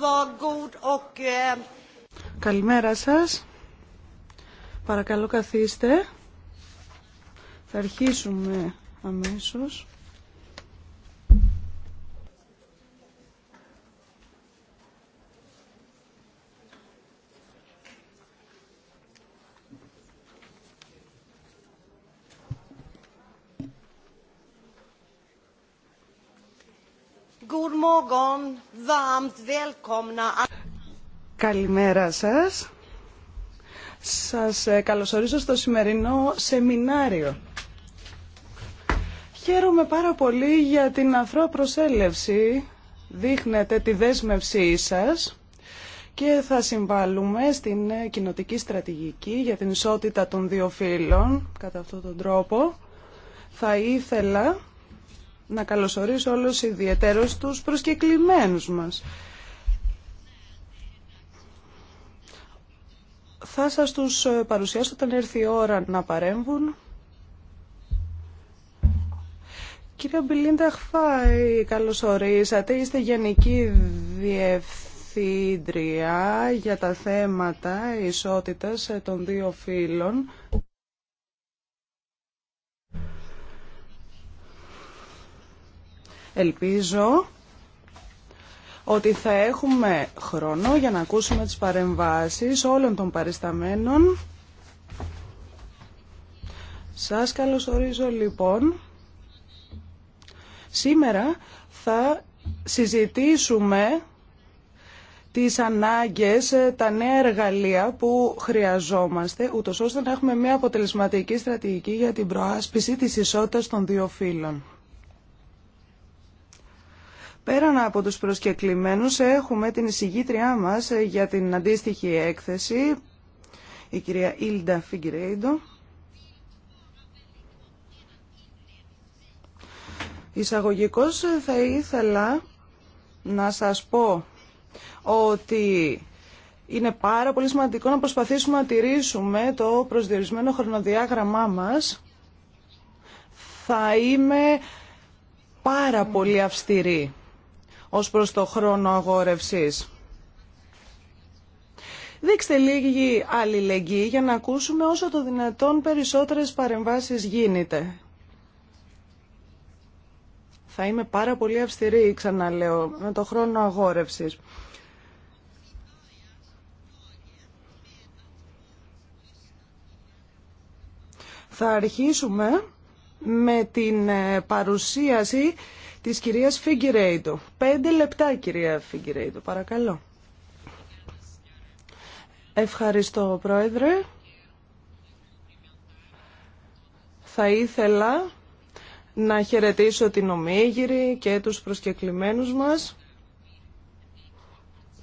Eh, Καλημέρα σας. Παρακαλώ καθίστε. Θα αρχίσουμε αμέσως. Καλημέρα σας. Σας ε, καλωσορίζω στο σημερινό σεμινάριο. Χαίρομαι πάρα πολύ για την αφρό προσέλευση. Δείχνετε τη δέσμευσή σας και θα συμβάλλουμε στην ε, κοινοτική στρατηγική για την ισότητα των δύο φύλων κατά αυτόν τον τρόπο. Θα ήθελα να καλωσορίσω όλους ιδιαίτερους τους προσκεκλημένους μας. Θα σας τους ε, παρουσιάσω όταν έρθει η ώρα να παρέμβουν. Κύριε Μπιλίντα Χφάη, καλώς ορίσατε. Είστε Γενική Διευθύντρια για τα θέματα ισότητας ε, των δύο φύλων. Ελπίζω ότι θα έχουμε χρόνο για να ακούσουμε τις παρεμβάσεις όλων των παρισταμένων. Σας καλωσορίζω λοιπόν. Σήμερα θα συζητήσουμε τις ανάγκες, ε, τα νέα εργαλεία που χρειαζόμαστε, ούτως ώστε να έχουμε μια αποτελεσματική στρατηγική για την προάσπιση της ισότητας των δύο φύλων. Πέραν από τους προσκεκλημένους έχουμε την εισηγήτριά μας για την αντίστοιχη έκθεση, η κυρία Ήλντα Φιγκρέιντο. Εισαγωγικώς θα ήθελα να σας πω ότι είναι πάρα πολύ σημαντικό να προσπαθήσουμε να τηρήσουμε το προσδιορισμένο χρονοδιάγραμμά μας. Θα είμαι πάρα πολύ αυστηρή ως προς το χρόνο αγόρευσης. Δείξτε λίγη αλληλεγγύη για να ακούσουμε όσο το δυνατόν περισσότερες παρεμβάσεις γίνεται. Θα είμαι πάρα πολύ αυστηρή, ξαναλέω, με το χρόνο αγόρευσης. Θα αρχίσουμε με την ε, παρουσίαση της κυρίας Φιγκυρέιντο. Πέντε λεπτά κυρία Φιγκυρέιντο, παρακαλώ. Ευχαριστώ πρόεδρε. Θα ήθελα να χαιρετήσω την Ομίγυρη και τους προσκεκλημένους μας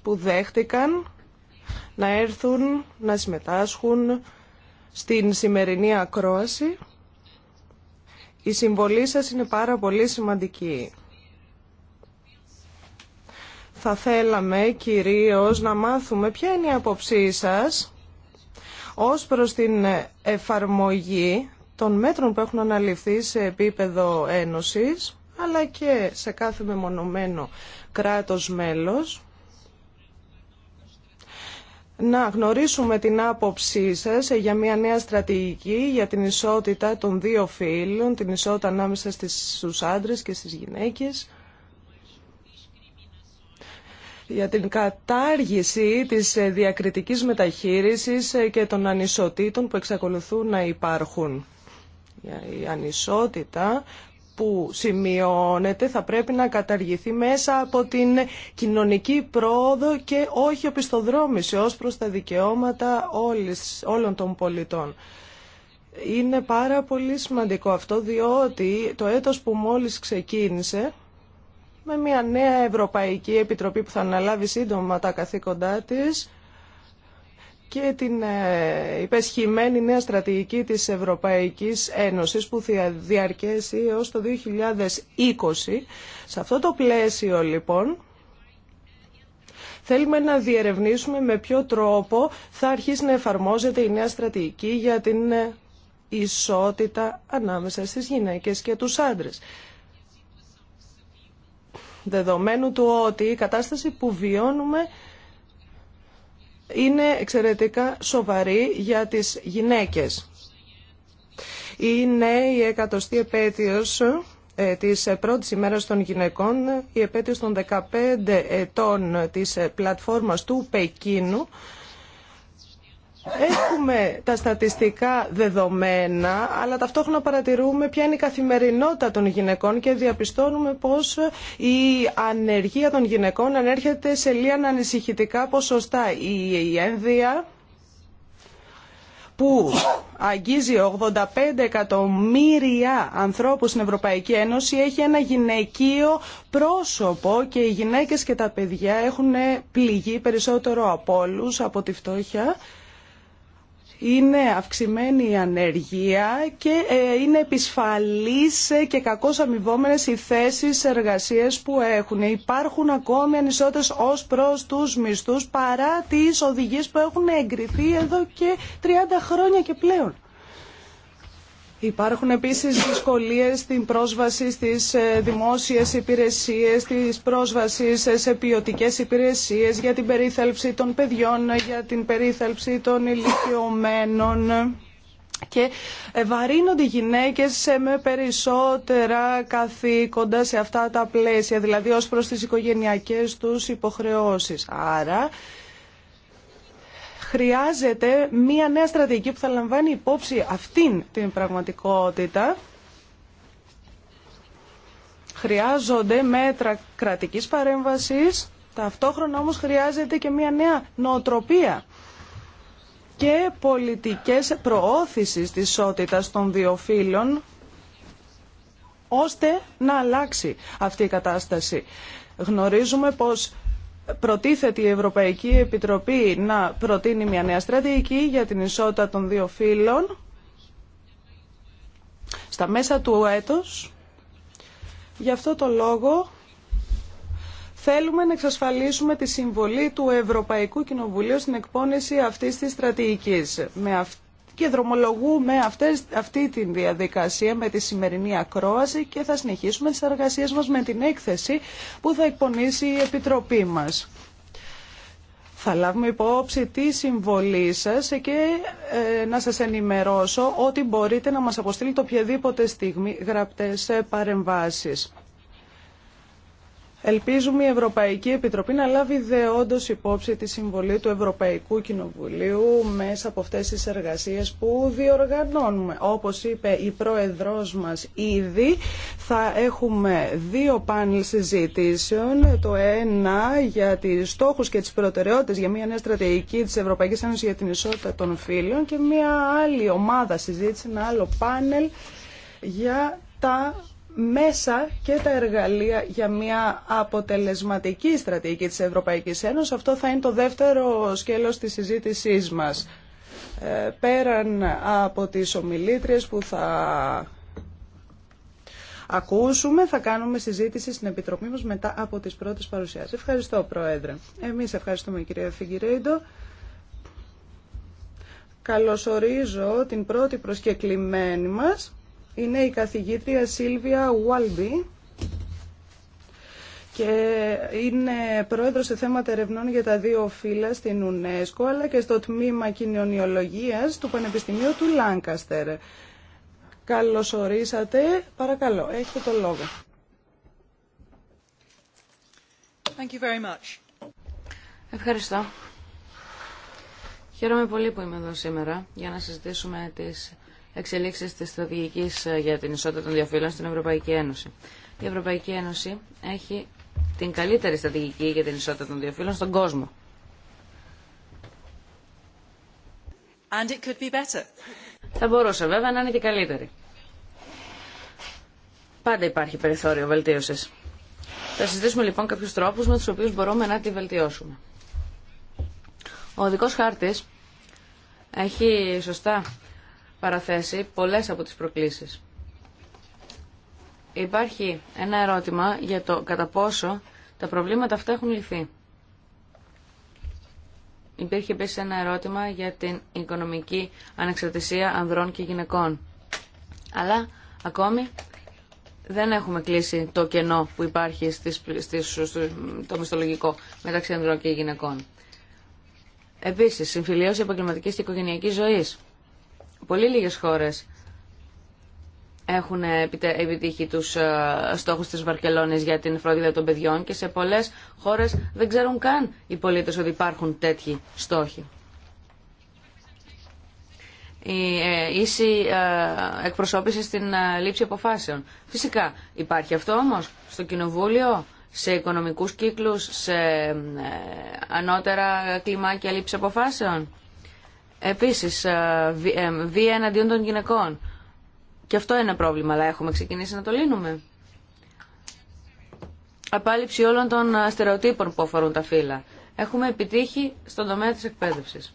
που δέχτηκαν να έρθουν να συμμετάσχουν στην σημερινή ακρόαση. Η συμβολή σας είναι πάρα πολύ σημαντική. Θα θέλαμε κυρίως να μάθουμε ποια είναι η άποψή σας ως προς την εφαρμογή των μέτρων που έχουν αναλυφθεί σε επίπεδο ένωσης αλλά και σε κάθε μεμονωμένο κράτος μέλος να γνωρίσουμε την άποψή σας για μια νέα στρατηγική για την ισότητα των δύο φύλων, την ισότητα ανάμεσα στους άντρες και στις γυναίκες για την κατάργηση της διακριτικής μεταχείρισης και των ανισοτήτων που εξακολουθούν να υπάρχουν. Η ανισότητα που σημειώνεται θα πρέπει να καταργηθεί μέσα από την κοινωνική πρόοδο και όχι οπισθοδρόμηση ως προς τα δικαιώματα όλης, όλων των πολιτών. Είναι πάρα πολύ σημαντικό αυτό διότι το έτος που μόλις ξεκίνησε με μια νέα Ευρωπαϊκή Επιτροπή που θα αναλάβει σύντομα τα καθήκοντά της και την ε, υπεσχημένη νέα στρατηγική της Ευρωπαϊκής Ένωσης που θα διαρκέσει έως το 2020. Σε αυτό το πλαίσιο λοιπόν θέλουμε να διερευνήσουμε με ποιο τρόπο θα αρχίσει να εφαρμόζεται η νέα στρατηγική για την ε, ισότητα ανάμεσα στις γυναίκες και τους άντρες. Δεδομένου του ότι η κατάσταση που βιώνουμε είναι εξαιρετικά σοβαρή για τις γυναίκες. Είναι η εκατοστή επέτειος ε, της πρώτης ημέρας των γυναικών, η επέτειος των 15 ετών της ε, πλατφόρμας του Πεκίνου, Έχουμε τα στατιστικά δεδομένα, αλλά ταυτόχρονα παρατηρούμε ποια είναι η καθημερινότητα των γυναικών και διαπιστώνουμε πως η ανεργία των γυναικών ανέρχεται σε λίγα ανησυχητικά ποσοστά. Η ένδυα που αγγίζει 85 εκατομμύρια ανθρώπους στην Ευρωπαϊκή Ένωση έχει ένα γυναικείο πρόσωπο και οι γυναίκες και τα παιδιά έχουν πληγεί περισσότερο από όλους από τη φτώχεια είναι αυξημένη η ανεργία και ε, είναι επισφαλής και κακώς αμοιβόμενες οι θέσεις εργασίας που έχουν. Υπάρχουν ακόμη ανισότητες ως προς τους μισθούς παρά τις οδηγίες που έχουν εγκριθεί εδώ και 30 χρόνια και πλέον. Υπάρχουν επίσης δυσκολίες στην πρόσβαση στις ε, δημόσιες υπηρεσίες, στις πρόσβασεις σε ποιοτικέ υπηρεσίες για την περίθαλψη των παιδιών, για την περίθαλψη των ηλικιωμένων και ε, βαρύνονται οι γυναίκες ε, με περισσότερα καθήκοντα σε αυτά τα πλαίσια, δηλαδή ως προς τις οικογενειακές τους υποχρεώσεις. Άρα χρειάζεται μία νέα στρατηγική που θα λαμβάνει υπόψη αυτήν την πραγματικότητα. Χρειάζονται μέτρα κρατικής παρέμβασης, ταυτόχρονα όμως χρειάζεται και μία νέα νοοτροπία και πολιτικές προώθησης της ισότητας των δύο φύλων, ώστε να αλλάξει αυτή η κατάσταση. Γνωρίζουμε πως προτίθεται η Ευρωπαϊκή Επιτροπή να προτείνει μια νέα στρατηγική για την ισότητα των δύο φύλων στα μέσα του έτος. Γι' αυτό το λόγο θέλουμε να εξασφαλίσουμε τη συμβολή του Ευρωπαϊκού Κοινοβουλίου στην εκπόνηση αυτής της στρατηγικής. Με και δρομολογούμε αυτές, αυτή τη διαδικασία με τη σημερινή ακρόαση και θα συνεχίσουμε τις εργασίες μας με την έκθεση που θα εκπονήσει η Επιτροπή μας. Θα λάβουμε υπόψη τη συμβολή σας και ε, να σας ενημερώσω ότι μπορείτε να μας αποστείλετε οποιαδήποτε στιγμή γραπτές παρεμβάσεις. Ελπίζουμε η Ευρωπαϊκή Επιτροπή να λάβει δεόντως υπόψη τη συμβολή του Ευρωπαϊκού Κοινοβουλίου μέσα από αυτές τις εργασίες που διοργανώνουμε. Όπως είπε η Πρόεδρός μας ήδη, θα έχουμε δύο πάνελ συζητήσεων. Το ένα για τις στόχους και τις προτεραιότητες για μια νέα στρατηγική της Ευρωπαϊκής Ένωσης για την ισότητα των Φίλων και μια άλλη ομάδα συζήτηση, ένα άλλο πάνελ για τα μέσα και τα εργαλεία για μια αποτελεσματική στρατηγική της Ευρωπαϊκής Ένωσης. Αυτό θα είναι το δεύτερο σκέλος της συζήτησής μας. Ε, πέραν από τις ομιλήτριες που θα ακούσουμε, θα κάνουμε συζήτηση στην Επιτροπή μας μετά από τις πρώτες παρουσιάσεις. Ευχαριστώ, Πρόεδρε. Εμείς ευχαριστούμε, κυρία Φιγκυρέντο. Καλωσορίζω την πρώτη προσκεκλημένη μας είναι η καθηγήτρια Σίλβια Ουάλμπι και είναι πρόεδρος σε θέματα ερευνών για τα δύο φύλλα στην UNESCO αλλά και στο τμήμα κοινωνιολογίας του Πανεπιστημίου του Λάνκαστερ. Καλώς ορίσατε. Παρακαλώ, έχετε το λόγο. Thank you very much. Ευχαριστώ. Χαίρομαι πολύ που είμαι εδώ σήμερα για να συζητήσουμε τις εξελίξει της στρατηγική ε, για την ισότητα των διαφύλων στην Ευρωπαϊκή Ένωση. Η Ευρωπαϊκή Ένωση έχει την καλύτερη στρατηγική για την ισότητα των διαφύλων στον κόσμο. And it could be better. Θα μπορούσε βέβαια να είναι και καλύτερη. Πάντα υπάρχει περιθώριο βελτίωση. Θα συζητήσουμε λοιπόν κάποιου τρόπους με τους οποίου μπορούμε να τη βελτιώσουμε. Ο οδικός χάρτη έχει σωστά παραθέσει πολλές από τις προκλήσεις. Υπάρχει ένα ερώτημα για το κατά πόσο τα προβλήματα αυτά έχουν λυθεί. Υπήρχε επίση ένα ερώτημα για την οικονομική ανεξαρτησία ανδρών και γυναικών. Αλλά ακόμη δεν έχουμε κλείσει το κενό που υπάρχει στις, στο μισθολογικό μεταξύ ανδρών και γυναικών. Επίσης, συμφιλίωση επαγγελματική και οικογενειακής ζωής. Πολύ λίγες χώρες έχουν επιτύχει τους ε, στόχους της Βαρκελόνης για την φροντίδα των παιδιών και σε πολλές χώρες δεν ξέρουν καν οι πολίτες ότι υπάρχουν τέτοιοι στόχοι. Η ε, ίση ε, εκπροσώπηση στην λήψη αποφάσεων. Φυσικά υπάρχει αυτό όμως στο Κοινοβούλιο, σε οικονομικούς κύκλους, σε ανώτερα κλιμάκια λήψη αποφάσεων. Επίσης, ε, ε, βία εναντίον των γυναικών. Και αυτό είναι ένα πρόβλημα, αλλά έχουμε ξεκινήσει να το λύνουμε. Απάλληψη όλων των στερεοτύπων που αφορούν τα φύλλα. Έχουμε επιτύχει στον τομέα της εκπαίδευσης.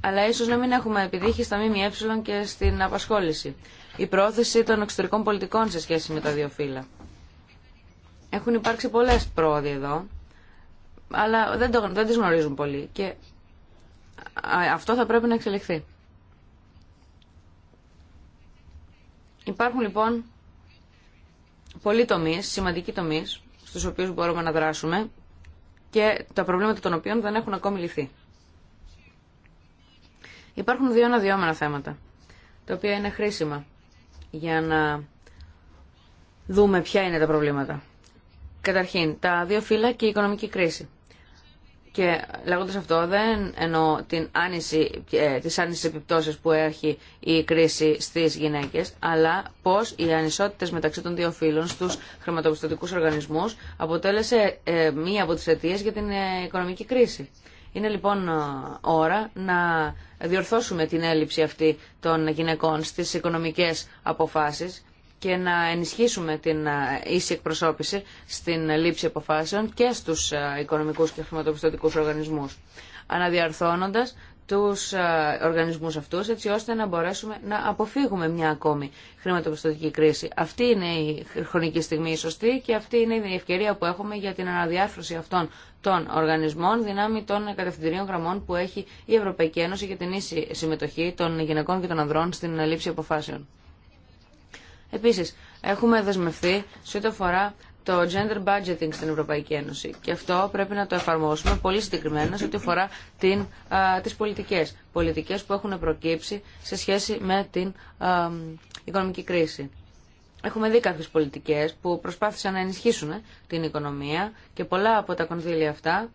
Αλλά ίσως να μην έχουμε επιτύχει στα ΜΜΕ και στην απασχόληση. Η πρόθεση των εξωτερικών πολιτικών σε σχέση με τα δύο φύλλα. Έχουν υπάρξει πολλές πρόοδοι εδώ, αλλά δεν, το, δεν τις γνωρίζουν πολύ. Και αυτό θα πρέπει να εξελιχθεί. Υπάρχουν λοιπόν πολλοί τομεί, σημαντικοί τομεί, στου οποίου μπορούμε να δράσουμε και τα προβλήματα των οποίων δεν έχουν ακόμη λυθεί. Υπάρχουν δύο αναδυόμενα θέματα, τα οποία είναι χρήσιμα για να δούμε ποια είναι τα προβλήματα. Καταρχήν, τα δύο φύλλα και η οικονομική κρίση. Και λέγοντα αυτό δεν εννοώ την άνηση, ε, τις επιπτώσεις που έχει η κρίση στις γυναίκες, αλλά πώς οι ανισότητες μεταξύ των δύο φύλων στους χρηματοπιστωτικούς οργανισμούς αποτέλεσε ε, μία από τις αιτίες για την ε, οικονομική κρίση. Είναι λοιπόν ώρα να διορθώσουμε την έλλειψη αυτή των γυναικών στις οικονομικές αποφάσεις και να ενισχύσουμε την ε, ίση εκπροσώπηση στην λήψη αποφάσεων και στους ε, οικονομικούς και χρηματοπιστωτικούς οργανισμούς, αναδιαρθώνοντας τους ε, οργανισμούς αυτούς έτσι ώστε να μπορέσουμε να αποφύγουμε μια ακόμη χρηματοπιστωτική κρίση. Αυτή είναι η χρονική στιγμή η σωστή και αυτή είναι η ευκαιρία που έχουμε για την αναδιάρθρωση αυτών των οργανισμών δυνάμει των κατευθυντηρίων γραμμών που έχει η Ευρωπαϊκή Ένωση για την ίση συμμετοχή των γυναικών και των ανδρών στην λήψη αποφάσεων. Επίσης, έχουμε δεσμευθεί σε ό,τι αφορά το gender budgeting στην Ευρωπαϊκή Ένωση. Και αυτό πρέπει να το εφαρμόσουμε πολύ συγκεκριμένα σε ό,τι αφορά την, πολιτικέ. τις πολιτικές. Πολιτικές που έχουν προκύψει σε σχέση με την οικονομική κρίση. Έχουμε δει κάποιες πολιτικές που προσπάθησαν να ενισχύσουν την οικονομία και πολλά από τα κονδύλια αυτά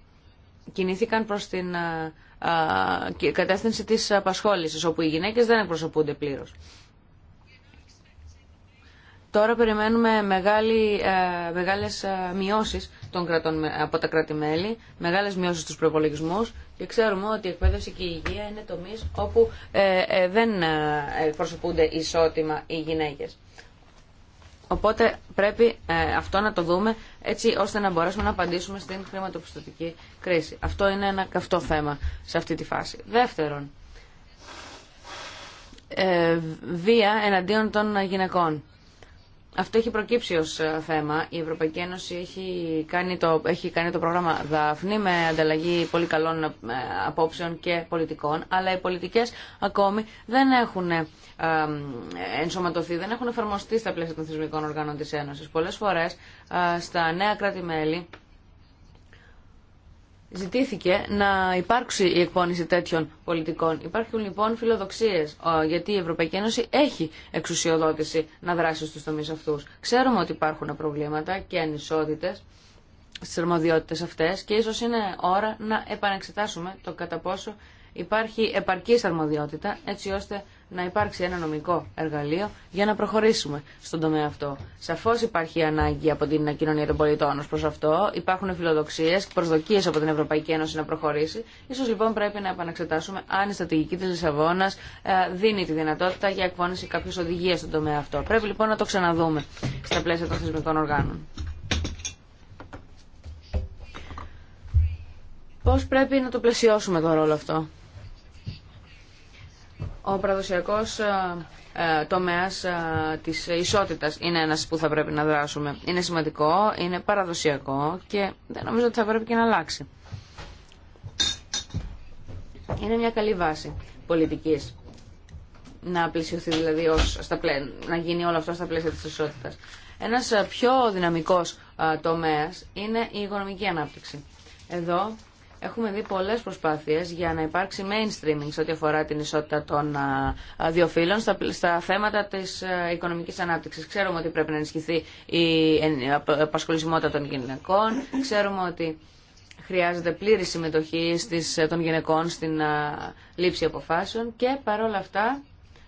κινήθηκαν προς την κατεύθυνση της απασχόλησης, όπου οι γυναίκες δεν εκπροσωπούνται πλήρως. Τώρα περιμένουμε μεγάλη, ε, μεγάλες ε, μειώσεις των κρατών, από τα κράτη-μέλη, μεγάλες μειώσεις στους προπολογισμού και ξέρουμε ότι η εκπαίδευση και η υγεία είναι τομείς όπου ε, δεν προσωπούνται ισότιμα οι γυναίκες. Οπότε πρέπει αυτό να το δούμε έτσι ώστε να μπορέσουμε να απαντήσουμε στην χρηματοπιστωτική κρίση. Αυτό είναι ένα καυτό θέμα σε αυτή τη φάση. Δεύτερον, βία εναντίον των γυναικών. Αυτό έχει προκύψει ως ε, θέμα. Η Ευρωπαϊκή Ένωση έχει κάνει το, έχει κάνει το πρόγραμμα Δάφνη με ανταλλαγή πολύ καλών ε, απόψεων και πολιτικών, αλλά οι πολιτικές ακόμη δεν έχουν ε, ενσωματωθεί, δεν έχουν εφαρμοστεί στα πλαίσια των θεσμικών οργάνων της Ένωσης. Πολλές φορές στα νέα κράτη-μέλη ζητήθηκε να υπάρξει η εκπόνηση τέτοιων πολιτικών. Υπάρχουν λοιπόν φιλοδοξίες, γιατί η Ευρωπαϊκή Ένωση έχει εξουσιοδότηση να δράσει στους τομείς αυτούς. Ξέρουμε ότι υπάρχουν προβλήματα και ανισότητες στι αρμοδιότητες αυτές και ίσω είναι ώρα να επανεξετάσουμε το κατά πόσο υπάρχει επαρκή αρμοδιότητα έτσι ώστε να υπάρξει ένα νομικό εργαλείο για να προχωρήσουμε στον τομέα αυτό. Σαφώ υπάρχει ανάγκη από την κοινωνία των πολιτών ω προ αυτό. Υπάρχουν φιλοδοξίε και προσδοκίε από την Ευρωπαϊκή Ένωση να προχωρήσει. σω λοιπόν πρέπει να επαναξετάσουμε αν η στρατηγική τη Λισαβόνα ε, δίνει τη δυνατότητα για εκφώνηση κάποιε οδηγίε στον τομέα αυτό. Πρέπει λοιπόν να το ξαναδούμε στα πλαίσια των θεσμικών οργάνων. Πώς πρέπει να το πλαισιώσουμε τον ρόλο αυτό. Ο παραδοσιακό ε, ε, τομέας ε, της ισότητας είναι ένας που θα πρέπει να δράσουμε. Είναι σημαντικό, είναι παραδοσιακό και δεν νομίζω ότι θα πρέπει και να αλλάξει. Είναι μια καλή βάση πολιτικής να πλησιωθεί δηλαδή στα πλέ, να γίνει όλο αυτό στα πλαίσια της ισότητας. Ένας πιο δυναμικός τομέας είναι η οικονομική ανάπτυξη. Εδώ Έχουμε δει πολλέ προσπάθειες για να υπάρξει mainstreaming σε ό,τι αφορά την ισότητα των δύο φύλων στα, θέματα της οικονομικής ανάπτυξη. Ξέρουμε ότι πρέπει να ενισχυθεί η απασχολησιμότητα των γυναικών, ξέρουμε ότι χρειάζεται πλήρη συμμετοχή στις, ε, των γυναικών στην λήψη αποφάσεων και παρόλα αυτά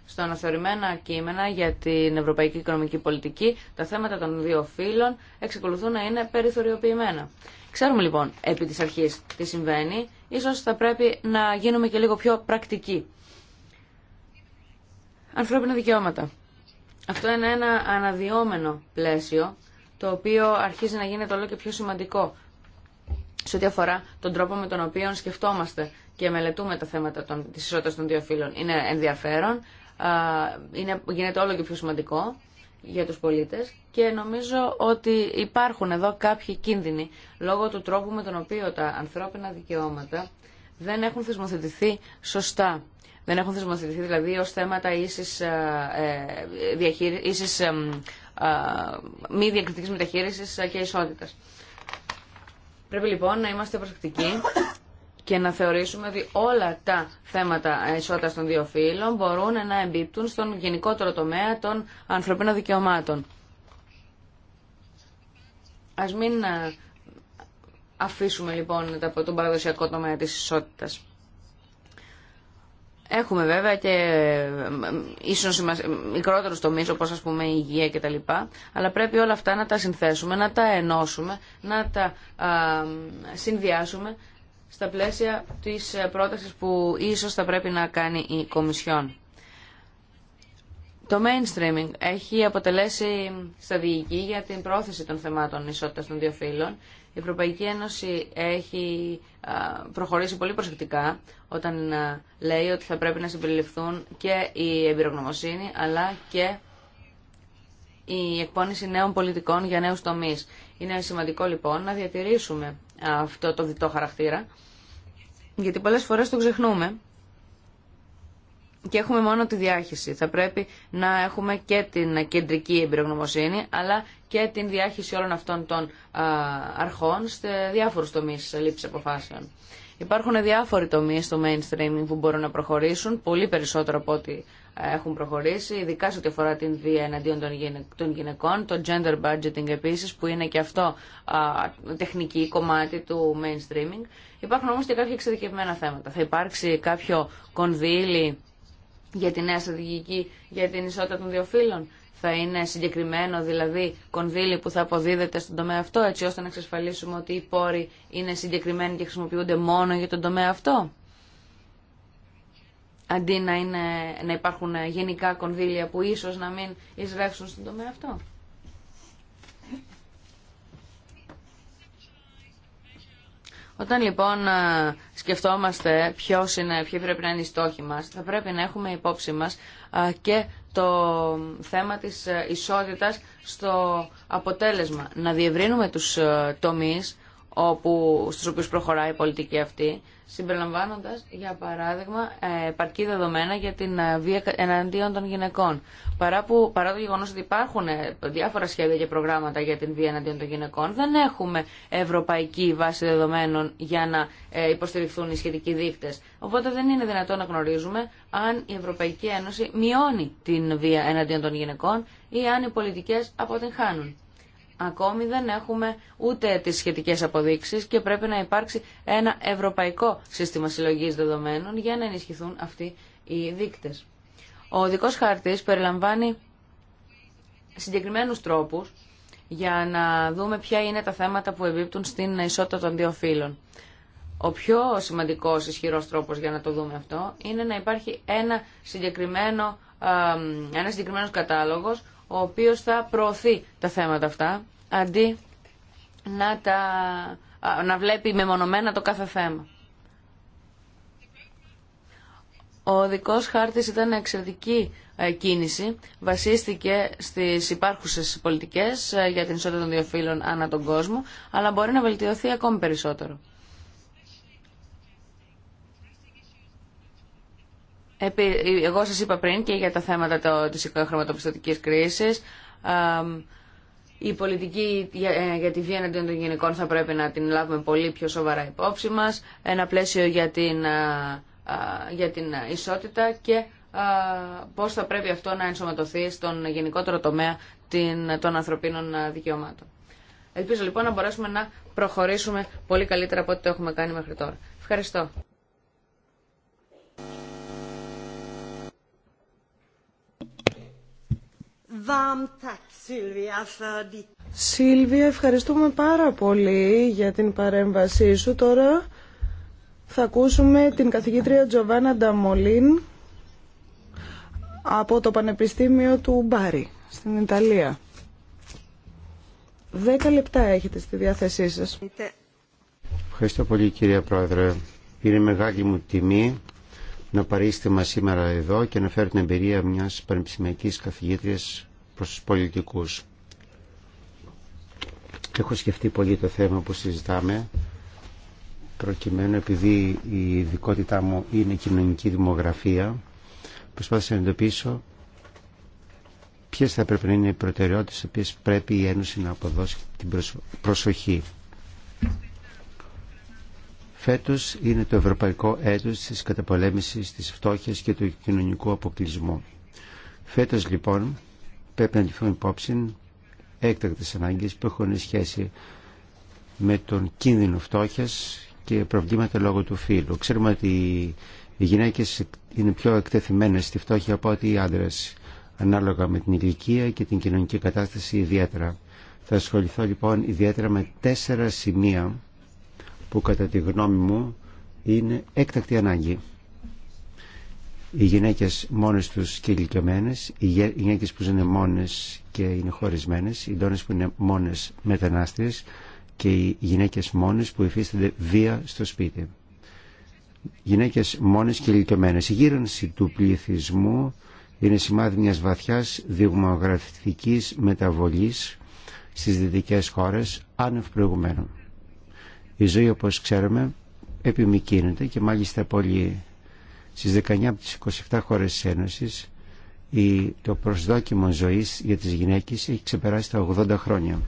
στο αναθεωρημένα κείμενα για την Ευρωπαϊκή Οικονομική Πολιτική τα θέματα των δύο φύλων εξακολουθούν να είναι περιθωριοποιημένα. Ξέρουμε λοιπόν επί της αρχής τι συμβαίνει. Ίσως θα πρέπει να γίνουμε και λίγο πιο πρακτικοί. Ανθρώπινα δικαιώματα. Αυτό είναι ένα αναδυόμενο πλαίσιο το οποίο αρχίζει να γίνεται όλο και πιο σημαντικό σε ό,τι αφορά τον τρόπο με τον οποίο σκεφτόμαστε και μελετούμε τα θέματα των, της ισότητας των δύο φύλων. Είναι ενδιαφέρον, είναι, γίνεται όλο και πιο σημαντικό για τους πολίτες και νομίζω ότι υπάρχουν εδώ κάποιοι κίνδυνοι λόγω του τρόπου με τον οποίο τα ανθρώπινα δικαιώματα δεν έχουν θεσμοθετηθεί σωστά. Δεν έχουν θεσμοθετηθεί δηλαδή ως θέματα ίσης, ε, ε, διαχείρι... ίσης ε, μη διακριτικής μεταχείρισης και ισότητας. Πρέπει λοιπόν να είμαστε προσεκτικοί και να θεωρήσουμε ότι όλα τα θέματα ισότητα των δύο φύλων μπορούν να εμπίπτουν στον γενικότερο τομέα των ανθρωπίνων δικαιωμάτων. Ας μην ε, αφήσουμε λοιπόν τον παραδοσιακό τομέα της ισότητας. Έχουμε βέβαια και ε, ε, ίσως μικρότερου τομεί όπως ας πούμε η υγεία κτλ... αλλά πρέπει όλα αυτά να τα συνθέσουμε, να τα ενώσουμε, να τα συνδυάσουμε στα πλαίσια της ε, πρότασης που ίσως θα πρέπει να κάνει η Κομισιόν. Το mainstreaming έχει αποτελέσει σταδιοίκη για την πρόθεση των θεμάτων ισότητας των δύο φύλων. Η Ευρωπαϊκή Ένωση έχει προχωρήσει πολύ προσεκτικά όταν λέει ότι θα πρέπει να συμπεριληφθούν και η εμπειρογνωμοσύνη αλλά και η εκπόνηση νέων πολιτικών για νέους τομείς. Είναι σημαντικό λοιπόν να διατηρήσουμε αυτό το διτό χαρακτήρα, γιατί πολλές φορές το ξεχνούμε και έχουμε μόνο τη διάχυση. Θα πρέπει να έχουμε και την κεντρική εμπειρογνωμοσύνη, αλλά και την διάχυση όλων αυτών των αρχών σε διάφορους τομείς λήψης αποφάσεων. Υπάρχουν διάφοροι τομείς στο mainstreaming που μπορούν να προχωρήσουν, πολύ περισσότερο από ό,τι έχουν προχωρήσει, ειδικά σε ό,τι αφορά την βία εναντίον των γυναικών, το gender budgeting επίσης, που είναι και αυτό τεχνική κομμάτι του mainstreaming. Υπάρχουν όμως και κάποια εξειδικευμένα θέματα. Θα υπάρξει κάποιο κονδύλι για τη νέα στρατηγική για την ισότητα των δύο φύλων. Θα είναι συγκεκριμένο δηλαδή κονδύλι που θα αποδίδεται στον τομέα αυτό έτσι ώστε να εξασφαλίσουμε ότι οι πόροι είναι συγκεκριμένοι και χρησιμοποιούνται μόνο για τον τομέα αυτό αντί να, είναι, να υπάρχουν γενικά κονδύλια που ίσως να μην εισρεύσουν στον τομέα αυτό. Όταν λοιπόν σκεφτόμαστε ποιος είναι, ποιοι πρέπει να είναι οι στόχοι μας, θα πρέπει να έχουμε υπόψη μας και το θέμα της ισότητας στο αποτέλεσμα. Να διευρύνουμε τους τομείς όπου, στους οποίους προχωράει η πολιτική αυτή, συμπεριλαμβάνοντας, για παράδειγμα, ε, επαρκή δεδομένα για την ε, βία εναντίον των γυναικών. Παρά, που, παρά το γεγονός ότι υπάρχουν ε, διάφορα σχέδια και προγράμματα για την βία εναντίον των γυναικών, δεν έχουμε ευρωπαϊκή βάση δεδομένων για να υποστηριχθούν οι σχετικοί δείκτες. Οπότε δεν είναι δυνατόν να γνωρίζουμε αν η Ευρωπαϊκή Ένωση μειώνει την βία εναντίον των γυναικών ή αν οι πολιτικές αποτυγχάνουν ακόμη δεν έχουμε ούτε τις σχετικές αποδείξεις και πρέπει να υπάρξει ένα ευρωπαϊκό σύστημα συλλογής δεδομένων για να ενισχυθούν αυτοί οι δείκτες. Ο δικός χάρτης περιλαμβάνει συγκεκριμένους τρόπους για να δούμε ποια είναι τα θέματα που εμπίπτουν στην ισότητα των δύο φύλων. Ο πιο σημαντικός ισχυρός τρόπος για να το δούμε αυτό είναι να υπάρχει ένα συγκεκριμένο, ένα κατάλογος ο οποίος θα προωθεί τα θέματα αυτά, αντί να, τα, να βλέπει μεμονωμένα το κάθε θέμα. Ο δικός χάρτης ήταν εξαιρετική ε, κίνηση. Βασίστηκε στις υπάρχουσες πολιτικές ε, για την ισότητα των δύο φύλων ανά τον κόσμο, αλλά μπορεί να βελτιωθεί ακόμη περισσότερο. εγώ σας είπα πριν και για τα θέματα το, της χρηματοπιστωτικής κρίσης, η πολιτική ε, για, τη βία εναντίον των γενικών θα πρέπει να την λάβουμε πολύ πιο σοβαρά υπόψη μας, ένα πλαίσιο για την, για την ισότητα και πώς θα πρέπει αυτό να ενσωματωθεί στον γενικότερο τομέα των ανθρωπίνων δικαιωμάτων. Ελπίζω λοιπόν να μπορέσουμε να προχωρήσουμε πολύ καλύτερα από ό,τι το έχουμε κάνει μέχρι τώρα. Ευχαριστώ. Σίλβια, ευχαριστούμε πάρα πολύ για την παρέμβασή σου. Τώρα θα ακούσουμε την καθηγήτρια Τζοβάνα Νταμολίν από το Πανεπιστήμιο του Μπάρι στην Ιταλία. Δέκα λεπτά έχετε στη διάθεσή σας. Ευχαριστώ πολύ κυρία Πρόεδρε. Είναι μεγάλη μου τιμή να παρήστε μας σήμερα εδώ και να φέρω την εμπειρία μιας πανεπιστημιακής καθηγήτριας προς τους πολιτικούς. Έχω σκεφτεί πολύ το θέμα που συζητάμε προκειμένου επειδή η ειδικότητά μου είναι κοινωνική δημογραφία προσπάθησα να εντοπίσω ποιε θα πρέπει να είναι οι προτεραιότητες στι οποίε πρέπει η Ένωση να αποδώσει την προσοχή. Φέτος είναι το ευρωπαϊκό έτος της καταπολέμησης, της φτώχειας και του κοινωνικού αποκλεισμού. Φέτος λοιπόν πρέπει να ληφθούν υπόψη έκτακτε ανάγκε που έχουν σχέση με τον κίνδυνο φτώχεια και προβλήματα λόγω του φύλου. Ξέρουμε ότι οι γυναίκε είναι πιο εκτεθειμένες στη φτώχεια από ότι οι άντρε, ανάλογα με την ηλικία και την κοινωνική κατάσταση ιδιαίτερα. Θα ασχοληθώ λοιπόν ιδιαίτερα με τέσσερα σημεία που κατά τη γνώμη μου είναι έκτακτη ανάγκη οι γυναίκες μόνες τους και ηλικιωμένες, οι γυναίκες που ζουν μόνες και είναι χωρισμένες, οι ντόνες που είναι μόνες μετανάστες και οι γυναίκες μόνες που υφίστανται βία στο σπίτι. Γυναίκες μόνες και ηλικιωμένες. Η γύρανση του πληθυσμού είναι σημάδι μιας βαθιάς δημογραφικής μεταβολής στις δυτικές χώρες άνευ προηγουμένου. Η ζωή όπως ξέρουμε επιμικίνεται και μάλιστα πολύ στις 19 από τις 27 χώρες της Ένωσης η, το προσδόκιμο ζωής για τις γυναίκες έχει ξεπεράσει τα 80 χρόνια.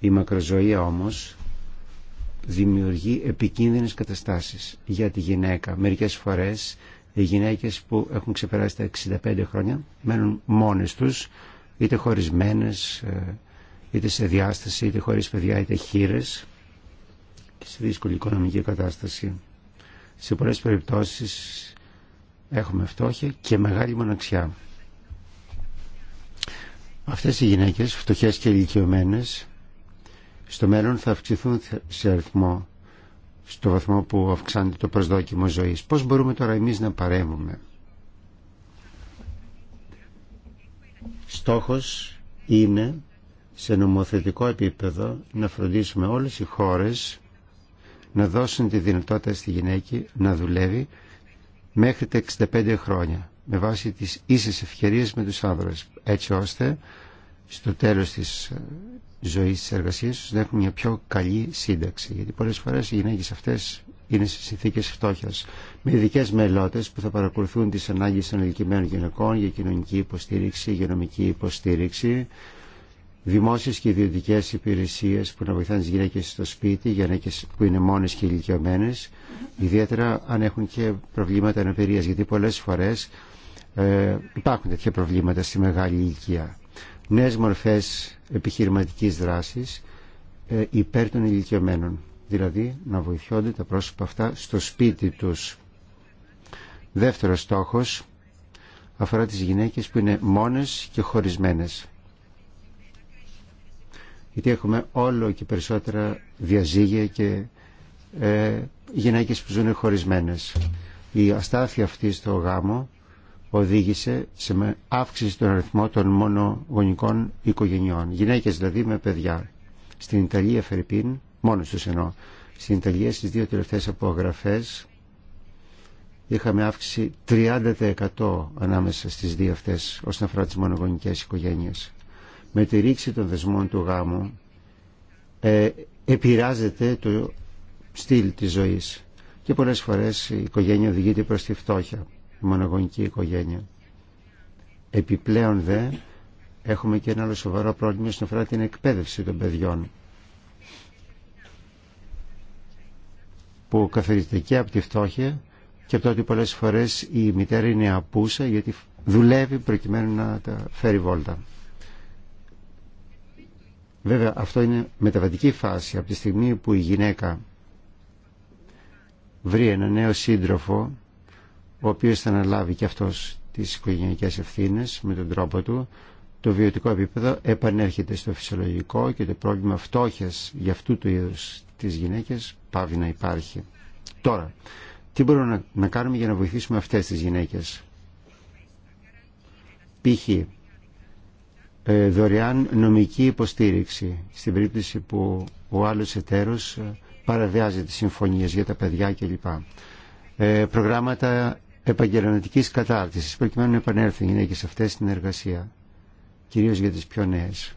Η μακροζωία όμως δημιουργεί επικίνδυνες καταστάσεις για τη γυναίκα. Μερικές φορές οι γυναίκες που έχουν ξεπεράσει τα 65 χρόνια μένουν μόνες τους, είτε χωρισμένες, ε, είτε σε διάσταση, είτε χωρίς παιδιά, είτε χείρες και σε δύσκολη οικονομική κατάσταση σε πολλές περιπτώσεις έχουμε φτώχεια και μεγάλη μοναξιά. Αυτές οι γυναίκες, φτωχές και ηλικιωμένε, στο μέλλον θα αυξηθούν σε αριθμό, στο βαθμό που αυξάνεται το προσδόκιμο ζωής. Πώς μπορούμε τώρα εμείς να παρέμβουμε. Στόχος είναι σε νομοθετικό επίπεδο να φροντίσουμε όλες οι χώρες να δώσουν τη δυνατότητα στη γυναίκα να δουλεύει μέχρι τα 65 χρόνια με βάση τις ίσες ευκαιρίες με τους άνδρες έτσι ώστε στο τέλος της ε, ζωής της εργασίας να έχουν μια πιο καλή σύνταξη γιατί πολλές φορές οι γυναίκες αυτές είναι σε συνθήκε φτώχεια. Με ειδικέ μελώτε που θα παρακολουθούν τι ανάγκε των ηλικιμένων γυναικών για κοινωνική υποστήριξη, υγειονομική υποστήριξη, δημόσιες και ιδιωτικές υπηρεσίες που να βοηθάνε τις γυναίκες στο σπίτι γυναίκες που είναι μόνες και ηλικιωμένε, ιδιαίτερα αν έχουν και προβλήματα αναπηρίας γιατί πολλές φορές ε, υπάρχουν τέτοια προβλήματα στη μεγάλη ηλικία νέε μορφές επιχειρηματικής δράσης ε, υπέρ των ηλικιωμένων δηλαδή να βοηθιόνται τα πρόσωπα αυτά στο σπίτι τους δεύτερος στόχος αφορά τις γυναίκες που είναι μόνες και χωρισμένες γιατί έχουμε όλο και περισσότερα διαζύγια και ε, γυναίκες που ζουν χωρισμένες. Η αστάθεια αυτή στο γάμο οδήγησε σε αύξηση των αριθμών των μονογονικών οικογενειών. Γυναίκες δηλαδή με παιδιά. Στην Ιταλία, Φερρυπίν, μόνο τους εννοώ, στην Ιταλία στις δύο τελευταίες απογραφές είχαμε αύξηση 30% ανάμεσα στις δύο αυτές όσον αφορά τις μονογονικές οικογένειες με τη ρήξη των δεσμών του γάμου ε, επηρεάζεται το στυλ της ζωής και πολλές φορές η οικογένεια οδηγείται προς τη φτώχεια η μονογονική οικογένεια επιπλέον δε έχουμε και ένα άλλο σοβαρό πρόβλημα στον αφορά την εκπαίδευση των παιδιών που καθορίζεται και από τη φτώχεια και από το ότι πολλές φορές η μητέρα είναι απούσα γιατί δουλεύει προκειμένου να τα φέρει βόλτα. Βέβαια αυτό είναι μεταβατική φάση από τη στιγμή που η γυναίκα βρει ένα νέο σύντροφο ο οποίος θα αναλάβει και αυτός τις οικογενειακές ευθύνες με τον τρόπο του το βιωτικό επίπεδο επανέρχεται στο φυσιολογικό και το πρόβλημα φτώχειας για αυτού του είδους τις γυναίκες πάβει να υπάρχει. Τώρα, τι μπορούμε να κάνουμε για να βοηθήσουμε αυτές τις γυναίκες. Π.χ. Ε, δωρεάν νομική υποστήριξη στην περίπτωση που ο άλλος εταίρος ε, παραβιάζει τις συμφωνίες για τα παιδιά κλπ. Ε, προγράμματα επαγγελματικής κατάρτισης προκειμένου να επανέλθουν οι γυναίκες αυτές στην εργασία κυρίως για τις πιο νέες.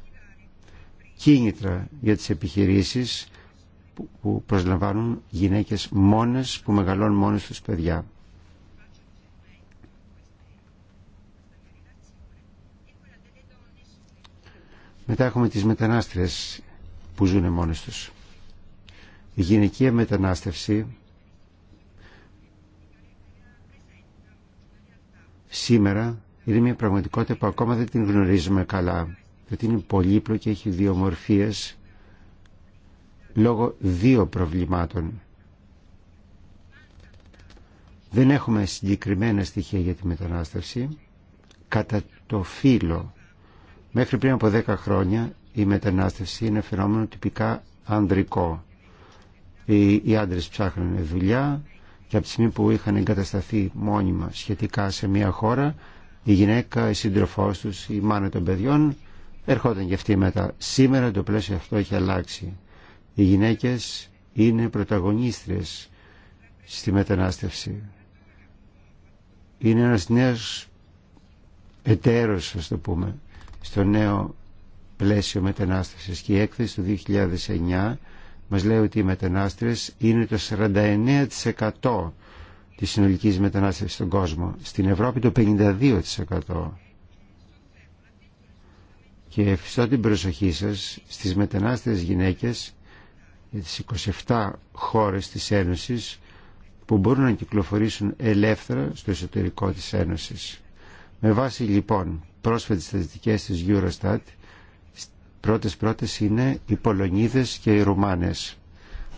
Κίνητρα για τις επιχειρήσεις που προσλαμβάνουν γυναίκες μόνες που μεγαλώνουν μόνες τους παιδιά. Μετά έχουμε τις μετανάστρες που ζουν μόνες τους. Η γυναικεία μετανάστευση σήμερα είναι μια πραγματικότητα που ακόμα δεν την γνωρίζουμε καλά. Γιατί είναι πολύπλοκη και έχει δύο μορφίες λόγω δύο προβλημάτων. Δεν έχουμε συγκεκριμένα στοιχεία για τη μετανάστευση κατά το φύλλο Μέχρι πριν από 10 χρόνια η μετανάστευση είναι φαινόμενο τυπικά ανδρικό. Οι, οι άντρες ψάχνανε δουλειά και από τη στιγμή που είχαν εγκατασταθεί μόνιμα σχετικά σε μια χώρα η γυναίκα, η σύντροφό του, η μάνα των παιδιών ερχόταν και αυτοί μετά. Σήμερα το πλαίσιο αυτό έχει αλλάξει. Οι γυναίκε είναι πρωταγωνίστρες στη μετανάστευση. Είναι ένα νέο εταίρο, α το πούμε στο νέο πλαίσιο μετανάστευσης και η έκθεση του 2009 μας λέει ότι οι μετανάστες είναι το 49% της συνολικής μετανάστευσης στον κόσμο. Στην Ευρώπη το 52%. Και ευχαριστώ την προσοχή σας στις μετανάστες γυναίκες για τις 27 χώρες της Ένωσης που μπορούν να κυκλοφορήσουν ελεύθερα στο εσωτερικό της Ένωσης. Με βάση λοιπόν πρόσφατες στατιστικέ της Eurostat, πρώτες πρώτες είναι οι Πολωνίδε και οι Ρουμάνες.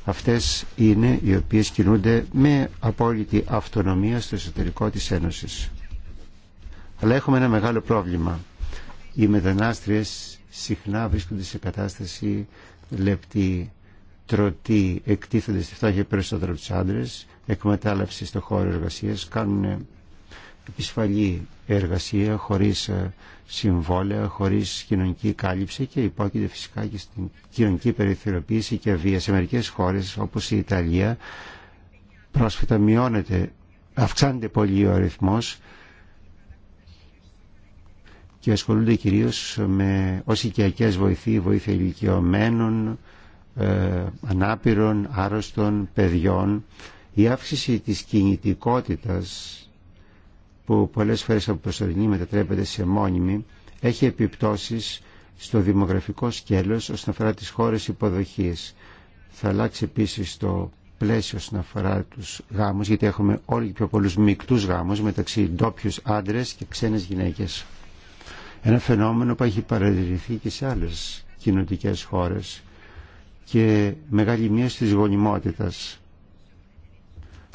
Αυτές είναι οι οποίε κινούνται με απόλυτη αυτονομία στο εσωτερικό της Ένωση. Αλλά έχουμε ένα μεγάλο πρόβλημα. Οι μετανάστριες συχνά βρίσκονται σε κατάσταση λεπτή, τρωτή, εκτίθενται στη φτώχεια περισσότερο από εκμετάλλευση στο χώρο εργασία κάνουν επισφαλή εργασία, χωρίς ε, συμβόλαια, χωρίς κοινωνική κάλυψη και υπόκειται φυσικά και στην κοινωνική περιθωριοποίηση και βία. Σε μερικές χώρες όπως η Ιταλία πρόσφατα μειώνεται, αυξάνεται πολύ ο αριθμός και ασχολούνται κυρίως με ως οικιακές βοηθοί, βοήθεια ηλικιωμένων, ε, ανάπηρων, άρρωστων, παιδιών. Η αύξηση της κινητικότητας που πολλές φορές από προσωρινή μετατρέπεται σε μόνιμη έχει επιπτώσεις στο δημογραφικό σκέλος όσον αφορά τις χώρες υποδοχής. Θα αλλάξει επίσης το πλαίσιο όσον αφορά τους γάμους γιατί έχουμε όλοι και πιο πολλούς μικτούς γάμους μεταξύ ντόπιου άντρε και ξένες γυναίκες. Ένα φαινόμενο που έχει παρατηρηθεί και σε άλλες κοινωτικές χώρες και μεγάλη μία της γονιμότητας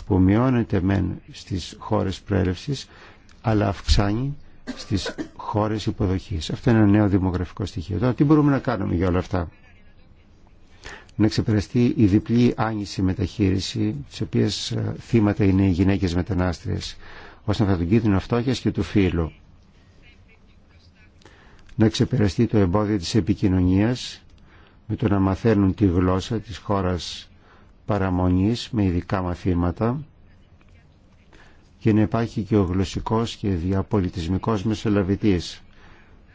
που μειώνεται μεν στις χώρες προέλευσης αλλά αυξάνει στις χώρες υποδοχής. Αυτό είναι ένα νέο δημογραφικό στοιχείο. Τώρα τι μπορούμε να κάνουμε για όλα αυτά. Να ξεπεραστεί η διπλή άνηση μεταχείριση τις οποίες ε, θύματα είναι οι γυναίκες μετανάστριες ώστε να τον κίνδυνο φτώχεια και του φύλου. Να ξεπεραστεί το εμπόδιο της επικοινωνίας με το να μαθαίνουν τη γλώσσα της χώρας παραμονής με ειδικά μαθήματα και να υπάρχει και ο γλωσσικός και διαπολιτισμικός μεσολαβητής.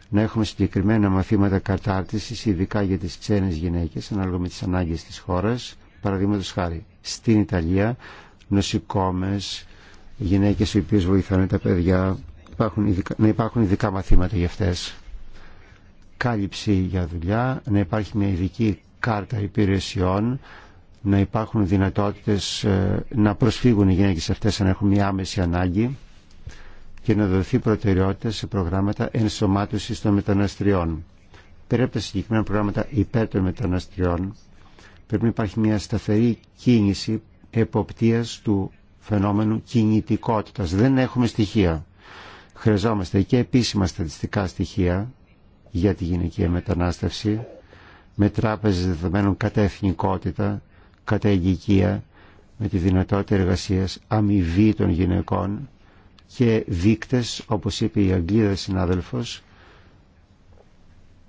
Να έχουμε συγκεκριμένα μαθήματα κατάρτισης, ειδικά για τις ξένες γυναίκες, ανάλογα με τις ανάγκες της χώρας, παραδείγματο χάρη στην Ιταλία, νοσικόμες, γυναίκες οι οποίες βοηθάνε τα παιδιά, να υπάρχουν ειδικά μαθήματα για αυτές. Κάλυψη για δουλειά, να υπάρχει μια ειδική κάρτα υπηρεσιών, να υπάρχουν δυνατότητες ε, να προσφύγουν οι γυναίκες αυτές αν έχουν μια άμεση ανάγκη και να δοθεί προτεραιότητα σε προγράμματα ενσωμάτωσης των μεταναστριών. Πέρα από τα συγκεκριμένα προγράμματα υπέρ των μεταναστριών πρέπει να υπάρχει μια σταθερή κίνηση εποπτείας του φαινόμενου κινητικότητας. Δεν έχουμε στοιχεία. Χρειαζόμαστε και επίσημα στατιστικά στοιχεία για τη γυναικεία μετανάστευση με τράπεζες δεδομένων κατά εθνικότητα κατά με τη δυνατότητα εργασίας, αμοιβή των γυναικών και δείκτες, όπως είπε η Αγγλίδα συνάδελφος,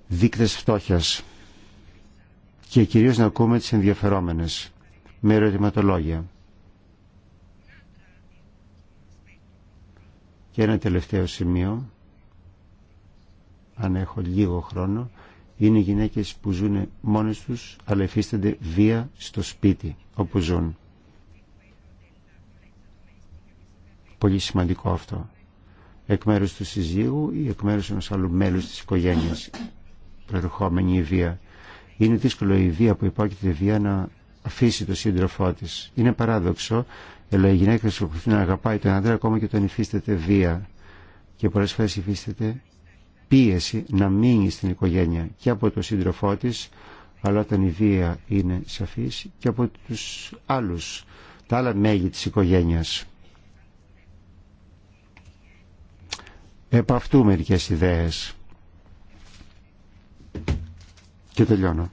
δείκτες φτώχειας και κυρίως να ακούμε τις ενδιαφερόμενες με ερωτηματολόγια. Και ένα τελευταίο σημείο, αν έχω λίγο χρόνο, είναι γυναίκες που ζουν μόνες τους αλλά εφίστανται βία στο σπίτι όπου ζουν. Πολύ σημαντικό αυτό. Εκ μέρους του συζύγου ή εκ μέρους ενός άλλου μέλους της οικογένειας προερχόμενη η βία. Είναι δύσκολο η βία που υπόκειται η βία να αφήσει το σύντροφό τη. Είναι παράδοξο, αλλά γυναίκα εξακολουθεί να αφησει το συντροφο τη ειναι παραδοξο αλλα η γυναικα σου να αγαπαει τον άντρα ακόμα και όταν υφίσταται βία. Και πολλέ φορέ υφίσταται πίεση να μείνει στην οικογένεια και από τον σύντροφό της αλλά όταν η βία είναι σαφής και από τους άλλους τα άλλα μέγη της οικογένειας επ' αυτού μερικές ιδέες και τελειώνω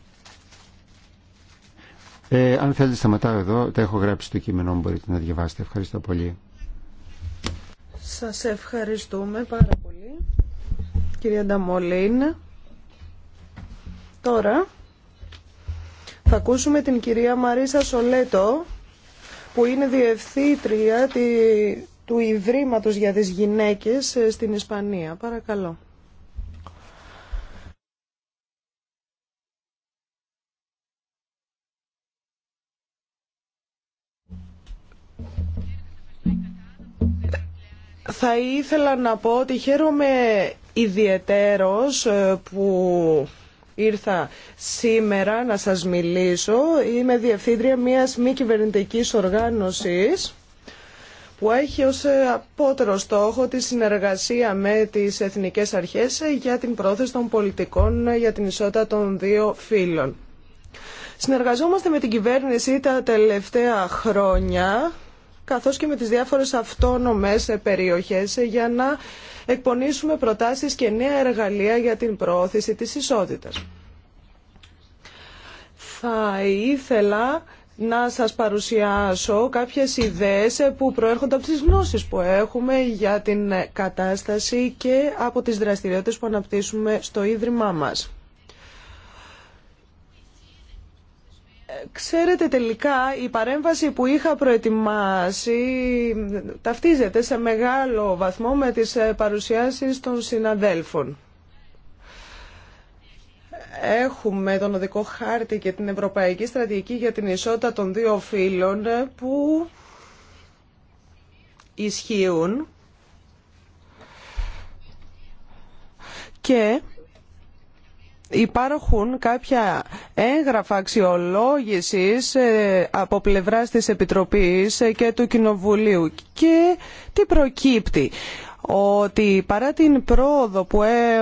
ε, αν θέλετε σταματάω εδώ τα έχω γράψει στο κείμενό μου μπορείτε να διαβάσετε ευχαριστώ πολύ Σας ευχαριστούμε πάρα πολύ κυρία Νταμολίν. Τώρα θα ακούσουμε την κυρία Μαρίσα Σολέτο, που είναι διευθύντρια του Ιδρύματος για τις Γυναίκες ε, στην Ισπανία. Παρακαλώ. Θα ήθελα να πω ότι χαίρομαι ιδιαιτέρως ε, που ήρθα σήμερα να σας μιλήσω. Είμαι διευθύντρια μιας μη κυβερνητική οργάνωσης που έχει ως ε, απότερο στόχο τη συνεργασία με τις εθνικές αρχές για την πρόθεση των πολιτικών για την ισότητα των δύο φύλων. Συνεργαζόμαστε με την κυβέρνηση τα τελευταία χρόνια καθώς και με τις διάφορες αυτόνομες περιοχές ε, για να εκπονήσουμε προτάσεις και νέα εργαλεία για την προώθηση της ισότητας. Θα ήθελα να σας παρουσιάσω κάποιες ιδέες που προέρχονται από τις γνώσεις που έχουμε για την κατάσταση και από τις δραστηριότητες που αναπτύσσουμε στο Ίδρυμά μας. Ξέρετε τελικά η παρέμβαση που είχα προετοιμάσει ταυτίζεται σε μεγάλο βαθμό με τις ε, παρουσιάσεις των συναδέλφων. Έχουμε τον οδικό χάρτη και την Ευρωπαϊκή Στρατηγική για την Ισότητα των δύο φύλων ε, που ισχύουν και υπάρχουν κάποια έγγραφα αξιολόγησης ε, από πλευράς της Επιτροπής ε, και του Κοινοβουλίου. Και τι προκύπτει ότι παρά την πρόοδο που ε,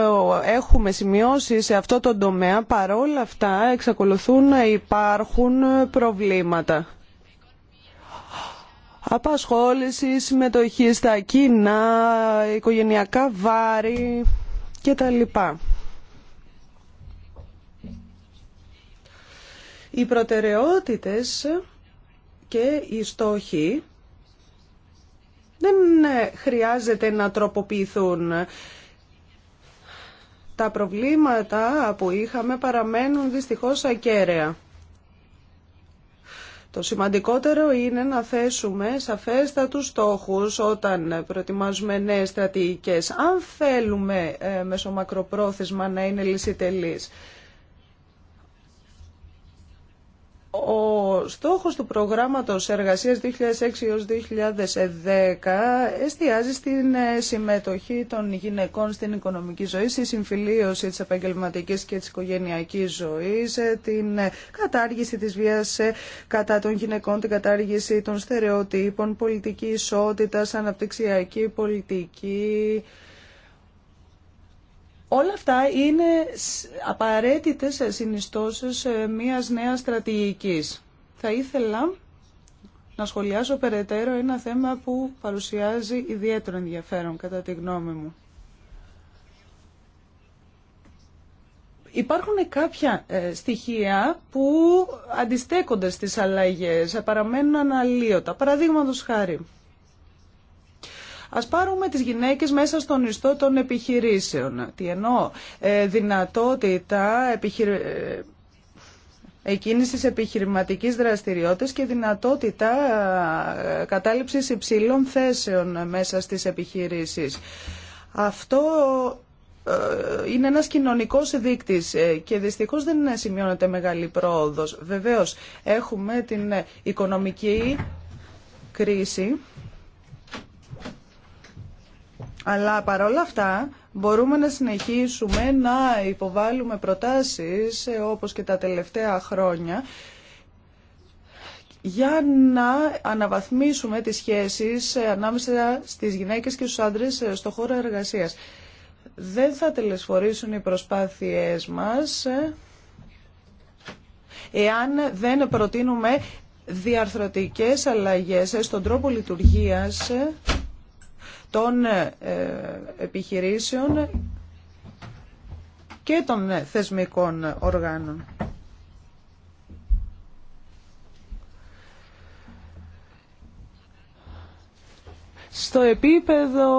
έχουμε σημειώσει σε αυτό το τομέα, παρόλα αυτά εξακολουθούν να υπάρχουν προβλήματα. Απασχόληση, συμμετοχή στα κοινά, οικογενειακά βάρη κτλ. Οι προτεραιότητες και οι στόχοι δεν χρειάζεται να τροποποιηθούν. Τα προβλήματα που είχαμε παραμένουν δυστυχώς ακέραια. Το σημαντικότερο είναι να θέσουμε σαφέστατους στόχους όταν προετοιμάζουμε νέες στρατηγικές. Αν θέλουμε ε, μεσομακροπρόθεσμα να είναι λυσίτελης, Ο στόχος του προγράμματος εργασίας 2006 έως 2010 εστιάζει στην ε, συμμετοχή των γυναικών στην οικονομική ζωή, στη συμφιλίωση της επαγγελματικής και της οικογενειακής ζωής, ε, την ε, κατάργηση της βίας κατά των γυναικών, την κατάργηση των στερεοτύπων, πολιτική ισότητας, αναπτυξιακή πολιτική, Όλα αυτά είναι απαραίτητες συνιστώσεις ε, μιας νέας στρατηγικής. Θα ήθελα να σχολιάσω περαιτέρω ένα θέμα που παρουσιάζει ιδιαίτερο ενδιαφέρον κατά τη γνώμη μου. Υπάρχουν κάποια ε, στοιχεία που αντιστέκονται στις αλλαγές, παραμένουν αναλύωτα. Παραδείγματος χάρη, Α πάρουμε τις γυναίκες μέσα στον ιστό των επιχειρήσεων. Τι εννοώ, ε, δυνατότητα επιχειρη ε, εκκίνησης επιχειρηματικής δραστηριότητας και δυνατότητα ε, κατάληψης υψηλών θέσεων μέσα στις επιχειρήσεις. Αυτό είναι ένας κοινωνικός δείκτης και δυστυχώς δεν σημειώνεται μεγάλη πρόοδος. Βεβαίως έχουμε την οικονομική κρίση αλλά παρόλα αυτά μπορούμε να συνεχίσουμε να υποβάλουμε προτάσεις ε, όπως και τα τελευταία χρόνια για να αναβαθμίσουμε τις σχέσεις ε, ανάμεσα στις γυναίκες και στους άντρες ε, στο χώρο εργασίας. Δεν θα τελεσφορήσουν οι προσπάθειές μας εάν δεν προτείνουμε διαρθρωτικές αλλαγές στον τρόπο λειτουργίας των ε, επιχειρήσεων και των θεσμικών οργάνων. στο επίπεδο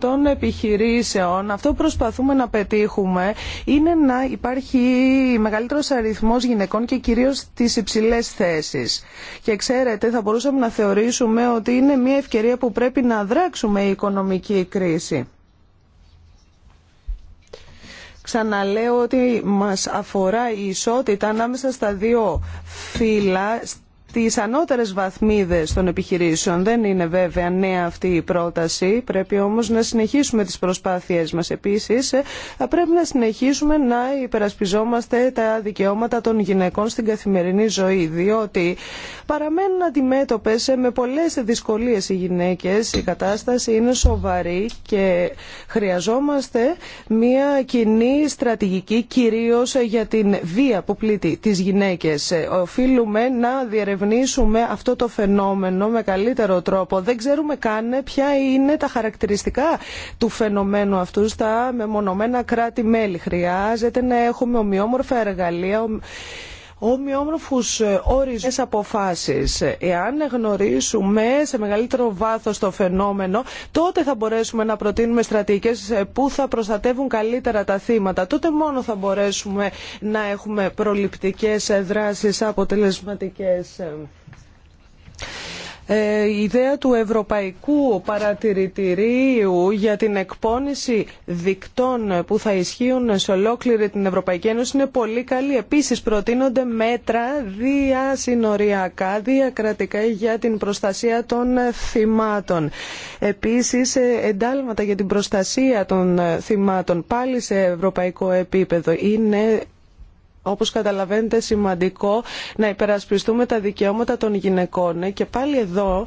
των επιχειρήσεων αυτό που προσπαθούμε να πετύχουμε είναι να υπάρχει μεγαλύτερος αριθμός γυναικών και κυρίως τις υψηλές θέσεις. Και ξέρετε θα μπορούσαμε να θεωρήσουμε ότι είναι μια ευκαιρία που πρέπει να δράξουμε η οικονομική κρίση. Ξαναλέω ότι μας αφορά η ισότητα ανάμεσα στα δύο φύλλα στις ανώτερες βαθμίδες των επιχειρήσεων. Δεν είναι βέβαια νέα αυτή η πρόταση, πρέπει όμως να συνεχίσουμε τις προσπάθειές μας. Επίσης, ε, θα πρέπει να συνεχίσουμε να υπερασπιζόμαστε τα δικαιώματα των γυναικών στην καθημερινή ζωή, διότι παραμένουν αντιμέτωπε ε, με πολλές δυσκολίες οι γυναίκες, η κατάσταση είναι σοβαρή και χρειαζόμαστε μια κοινή στρατηγική κυρίως ε, για την βία που πλήττει τις γυναίκες. Οφείλουμε να ερευνήσουμε αυτό το φαινόμενο με καλύτερο τρόπο. Δεν ξέρουμε καν ποια είναι τα χαρακτηριστικά του φαινομένου αυτού στα μεμονωμένα κράτη-μέλη. Χρειάζεται να έχουμε ομοιόμορφα εργαλεία, ομοιόμορφους ε, ορισμένε αποφάσεις. Εάν γνωρίσουμε σε μεγαλύτερο βάθος το φαινόμενο, τότε θα μπορέσουμε να προτείνουμε στρατηγικές ε, που θα προστατεύουν καλύτερα τα θύματα. Τότε μόνο θα μπορέσουμε να έχουμε προληπτικές ε, δράσεις αποτελεσματικές. Ε, η ιδέα του Ευρωπαϊκού Παρατηρητηρίου για την εκπόνηση δικτών που θα ισχύουν σε ολόκληρη την Ευρωπαϊκή Ένωση είναι πολύ καλή. Επίσης προτείνονται μέτρα διασυνοριακά, διακρατικά για την προστασία των θυμάτων. Επίσης ε, εντάλματα για την προστασία των θυμάτων πάλι σε ευρωπαϊκό επίπεδο είναι όπως καταλαβαίνετε σημαντικό να υπερασπιστούμε τα δικαιώματα των γυναικών και πάλι εδώ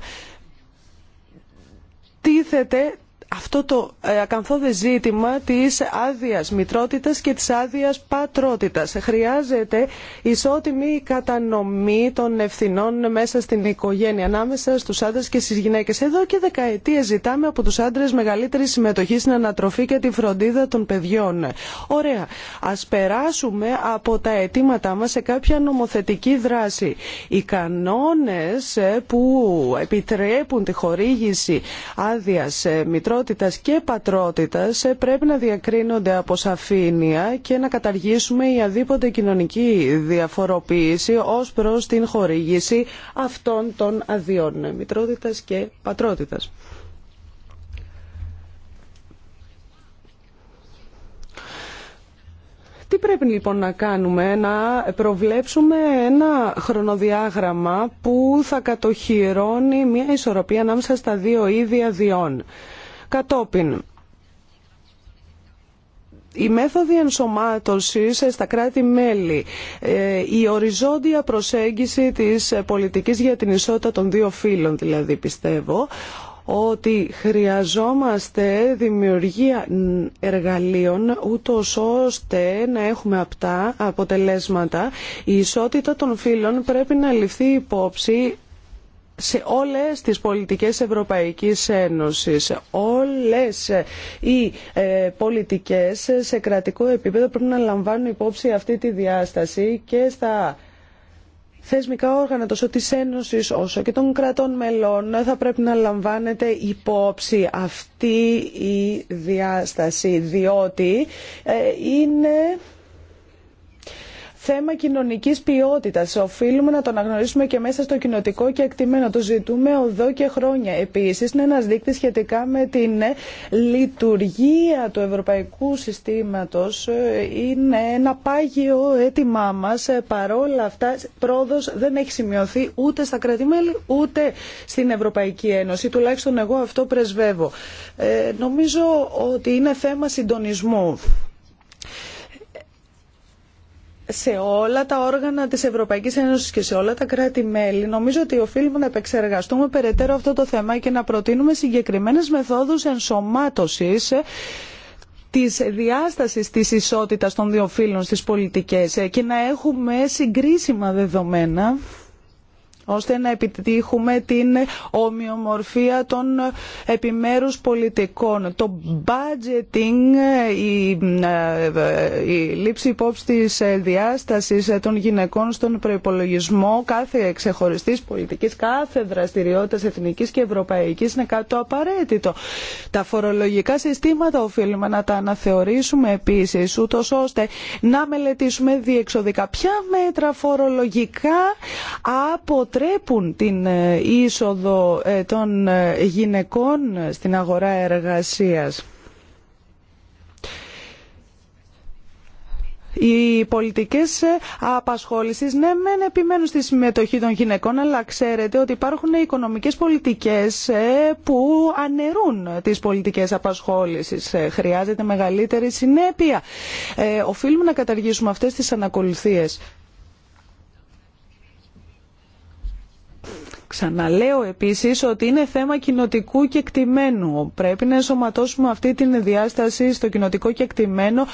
τίθεται αυτό το ε, ακαθόδε ζήτημα της άδεια μητρότητας και της άδεια πατρότητας. Χρειάζεται ισότιμη κατανομή των ευθυνών μέσα στην οικογένεια, ανάμεσα στους άντρες και στις γυναίκες. Εδώ και δεκαετίες ζητάμε από τους άντρες μεγαλύτερη συμμετοχή στην ανατροφή και τη φροντίδα των παιδιών. Ωραία. Ας περάσουμε από τα αιτήματά μας σε κάποια νομοθετική δράση. Οι κανόνες ε, που επιτρέπουν τη χορήγηση άδεια ε, μητρότητα και πατρότητας ε, πρέπει να διακρίνονται από σαφήνεια και να καταργήσουμε η αδίποτε κοινωνική διαφοροποίηση ως προς την χορήγηση αυτών των αδειών ε, μητρότητας και πατρότητας. Τι πρέπει λοιπόν να κάνουμε, να προβλέψουμε ένα χρονοδιάγραμμα που θα κατοχυρώνει μια ισορροπία ανάμεσα στα δύο είδη αδειών. Κατόπιν, η μέθοδοι ενσωμάτωσης στα κράτη-μέλη, ε, η οριζόντια προσέγγιση της πολιτικής για την ισότητα των δύο φύλων, δηλαδή πιστεύω, ότι χρειαζόμαστε δημιουργία εργαλείων ούτω ώστε να έχουμε απτά αποτελέσματα. Η ισότητα των φύλων πρέπει να ληφθεί υπόψη σε όλες τις πολιτικές Ευρωπαϊκής Ένωσης. Όλες οι ε, πολιτικές σε κρατικό επίπεδο πρέπει να λαμβάνουν υπόψη αυτή τη διάσταση και στα θεσμικά όργανα τόσο της Ένωσης όσο και των κρατών μελών θα πρέπει να λαμβάνεται υπόψη αυτή η διάσταση διότι ε, είναι θέμα κοινωνική ποιότητα. Οφείλουμε να το αναγνωρίσουμε και μέσα στο κοινοτικό και εκτιμένο. Το ζητούμε εδώ και χρόνια. επίση είναι ένα δείκτη σχετικά με την ε, λειτουργία του ευρωπαϊκού Συστήματο. Ε, είναι ένα πάγιο αίτημά μα. Ε, παρόλα αυτά, πρόοδο δεν έχει σημειωθεί ούτε στα κρατημέλη, ούτε στην Ευρωπαϊκή Ένωση. Τουλάχιστον εγώ αυτό πρεσβεύω. Ε, νομίζω ότι είναι θέμα συντονισμού σε όλα τα όργανα της Ευρωπαϊκής Ένωσης και σε όλα τα κράτη-μέλη νομίζω ότι οφείλουμε να επεξεργαστούμε περαιτέρω αυτό το θέμα και να προτείνουμε συγκεκριμένες μεθόδους ενσωμάτωσης ε, της διάσταση της ισότητας των δύο φύλων στις πολιτικές ε, και να έχουμε συγκρίσιμα δεδομένα ώστε να επιτύχουμε την ομοιομορφία των επιμέρους πολιτικών. Το budgeting, η, ε, η λήψη υπόψη της διάστασης των γυναικών στον προϋπολογισμό κάθε εξεχωριστής πολιτικής, κάθε δραστηριότητας εθνικής και ευρωπαϊκής είναι κάτι το απαραίτητο. Τα φορολογικά συστήματα οφείλουμε να τα αναθεωρήσουμε επίσης, ούτως ώστε να μελετήσουμε διεξοδικά ποια μέτρα φορολογικά αποτελούν την ε, είσοδο ε, των ε, γυναικών στην αγορά εργασίας. Οι πολιτικές απασχόλησης, ναι, μεν επιμένουν στη συμμετοχή των γυναικών, αλλά ξέρετε ότι υπάρχουν οικονομικές πολιτικές που ανερουν τις πολιτικές απασχόλησης. Χρειάζεται μεγαλύτερη συνέπεια. Οφείλουμε να καταργήσουμε αυτές τις ανακολουθίες. Ξαναλέω επίσης ότι είναι θέμα κοινοτικού και Πρέπει να ενσωματώσουμε αυτή την διάσταση στο κοινοτικό και εκτιμένο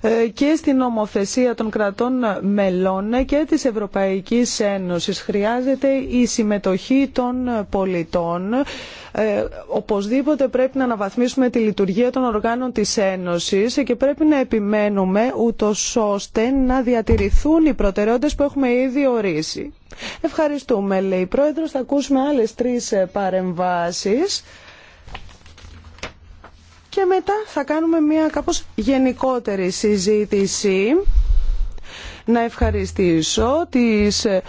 ε, και στην νομοθεσία των κρατών μελών και της Ευρωπαϊκής Ένωσης. Χρειάζεται η συμμετοχή των πολιτών. Ε, οπωσδήποτε πρέπει να αναβαθμίσουμε τη λειτουργία των οργάνων της Ένωσης και πρέπει να επιμένουμε ούτω ώστε να διατηρηθούν οι προτεραιότητες που έχουμε ήδη ορίσει. Ευχαριστούμε, λέει η πρόεδρο, Θα ακούσουμε άλλες τρει ε, παρεμβάσεις και μετά θα κάνουμε μια κάπως γενικότερη συζήτηση. Να ευχαριστήσω τις ε,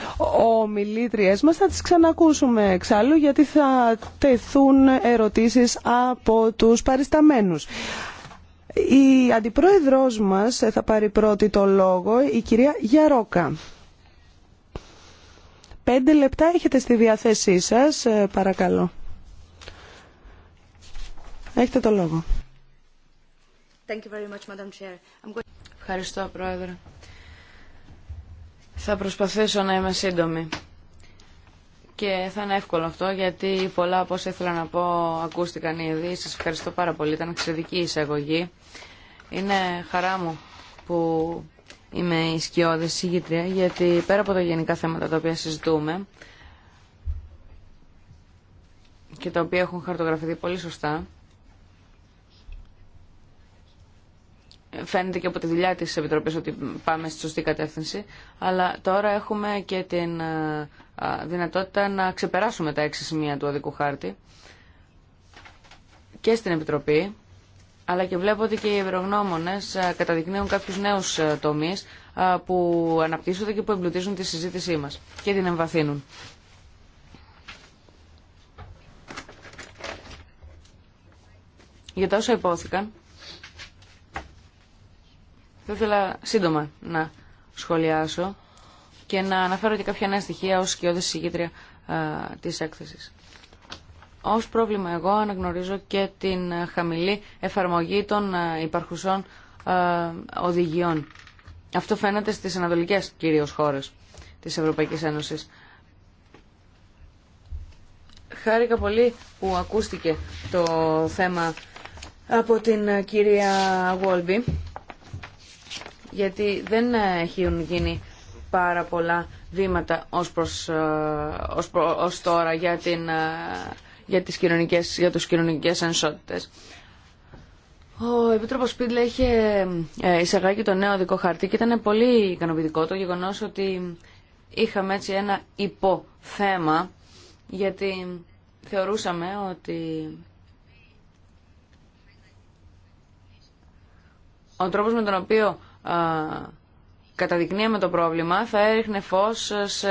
ομιλήτριές μας. Θα τις ξανακούσουμε εξάλλου γιατί θα τεθούν ερωτήσεις από τους παρισταμένους. Η αντιπρόεδρος μας θα πάρει πρώτη το λόγο, η κυρία Γιαρόκα. Πέντε λεπτά έχετε στη διάθεσή σας, ε, παρακαλώ. Έχετε το λόγο. Thank you very much, Madam Chair. I'm going... Ευχαριστώ, Πρόεδρε. Θα προσπαθήσω να είμαι σύντομη. Και θα είναι εύκολο αυτό, γιατί πολλά από όσα ήθελα να πω ακούστηκαν ήδη. Σας ευχαριστώ πάρα πολύ. Ήταν εξαιρετική εισαγωγή. Είναι χαρά μου που είμαι η σκιώδη γιατί πέρα από τα γενικά θέματα τα οποία συζητούμε και τα οποία έχουν χαρτογραφηθεί πολύ σωστά, φαίνεται και από τη δουλειά της Επιτροπής ότι πάμε στη σωστή κατεύθυνση, αλλά τώρα έχουμε και την ε, δυνατότητα να ξεπεράσουμε τα έξι σημεία του οδικού χάρτη και στην Επιτροπή αλλά και βλέπω ότι και οι ευρωγνώμονε ε, καταδεικνύουν κάποιου νέους ε, τομεί ε, που αναπτύσσονται και που εμπλουτίζουν τη συζήτησή μα και την εμβαθύνουν. Για τα όσα υπόθηκαν, θα ήθελα σύντομα να σχολιάσω και να αναφέρω και κάποια νέα στοιχεία ως σκιώδης συγκήτρια της έκθεσης ως πρόβλημα εγώ αναγνωρίζω και την χαμηλή εφαρμογή των ε, υπαρχουσών ε, οδηγιών. Αυτό φαίνεται στις ανατολικές κυρίως χώρες της Ευρωπαϊκής Ένωσης. Χάρηκα πολύ που ακούστηκε το θέμα από την ε, κυρία Γουόλμπι, γιατί δεν έχουν γίνει πάρα πολλά βήματα ως, προς, ως, προς, ως τώρα για την για, τις κοινωνικές, για τους κοινωνικές Ο Επίτροπο Σπίτλε είχε ε, εισαγάγει το νέο δικό χαρτί και ήταν πολύ ικανοποιητικό το γεγονό ότι είχαμε έτσι ένα υποθέμα γιατί θεωρούσαμε ότι ο τρόπος με τον οποίο με το πρόβλημα θα έριχνε φως σε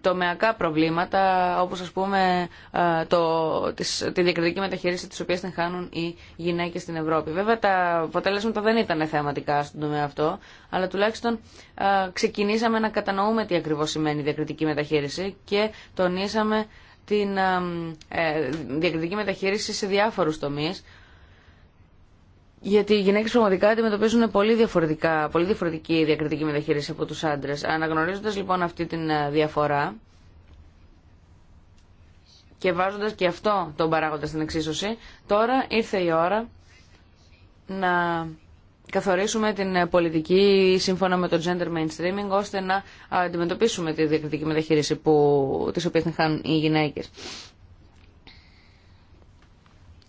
τομεακά προβλήματα όπως ας πούμε ε, το, της, τη διακριτική μεταχείριση της οποίας την χάνουν οι γυναίκες στην Ευρώπη. Βέβαια τα αποτελέσματα δεν ήταν θεματικά στον τομέα αυτό αλλά τουλάχιστον ε, ξεκινήσαμε να κατανοούμε τι ακριβώς σημαίνει η διακριτική μεταχείριση και τονίσαμε την ε, διακριτική μεταχείριση σε διάφορους τομείς γιατί οι γυναίκε πραγματικά αντιμετωπίζουν πολύ, διαφορετικά, πολύ διαφορετική διακριτική μεταχείριση από του άντρε. Αναγνωρίζοντα λοιπόν αυτή τη ε, διαφορά και βάζοντα και αυτό τον παράγοντα στην εξίσωση, τώρα ήρθε η ώρα να καθορίσουμε την πολιτική σύμφωνα με το gender mainstreaming ώστε να αντιμετωπίσουμε τη διακριτική μεταχείριση που, οποία οποίας χάνουν οι γυναίκες.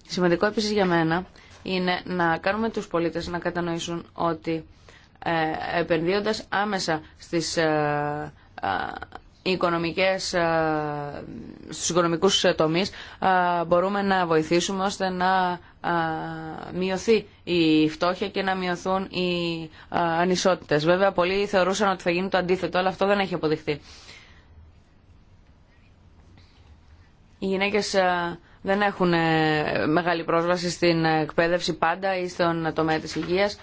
Σημαντικό επίσης για μένα είναι να κάνουμε τους πολίτες να κατανοήσουν ότι ε, επενδύοντας άμεσα στις ε, ε, οικονομικές, στους οικονομικούς τομείς μπορούμε να βοηθήσουμε ώστε να μειωθεί η φτώχεια και να μειωθούν οι ανισότητες. Βέβαια πολλοί θεωρούσαν ότι θα γίνει το αντίθετο, αλλά αυτό δεν έχει αποδειχθεί. Οι γυναίκες δεν έχουν ε, μεγάλη πρόσβαση στην εκπαίδευση πάντα ή στον τομέα της υγείας.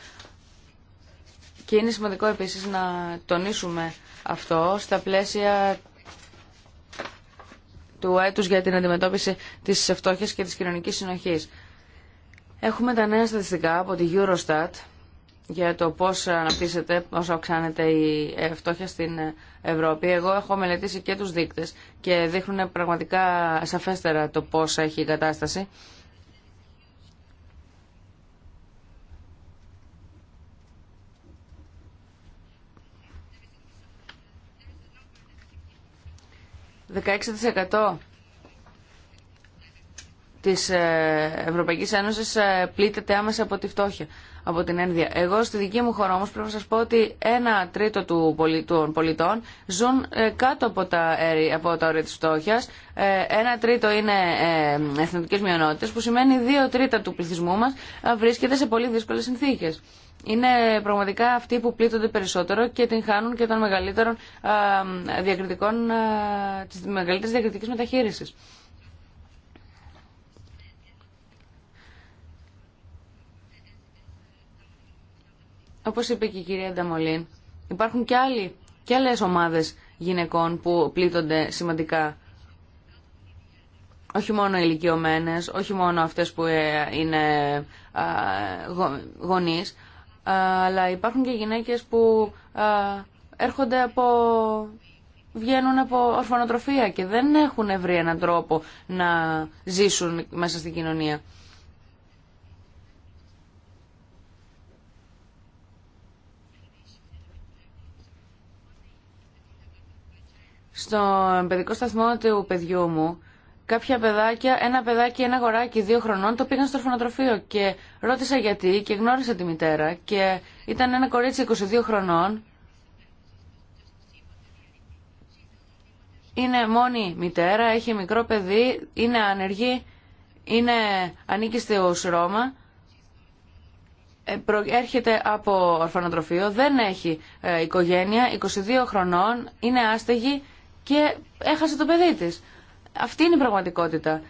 Και είναι σημαντικό επίσης να τονίσουμε αυτό στα πλαίσια του έτους για την αντιμετώπιση της φτώχειας και της κοινωνικής συνοχής. Έχουμε τα νέα στατιστικά από τη Eurostat για το πώς αναπτύσσεται, όσο αυξάνεται η ε, φτώχεια στην Ευρώπη. Εγώ έχω μελετήσει και τους δείκτες και δείχνουν πραγματικά σαφέστερα το πώς έχει η κατάσταση. «16% Τη ε, Ευρωπαϊκή Ένωση, ε, πλήττεται άμεσα από τη φτώχεια, από την ένδια. Εγώ στη δική μου χώρα όμω, πρέπει να σα πω ότι ένα τρίτο του των πολιτών ζουν ε, κάτω από τα, από τα όρια της φτώχειας, ένα τρίτο είναι εθνικές μειονότητε, που σημαίνει δύο τρίτα του πληθυσμού μας βρίσκεται σε πολύ δύσκολε συνθήκε. Είναι πραγματικά αυτοί που πλήττονται περισσότερο και την χάνουν και των μεγαλύτερων διακριτικών, της μεγαλύτερης διακριτικής μεταχείρισης. όπως είπε και η κυρία Νταμολίν, υπάρχουν και, άλλοι, και άλλες ομάδες γυναικών που πλήττονται σημαντικά. Όχι μόνο ηλικιωμένε, όχι μόνο αυτές που ε, είναι γονείς, αλλά υπάρχουν και γυναίκες που έρχονται από βγαίνουν από ορφανοτροφία και δεν έχουν βρει έναν τρόπο να ζήσουν μέσα στην κοινωνία. στο παιδικό σταθμό του παιδιού μου, κάποια παιδάκια, ένα παιδάκι, ένα αγοράκι δύο χρονών, το πήγαν στο ορφανοτροφείο και ρώτησα γιατί και γνώρισα τη μητέρα και ήταν ένα κορίτσι 22 χρονών. Είναι μόνη μητέρα, έχει μικρό παιδί, είναι ανεργή, είναι, ανήκει στο Ρώμα, ε, έρχεται από ορφανοτροφείο, δεν έχει ε, οικογένεια, 22 χρονών, είναι άστεγη και έχασε το παιδί της. Αυτή είναι η πραγματικότητα.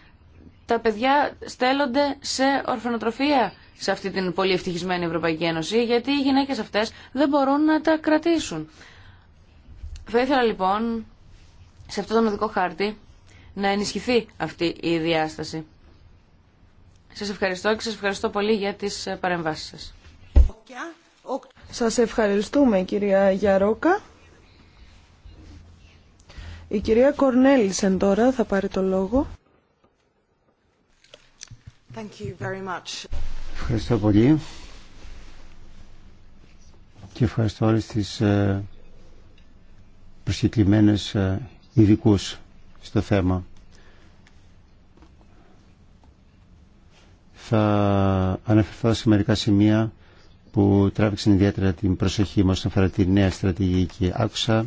Τα παιδιά στέλνονται σε ορφανοτροφία σε αυτή την πολύ ευτυχισμένη Ευρωπαϊκή Ένωση, γιατί οι γυναίκες αυτές δεν μπορούν να τα κρατήσουν. Θα ήθελα λοιπόν σε αυτό το νοδικό χάρτη να ενισχυθεί αυτή η διάσταση. Σας ευχαριστώ και σας ευχαριστώ πολύ για τις παρεμβάσεις σας. Σας ευχαριστούμε κυρία Γιαρόκα. Η κυρία Κορνέλισεν τώρα θα πάρει το λόγο. Ευχαριστώ πολύ και ευχαριστώ όλες τις ε, προσκεκλημένες ε, ειδικού στο θέμα. Θα αναφερθώ σε μερικά σημεία που τράβηξαν ιδιαίτερα την προσοχή μας όσον αφορά τη νέα στρατηγική. Άκουσα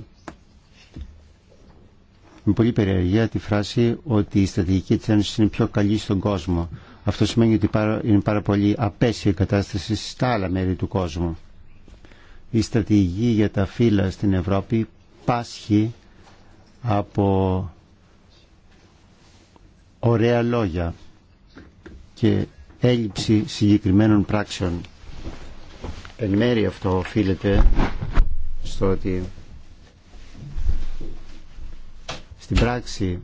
με πολύ περιεργία τη φράση ότι η στρατηγική της Ένωσης είναι πιο καλή στον κόσμο. Αυτό σημαίνει ότι είναι πάρα πολύ απέσια η κατάσταση στα άλλα μέρη του κόσμου. Η στρατηγική για τα φύλλα στην Ευρώπη πάσχει από ωραία λόγια και έλλειψη συγκεκριμένων πράξεων. Εν μέρει αυτό οφείλεται στο ότι στην πράξη,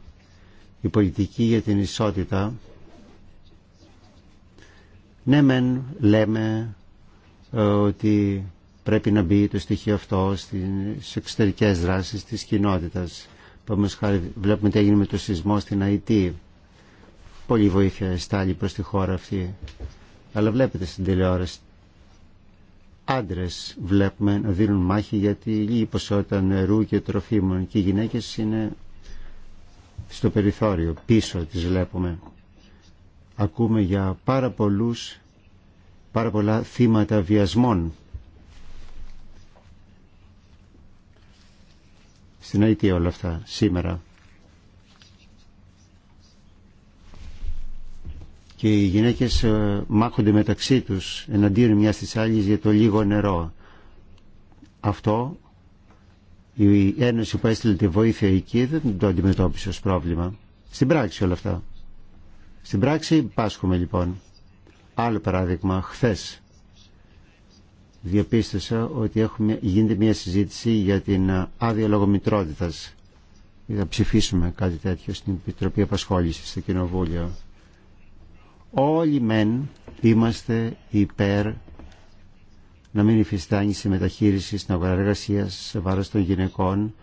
η πολιτική για την ισότητα, ναι μεν λέμε ε, ότι πρέπει να μπει το στοιχείο αυτό στις εξωτερικές δράσεις της κοινότητας. χάρη βλέπουμε τι έγινε με το σεισμό στην Αϊτή. Πολύ βοήθεια στάλει προς τη χώρα αυτή. Αλλά βλέπετε στην τηλεόραση άντρες βλέπουμε να δίνουν μάχη γιατί η λίγη ποσότητα νερού και τροφίμων και οι γυναίκες είναι στο περιθώριο, πίσω τις βλέπουμε. Ακούμε για πάρα, πολλούς, πάρα πολλά θύματα βιασμών. Στην όλα αυτά σήμερα. Και οι γυναίκες ε, μάχονται μεταξύ τους εναντίον μιας της άλλης για το λίγο νερό. Αυτό η Ένωση που έστειλε τη βοήθεια εκεί δεν το αντιμετώπισε ως πρόβλημα. Στην πράξη όλα αυτά. Στην πράξη πάσχουμε λοιπόν. Άλλο παράδειγμα, χθες διαπίστωσα ότι έχουμε, γίνεται μια συζήτηση για την άδεια λογομητρότητας. Θα ψηφίσουμε κάτι τέτοιο στην Επιτροπή Απασχόλησης στο Κοινοβούλιο. Όλοι μεν είμαστε υπέρ να μην υφιστάνει σε μεταχείριση στην αγορά εργασία σε βάρο των γυναικών,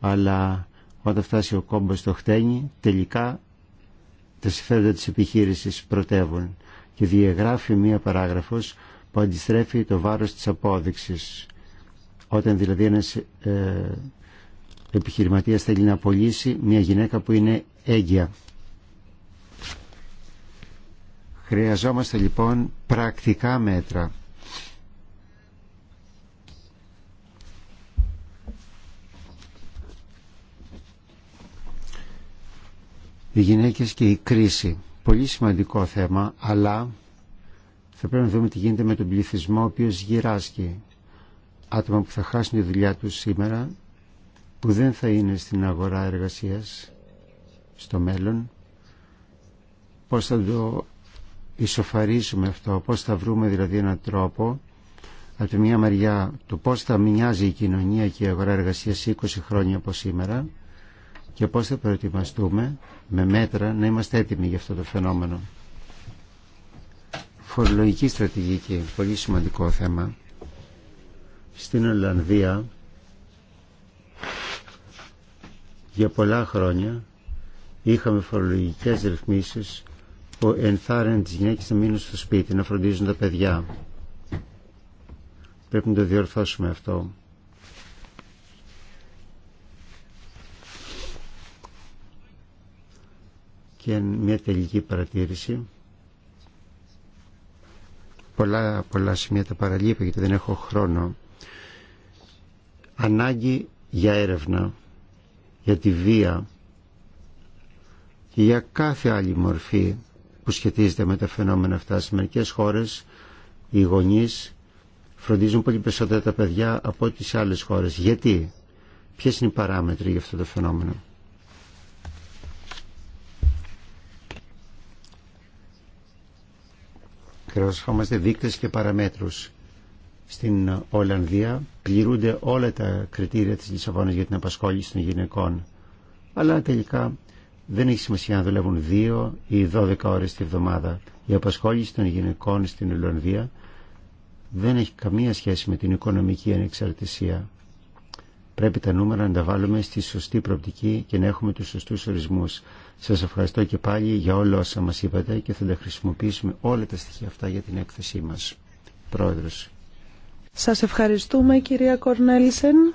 αλλά όταν φτάσει ο κόμπο στο χτένι, τελικά τα συμφέροντα της επιχείρησης πρωτεύουν και διαγράφει μία παράγραφος που αντιστρέφει το βάρος τη απόδειξης. Όταν δηλαδή ένα ε, επιχειρηματίας θέλει να απολύσει μία γυναίκα που είναι έγκυα. Χρειαζόμαστε λοιπόν πρακτικά μέτρα οι γυναίκες και η κρίση. Πολύ σημαντικό θέμα, αλλά θα πρέπει να δούμε τι γίνεται με τον πληθυσμό ο οποίος γυράσκει. Άτομα που θα χάσουν τη δουλειά τους σήμερα, που δεν θα είναι στην αγορά εργασίας στο μέλλον, πώς θα το ισοφαρίσουμε αυτό, πώς θα βρούμε δηλαδή έναν τρόπο από τη μια μεριά το πώς θα μοιάζει η κοινωνία και η αγορά εργασίας 20 χρόνια από σήμερα και πώς θα προετοιμαστούμε με μέτρα να είμαστε έτοιμοι για αυτό το φαινόμενο. Φορολογική στρατηγική, πολύ σημαντικό θέμα. Στην Ολλανδία για πολλά χρόνια είχαμε φορολογικές ρυθμίσεις που ενθάρρυναν τις γυναίκες να μείνουν στο σπίτι, να φροντίζουν τα παιδιά. Πρέπει να το διορθώσουμε αυτό. Και μια τελική παρατήρηση. Πολλά, πολλά σημεία τα παραλείπω γιατί δεν έχω χρόνο. Ανάγκη για έρευνα, για τη βία και για κάθε άλλη μορφή που σχετίζεται με τα φαινόμενα αυτά. Σε μερικές χώρες οι γονείς φροντίζουν πολύ περισσότερα τα παιδιά από τις άλλες χώρες. Γιατί, ποιες είναι οι παράμετροι για αυτό το φαινόμενο. Χρειαζόμαστε δείκτες και παραμέτρους. Στην Ολλανδία πληρούνται όλα τα κριτήρια της Λισαβόνας για την απασχόληση των γυναικών. Αλλά τελικά δεν έχει σημασία να δουλεύουν 2 ή 12 ώρες τη εβδομάδα. Η απασχόληση των γυναικών στην Ολλανδία δεν έχει καμία σχέση με την οικονομική ανεξαρτησία. Πρέπει τα νούμερα να τα βάλουμε στη σωστή προοπτική και να έχουμε τους σωστούς ορισμούς. Σας ευχαριστώ και πάλι για όλα όσα μας είπατε και θα τα χρησιμοποιήσουμε όλα τα στοιχεία αυτά για την έκθεσή μας. Πρόεδρος. Σας ευχαριστούμε κυρία Κορνέλισεν.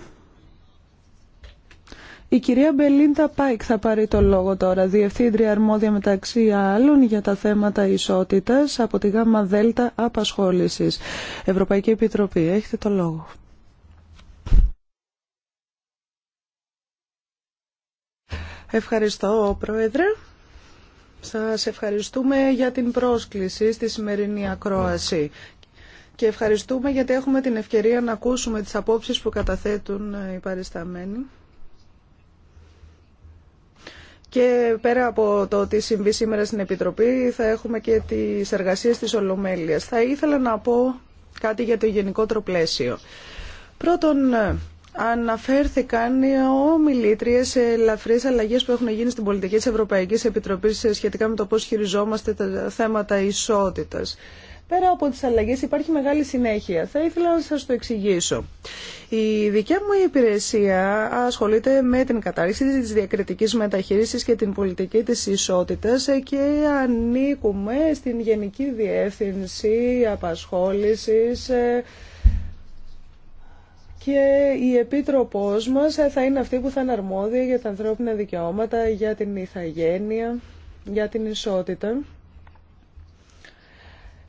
Η κυρία Μπελίντα Πάικ θα πάρει το λόγο τώρα, διευθύντρια αρμόδια μεταξύ άλλων για τα θέματα ισότητας από τη ΓΑΜΑ ΔΕΛΤΑ Απασχόλησης. Ευρωπαϊκή Επιτροπή, έχετε το λόγο. Ευχαριστώ, Πρόεδρε. Σας ευχαριστούμε για την πρόσκληση στη σημερινή ακρόαση και ευχαριστούμε γιατί έχουμε την ευκαιρία να ακούσουμε τις απόψεις που καταθέτουν ε, οι παρισταμένοι. Και πέρα από το τι συμβεί σήμερα στην Επιτροπή θα έχουμε και τις εργασίες της Ολομέλειας. Θα ήθελα να πω κάτι για το γενικό πλαίσιο. Πρώτον, αναφέρθηκαν οι ομιλήτριε σε ελαφρύ αλλαγέ που έχουν γίνει στην πολιτική τη Ευρωπαϊκή Επιτροπή σχετικά με το πώ χειριζόμαστε τα θέματα ισότητα. Πέρα από τις αλλαγές υπάρχει μεγάλη συνέχεια. Θα ήθελα να σας το εξηγήσω. Η δικιά μου υπηρεσία ασχολείται με την κατάρριξη της διακριτικής μεταχείρισης και την πολιτική της ισότητας και ανήκουμε στην Γενική Διεύθυνση Απασχόλησης και η Επίτροπός μας θα είναι αυτή που θα είναι αρμόδια για τα ανθρώπινα δικαιώματα, για την ηθαγένεια, για την ισότητα.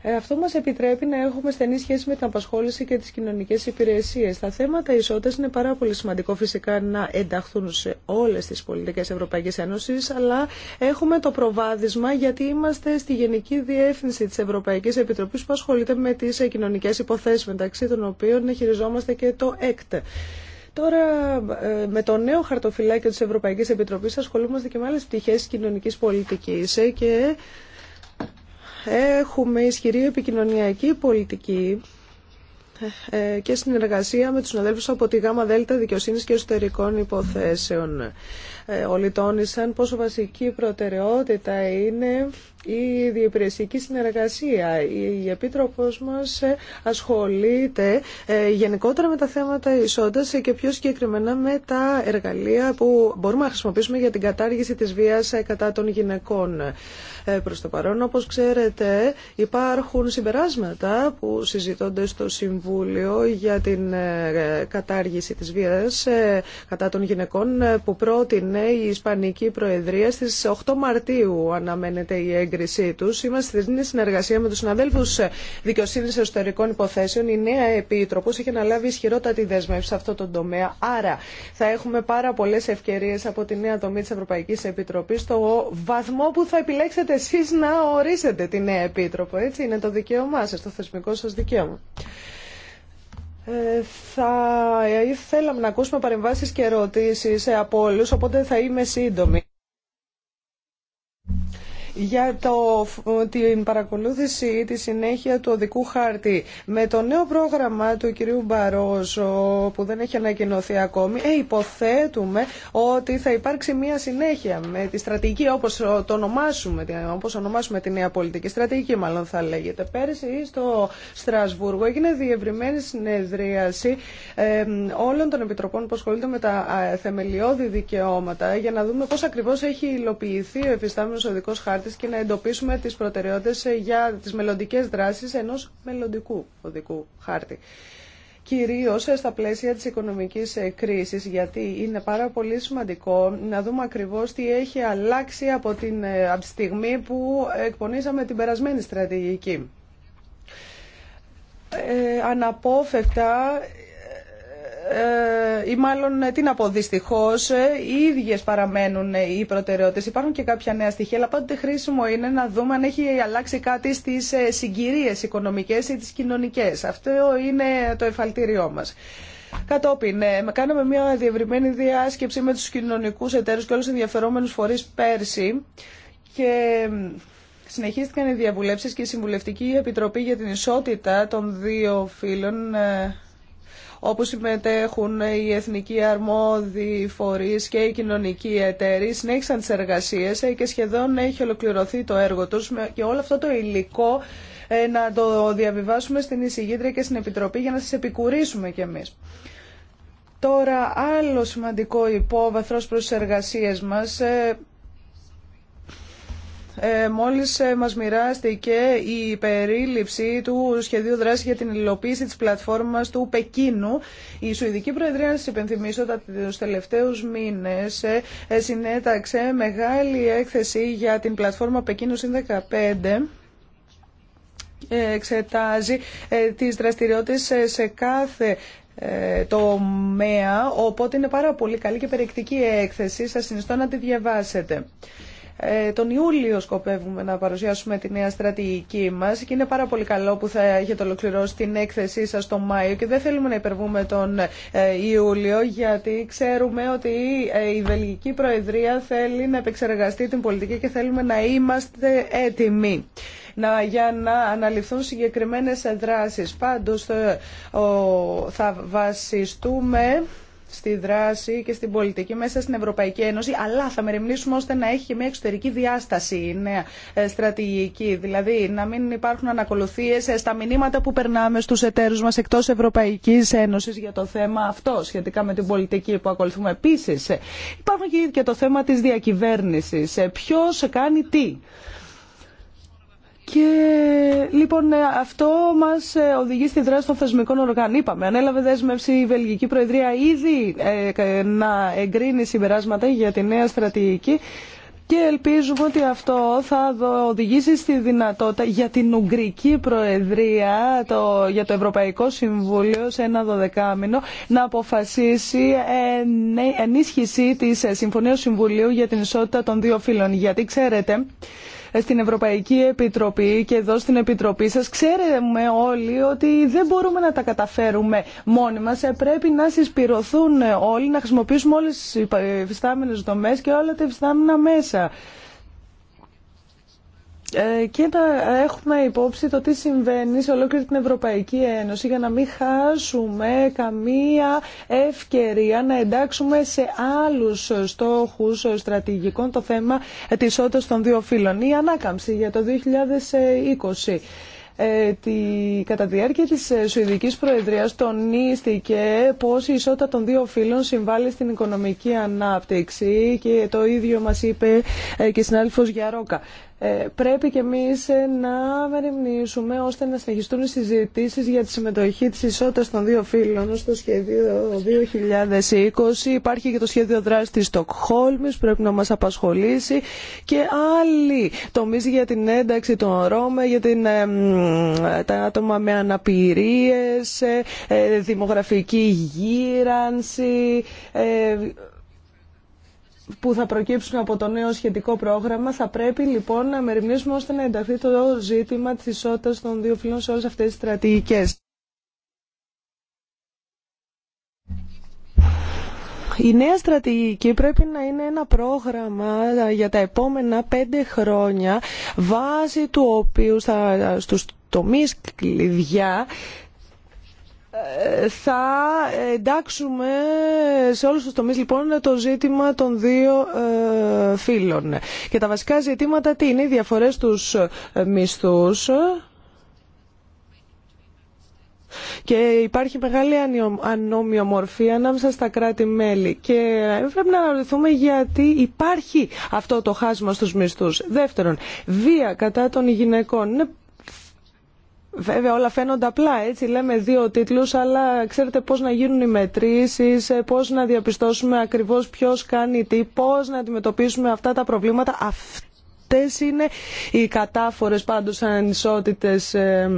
Ε, αυτό μας επιτρέπει να έχουμε στενή σχέση με την απασχόληση και τις κοινωνικές υπηρεσίες. Τα θέματα ισότητας είναι πάρα πολύ σημαντικό φυσικά να ενταχθούν σε όλες τις πολιτικές Ευρωπαϊκής Ένωση, αλλά έχουμε το προβάδισμα γιατί είμαστε στη Γενική Διεύθυνση της Ευρωπαϊκής Επιτροπής που ασχολείται με τις κοινωνικές υποθέσεις, μεταξύ των οποίων χειριζόμαστε και το ΕΚΤ. Τώρα ε, με το νέο χαρτοφυλάκιο της Ευρωπαϊκής Επιτροπής ασχολούμαστε και με άλλες πτυχές κοινωνικής πολιτικής ε, και έχουμε ισχυρή επικοινωνιακή πολιτική ε, και συνεργασία με τους συναδέλφους από τη ΓΔ Δικαιοσύνης και Εσωτερικών Υποθέσεων. Ε, όλοι τόνισαν πόσο βασική προτεραιότητα είναι η διεπηρεσιακή συνεργασία. Η Επίτροπος μας ε, ασχολείται ε, γενικότερα με τα θέματα ισότητας και πιο συγκεκριμένα με τα εργαλεία που μπορούμε να χρησιμοποιήσουμε για την κατάργηση της βίας κατά των γυναικών. Προς το παρόν, όπως ξέρετε, υπάρχουν συμπεράσματα που συζητώνται στο Συμβούλιο για την κατάργηση της βίας κατά των γυναικών που πρότεινε η Ισπανική Προεδρία. Στις 8 Μαρτίου αναμένεται η έγκρισή τους. Είμαστε στην συνεργασία με τους συναδέλφου Δικαιοσύνη εσωτερικών υποθέσεων. Η νέα Επίτροπο έχει αναλάβει ισχυρότατη δέσμευση σε αυτό το τομέα. Άρα θα έχουμε πάρα πολλές ευκαιρίες από τη νέα δομή της Ευρωπαϊκής Επιτροπής στο βαθμό που θα επιλέξετε εσεί να ορίσετε τη νέα Επίτροπο. Έτσι είναι το δικαίωμά σα, το θεσμικό σα δικαίωμα. Ε, θα ήθελα να ακούσουμε παρεμβάσεις και ερωτήσεις από όλους, οπότε θα είμαι σύντομη για το, την παρακολούθηση ή τη συνέχεια του οδικού χάρτη. Με το νέο πρόγραμμα του κυρίου Μπαρόζο που δεν έχει ανακοινωθεί ακόμη, ε, υποθέτουμε ότι θα υπάρξει μια συνέχεια με τη στρατηγική όπως το ονομάσουμε, όπως ονομάσουμε τη νέα πολιτική στρατηγική μάλλον θα λέγεται. Πέρυσι στο Στρασβούργο έγινε διευρυμένη συνεδρίαση ε, όλων των επιτροπών που ασχολούνται με τα θεμελιώδη δικαιώματα για να δούμε πώς ακριβώς έχει υλοποιηθεί ο εφιστάμενος οδικός Χάρτη και να εντοπίσουμε τις προτεραιότητες για τις μελλοντικές δράσεις ενός μελλοντικού οδικού χάρτη. Κυρίως ε, στα πλαίσια της οικονομικής ε, κρίσης, γιατί είναι πάρα πολύ σημαντικό να δούμε ακριβώς τι έχει αλλάξει από την ε, από τη στιγμή που εκπονήσαμε την περασμένη στρατηγική. Ε, αναπόφευκτα ε, ή μάλλον ε, τι να πω, δυστυχώ ε, οι ίδιε παραμένουν οι προτεραιότητε. Υπάρχουν και κάποια νέα στοιχεία, αλλά πάντοτε χρήσιμο είναι να δούμε αν έχει αλλάξει κάτι στι συγκυρίε οικονομικέ ή τι κοινωνικέ. Αυτό είναι το εφαλτήριό μα. Κατόπιν, κάναμε μια διευρυμένη διάσκεψη με του κοινωνικού εταίρου και όλου του ενδιαφερόμενου φορεί πέρσι και συνεχίστηκαν οι διαβουλεύσεις και η Συμβουλευτική Επιτροπή για την Ισότητα των Δύο Φύλων όπου συμμετέχουν οι εθνικοί αρμόδιοι φορείς και οι κοινωνικοί εταίροι, συνέχισαν τις εργασίες ε, και σχεδόν έχει ολοκληρωθεί το έργο τους και όλο αυτό το υλικό ε, να το διαβιβάσουμε στην εισηγήτρια και στην Επιτροπή για να σας επικουρήσουμε κι εμείς. Τώρα, άλλο σημαντικό υπόβαθρος προς τις εργασίες μας ε, ε, μόλις ε, μας μοιράστηκε η περίληψη του σχεδίου δράση για την υλοποίηση της πλατφόρμας του Πεκίνου. Η Σουηδική Προεδρία, να σας υπενθυμίσω, τους τελευταίους μήνες ε, συνέταξε μεγάλη έκθεση για την πλατφόρμα Πεκίνου ΣΥΝ 15 εξετάζει τις δραστηριότητες σε κάθε τομέα, οπότε είναι πάρα πολύ καλή και περιεκτική έκθεση. Σας συνιστώ να τη διαβάσετε. Ε, τον Ιούλιο σκοπεύουμε να παρουσιάσουμε τη νέα στρατηγική μας και είναι πάρα πολύ καλό που θα έχετε ολοκληρώσει την έκθεσή σας τον Μάιο και δεν θέλουμε να υπερβούμε τον ε, Ιούλιο γιατί ξέρουμε ότι ε, η Βελγική Προεδρία θέλει να επεξεργαστεί την πολιτική και θέλουμε να είμαστε έτοιμοι να, για να αναλυφθούν συγκεκριμένες δράσεις. Πάντως θα βασιστούμε στη δράση και στην πολιτική μέσα στην Ευρωπαϊκή Ένωση, αλλά θα μεριμνήσουμε ώστε να έχει μια εξωτερική διάσταση η νέα ε, στρατηγική. Δηλαδή να μην υπάρχουν ανακολουθίε ε, στα μηνύματα που περνάμε στου εταίρου μα εκτό Ευρωπαϊκή Ένωση για το θέμα αυτό, σχετικά με την πολιτική που ακολουθούμε. Επίση, ε, υπάρχουν και το θέμα τη διακυβέρνηση. Ποιο κάνει τι. Και λοιπόν ε, αυτό μας ε, οδηγεί στη δράση των θεσμικών οργάνων. Είπαμε, ανέλαβε δέσμευση η Βελγική Προεδρία ήδη ε, να εγκρίνει συμπεράσματα για τη νέα στρατηγική και ελπίζουμε ότι αυτό θα οδηγήσει στη δυνατότητα για την Ουγγρική Προεδρία, το, για το Ευρωπαϊκό Συμβούλιο σε ένα δωδεκάμινο, να αποφασίσει ναι, ενίσχυση της Συμφωνίας Συμβουλίου για την Ισότητα των Δύο Φύλων. Γιατί ξέρετε, στην Ευρωπαϊκή Επιτροπή και εδώ στην Επιτροπή σας. Ξέρουμε όλοι ότι δεν μπορούμε να τα καταφέρουμε μόνοι μας. Ε, πρέπει να συσπηρωθούν όλοι, να χρησιμοποιήσουμε όλες τις υφιστάμενες δομές και όλα τα υφιστάμενα μέσα. Ε, και να έχουμε υπόψη το τι συμβαίνει σε ολόκληρη την Ευρωπαϊκή Ένωση για να μην χάσουμε καμία ευκαιρία να εντάξουμε σε άλλους στόχους στρατηγικών το θέμα της όντας των δύο φύλων. Η ανάκαμψη για το 2020 ε, τη, κατά τη διάρκεια της Σουηδικής Προεδρίας τονίστηκε πως η ισότητα των δύο φύλων συμβάλλει στην οικονομική ανάπτυξη και το ίδιο μας είπε ε, και συνάδελφος Γιαρόκα. Ε, πρέπει και εμεί ε, να μεριμνήσουμε ώστε να συνεχιστούν οι συζητήσει για τη συμμετοχή τη ισότητα των δύο φύλων στο σχέδιο 2020. Υπάρχει και το σχέδιο δράση τη Στοκχόλμη που πρέπει να μα απασχολήσει και άλλοι τομεί για την ένταξη των Ρώμα, για την, ε, τα άτομα με αναπηρίες, δημογραφική γύρανση, που θα προκύψουν από το νέο σχετικό πρόγραμμα. Θα πρέπει λοιπόν να μεριμνήσουμε ώστε να ενταχθεί το ζήτημα της ισότητας των δύο φύλων σε όλες αυτές τις στρατηγικές. Η νέα στρατηγική πρέπει να είναι ένα πρόγραμμα για τα επόμενα πέντε χρόνια βάσει του οποίου θα, στους τομείς κλειδιά ε, θα εντάξουμε σε όλους τους τομείς λοιπόν το ζήτημα των δύο ε, Και τα βασικά ζητήματα τι είναι οι διαφορές τους ε, μισθούς και υπάρχει μεγάλη μορφή ανάμεσα στα κράτη-μέλη και ε, πρέπει να αναρωτηθούμε γιατί υπάρχει αυτό το χάσμα στους μισθούς. Δεύτερον, βία κατά των γυναικών είναι Βέβαια όλα φαίνονται απλά, έτσι λέμε δύο τίτλους, αλλά ξέρετε πώς να γίνουν οι μετρήσεις, ε, πώς να διαπιστώσουμε ακριβώς ποιος κάνει τι, πώς να αντιμετωπίσουμε αυτά τα προβλήματα. Αυτές είναι οι κατάφορες πάντως ανισότητες ε,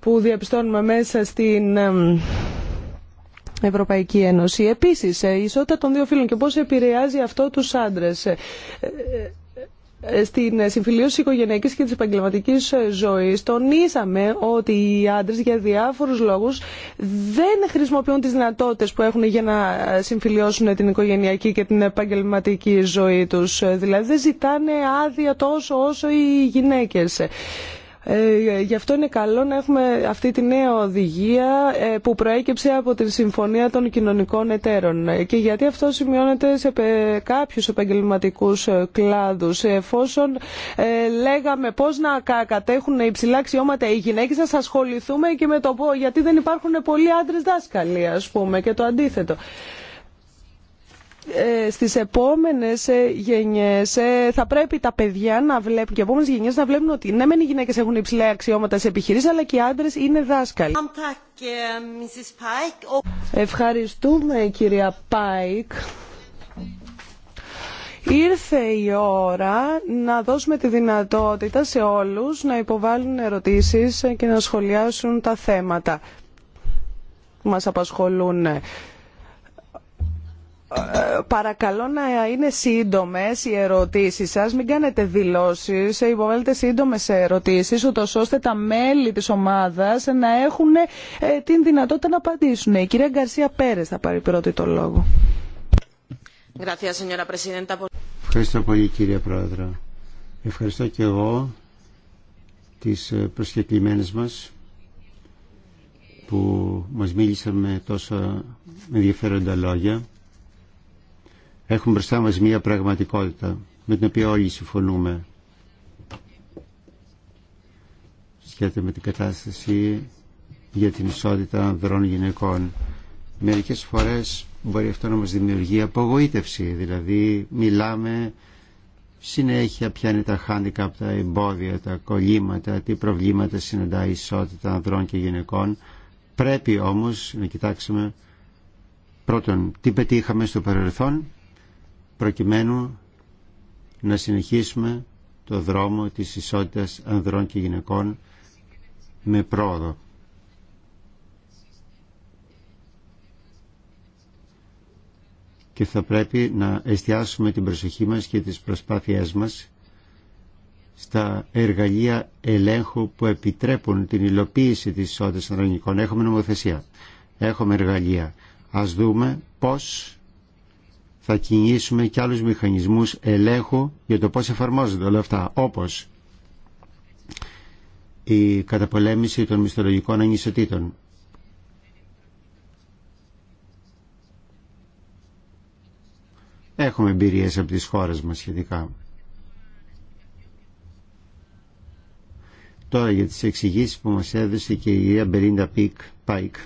που διαπιστώνουμε μέσα στην ε, Ευρωπαϊκή Ένωση. Επίσης, η ισότητα των δύο φίλων και πώς επηρεάζει αυτό τους άντρες στην συμφιλίωση οικογενειακής και της επαγγελματική ζωής τονίσαμε ότι οι άντρες για διάφορους λόγους δεν χρησιμοποιούν τις δυνατότητες που έχουν για να συμφιλιώσουν την οικογενειακή και την επαγγελματική ζωή τους. Δηλαδή δεν ζητάνε άδεια τόσο όσο οι γυναίκες. Ε, γι' αυτό είναι καλό να έχουμε αυτή τη νέα οδηγία ε, που προέκυψε από τη Συμφωνία των Κοινωνικών Εταίρων. Ε, και γιατί αυτό σημειώνεται σε κάποιους επαγγελματικούς κλάδους. Εφόσον λέγαμε πώς να κατέχουν υψηλά αξιώματα οι γυναίκες, να ασχοληθούμε και με το πω γιατί δεν υπάρχουν πολλοί άντρες δάσκαλοι, ας πούμε, και το αντίθετο. Ε, στις επόμενες ε, γενιές ε, θα πρέπει τα παιδιά να βλέπουν και οι επόμενες γενιές να βλέπουν ότι ναι οι γυναίκες έχουν υψηλά αξιώματα σε επιχειρήσεις αλλά και οι άντρες είναι δάσκαλοι. Ευχαριστούμε κυρία Πάικ. Ήρθε η ώρα να δώσουμε τη δυνατότητα σε όλους να υποβάλουν ερωτήσεις και να σχολιάσουν τα θέματα που μας απασχολούν παρακαλώ να είναι σύντομες οι ερωτήσεις σας. Μην κάνετε δηλώσεις, υποβάλλετε σύντομες ερωτήσεις, ούτως ώστε τα μέλη της ομάδας να έχουν ε, την δυνατότητα να απαντήσουν. Η κυρία Γκαρσία Πέρες θα πάρει πρώτη το λόγο. Ευχαριστώ πολύ κύριε Πρόεδρε. Ευχαριστώ και εγώ τις προσκεκλημένες μας που μας μίλησαν με τόσο ενδιαφέροντα λόγια. Έχουμε μπροστά μας μία πραγματικότητα με την οποία όλοι συμφωνούμε. σχετικά με την κατάσταση για την ισότητα ανδρών γυναικών. Μερικές φορές μπορεί αυτό να μας δημιουργεί απογοήτευση. Δηλαδή μιλάμε συνέχεια ποια είναι τα από τα εμπόδια, τα κολλήματα, τι προβλήματα συναντά η ισότητα ανδρών και γυναικών. Πρέπει όμως να κοιτάξουμε πρώτον τι πετύχαμε στο παρελθόν προκειμένου να συνεχίσουμε το δρόμο της ισότητας ανδρών και γυναικών με πρόοδο. Και θα πρέπει να εστιάσουμε την προσοχή μας και τις προσπάθειές μας στα εργαλεία ελέγχου που επιτρέπουν την υλοποίηση της ισότητας ανδρών Έχουμε νομοθεσία, έχουμε εργαλεία. Ας δούμε πώς θα κινήσουμε και άλλους μηχανισμούς ελέγχου για το πώς εφαρμόζονται όλα αυτά, όπως η καταπολέμηση των μισθολογικών ανισοτήτων. Έχουμε εμπειρίε από τις χώρες μας σχετικά. Τώρα για τις εξηγήσεις που μας έδωσε και η κυρία Μπερίντα Πάικ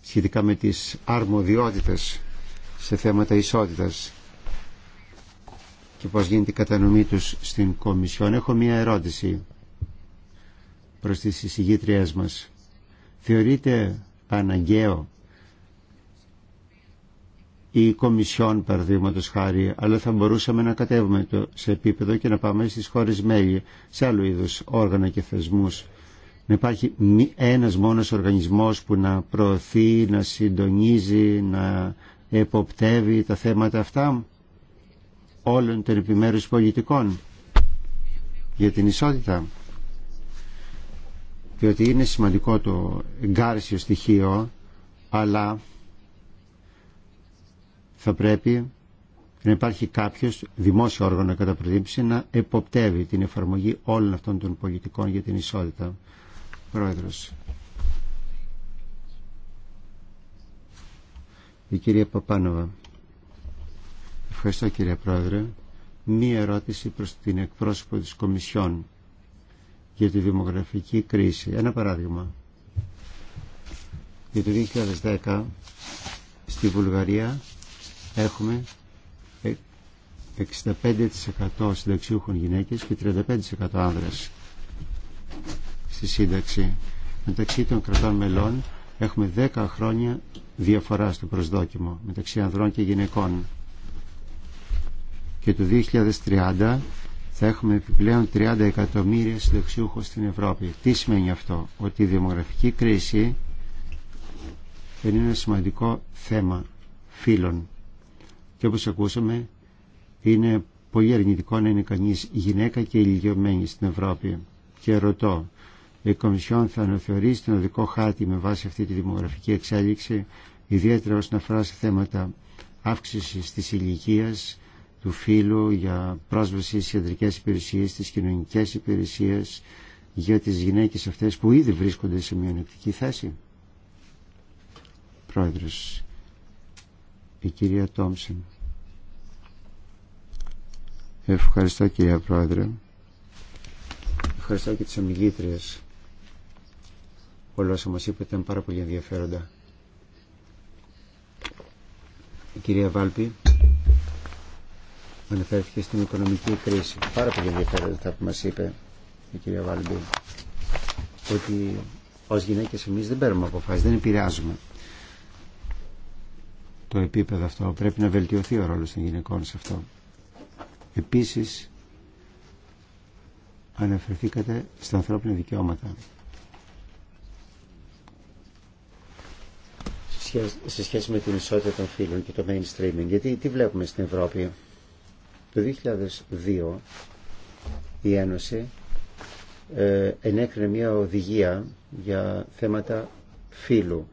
σχετικά με τις αρμοδιότητες σε θέματα ισότητας και πώς γίνεται η κατανομή τους στην Κομισιόν. Έχω μία ερώτηση προς τις εισηγήτριές μας. Θεωρείται αναγκαίο η Κομισιόν παραδείγματο χάρη, αλλά θα μπορούσαμε να κατέβουμε το σε επίπεδο και να πάμε στις χώρες μέλη, σε άλλου είδους όργανα και θεσμούς. Να υπάρχει ένας μόνος οργανισμός που να προωθεί, να συντονίζει, να εποπτεύει τα θέματα αυτά όλων των επιμέρους πολιτικών για την ισότητα διότι είναι σημαντικό το εγκάρσιο στοιχείο αλλά θα πρέπει να υπάρχει κάποιος δημόσιο όργανο κατά να εποπτεύει την εφαρμογή όλων αυτών των πολιτικών για την ισότητα. Πρόεδρος, Η κυρία Παπάνοβα. Ευχαριστώ κύριε Πρόεδρε. Μία ερώτηση προς την εκπρόσωπο της Κομισιόν για τη δημογραφική κρίση. Ένα παράδειγμα. Για το 2010 στη Βουλγαρία έχουμε 65% ε, συνταξιούχων γυναίκες και 35% άνδρες στη σύνταξη. Μεταξύ των κρατών μελών έχουμε 10 χρόνια διαφορά στο προσδόκιμο μεταξύ ανδρών και γυναικών. Και το 2030 θα έχουμε επιπλέον 30 εκατομμύρια συνταξιούχους στην Ευρώπη. Τι σημαίνει αυτό, ότι η δημογραφική κρίση είναι ένα σημαντικό θέμα φίλων. Και όπως ακούσαμε, είναι πολύ αρνητικό να είναι κανείς γυναίκα και ηλικιωμένη στην Ευρώπη. Και ρωτώ, η Κομισιόν θα αναθεωρήσει τον οδικό χάρτη με βάση αυτή τη δημογραφική εξέλιξη, ιδιαίτερα όσον αφορά σε θέματα αύξησης τη ηλικία του φύλου για πρόσβαση στι ιατρικές υπηρεσίες, στις κοινωνικές υπηρεσίες για τις γυναίκες αυτές που ήδη βρίσκονται σε μειονεκτική θέση. Προέδρο. η κυρία Τόμψεν Ευχαριστώ κυρία Πρόεδρε. Ευχαριστώ και τις ομιλήτριες όλα όσα μας είπε ήταν πάρα πολύ ενδιαφέροντα. Η κυρία Βάλπη αναφέρθηκε στην οικονομική κρίση. Πάρα πολύ ενδιαφέροντα που μας είπε η κυρία Βάλπη ότι ως γυναίκες εμείς δεν παίρνουμε αποφάσεις, δεν επηρεάζουμε το επίπεδο αυτό. Πρέπει να βελτιωθεί ο ρόλος των γυναικών σε αυτό. Επίσης αναφερθήκατε στα ανθρώπινα δικαιώματα. σε σχέση με την ισότητα των φίλων και το mainstreaming. Γιατί τι βλέπουμε στην Ευρώπη. Το 2002 η Ένωση ε, ενέκρινε μια οδηγία για θέματα φίλου,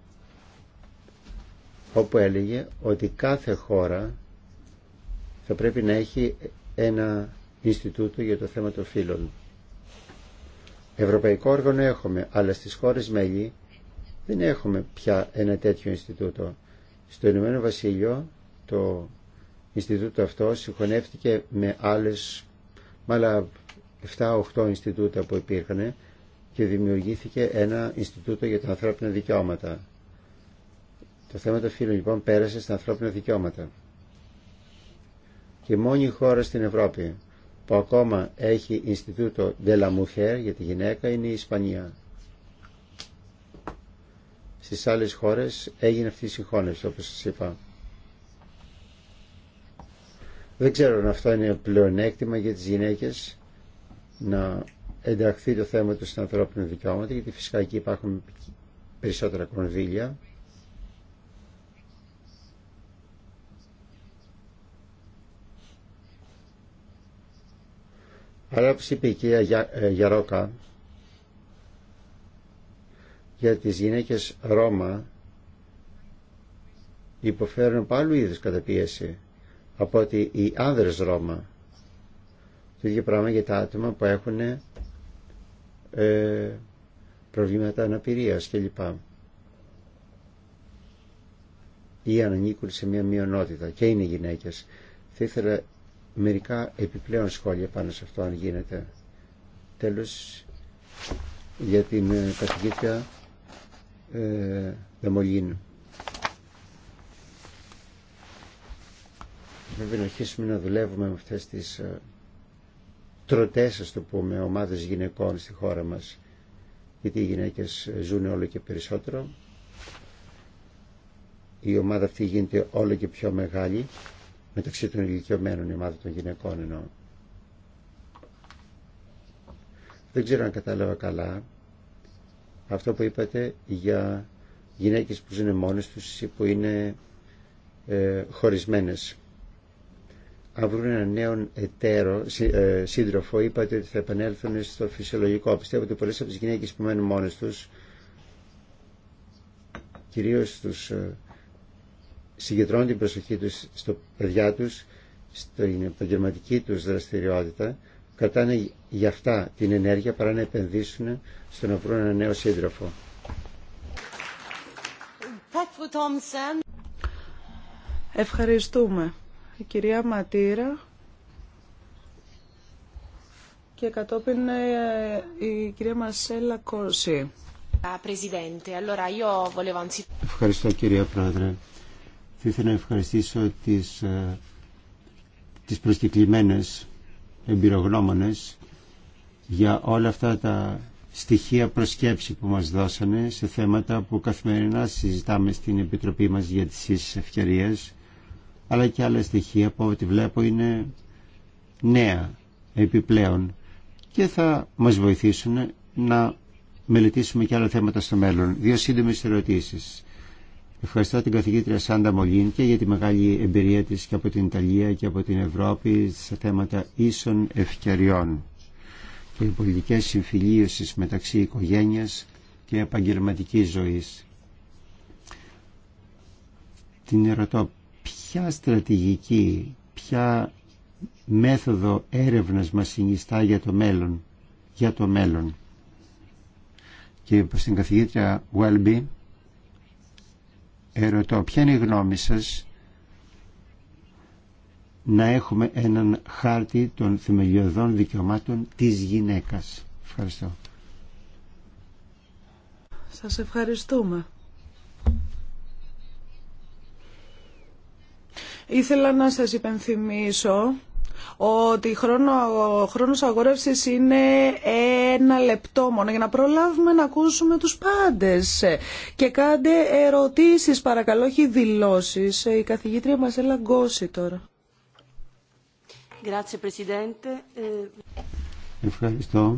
όπου έλεγε ότι κάθε χώρα θα πρέπει να έχει ένα Ινστιτούτο για το θέμα των φύλων. Ευρωπαϊκό όργανο έχουμε, αλλά στις χώρες μέλη δεν έχουμε πια ένα τέτοιο Ινστιτούτο. Στο Ηνωμένο Βασίλειο το Ινστιτούτο αυτό συγχωνεύτηκε με άλλες 7 7-8 Ινστιτούτα που υπήρχαν και δημιουργήθηκε ένα Ινστιτούτο για τα ανθρώπινα δικαιώματα. Το θέμα των φίλων λοιπόν πέρασε στα ανθρώπινα δικαιώματα. Και μόνη χώρα στην Ευρώπη που ακόμα έχει Ινστιτούτο De la Mujer για τη γυναίκα είναι η Ισπανία στις άλλες χώρες έγινε αυτή η συγχώνευση όπως σας είπα. Δεν ξέρω αν αυτό είναι πλεονέκτημα για τις γυναίκες να ενταχθεί το θέμα του στα ανθρώπινα δικαιώματα γιατί φυσικά εκεί υπάρχουν περισσότερα κονδύλια Αλλά όπως είπε η κυρία ε, Γιαρόκα για τις γυναίκες Ρώμα υποφέρουν από άλλου είδους καταπίεση από ότι οι άνδρες Ρώμα. Το ίδιο πράγμα για τα άτομα που έχουν ε, προβλήματα αναπηρίας κλπ. Ή ανήκουν σε μια μειονότητα και είναι γυναίκες. Θα ήθελα μερικά επιπλέον σχόλια πάνω σε αυτό αν γίνεται. Τέλος για την ε, καθηγήτρια ε, Δεμολίν. Πρέπει να αρχίσουμε να δουλεύουμε με αυτές τις ε, τροτές, ας το πούμε, ομάδες γυναικών στη χώρα μας. Γιατί οι γυναίκες ζουν όλο και περισσότερο. Η ομάδα αυτή γίνεται όλο και πιο μεγάλη. Μεταξύ των ηλικιωμένων η ομάδα των γυναικών εννοώ. Δεν ξέρω αν κατάλαβα καλά αυτό που είπατε για γυναίκες που ζουν μόνες τους ή που είναι ε, χωρισμένες. Αν βρουν έναν νέο εταίρο, ε, σύντροφο, είπατε ότι θα επανέλθουν στο φυσιολογικό. Πιστεύω ότι πολλές από τις γυναίκες που μένουν μόνες τους, κυρίως τους ε, συγκεντρώνουν την προσοχή τους στο παιδιά τους, στην επαγγελματική τους δραστηριότητα κρατάνε για αυτά την ενέργεια παρά να επενδύσουν στο να βρουν ένα νέο σύντροφο. Ευχαριστούμε. Η κυρία Ματήρα και κατόπιν ε, η κυρία Μασέλα Κόρση. Ευχαριστώ κυρία Πρόεδρε. Θα ήθελα να ευχαριστήσω τις, ε, τις προσκεκλημένες εμπειρογνώμονες για όλα αυτά τα στοιχεία προσκέψη που μας δώσανε σε θέματα που καθημερινά συζητάμε στην Επιτροπή μας για τις ίσες ευκαιρίες αλλά και άλλα στοιχεία που ό,τι βλέπω είναι νέα επιπλέον και θα μας βοηθήσουν να μελετήσουμε και άλλα θέματα στο μέλλον. Δύο σύντομες ερωτήσεις. Ευχαριστώ την καθηγήτρια Σάντα Μολίν και για τη μεγάλη εμπειρία της και από την Ιταλία και από την Ευρώπη σε θέματα ίσων ευκαιριών και πολιτικές συμφιλίωσης μεταξύ οικογένειας και επαγγελματικής ζωής. Την ερωτώ ποια στρατηγική, ποια μέθοδο έρευνας μας συνιστά για το μέλλον, για το μέλλον. Και προς την καθηγήτρια ερωτώ ποια είναι η γνώμη σας να έχουμε έναν χάρτη των θεμελιωδών δικαιωμάτων της γυναίκας. Ευχαριστώ. Σας ευχαριστούμε. Ήθελα να σας υπενθυμίσω ότι ο χρόνος αγορεύσης είναι ένα λεπτό μόνο για να προλάβουμε να ακούσουμε τους πάντες. Και κάντε ερωτήσεις παρακαλώ, όχι δηλώσεις. Η καθηγήτρια μας έλαγκώσει τώρα. Ε, Ευχαριστώ.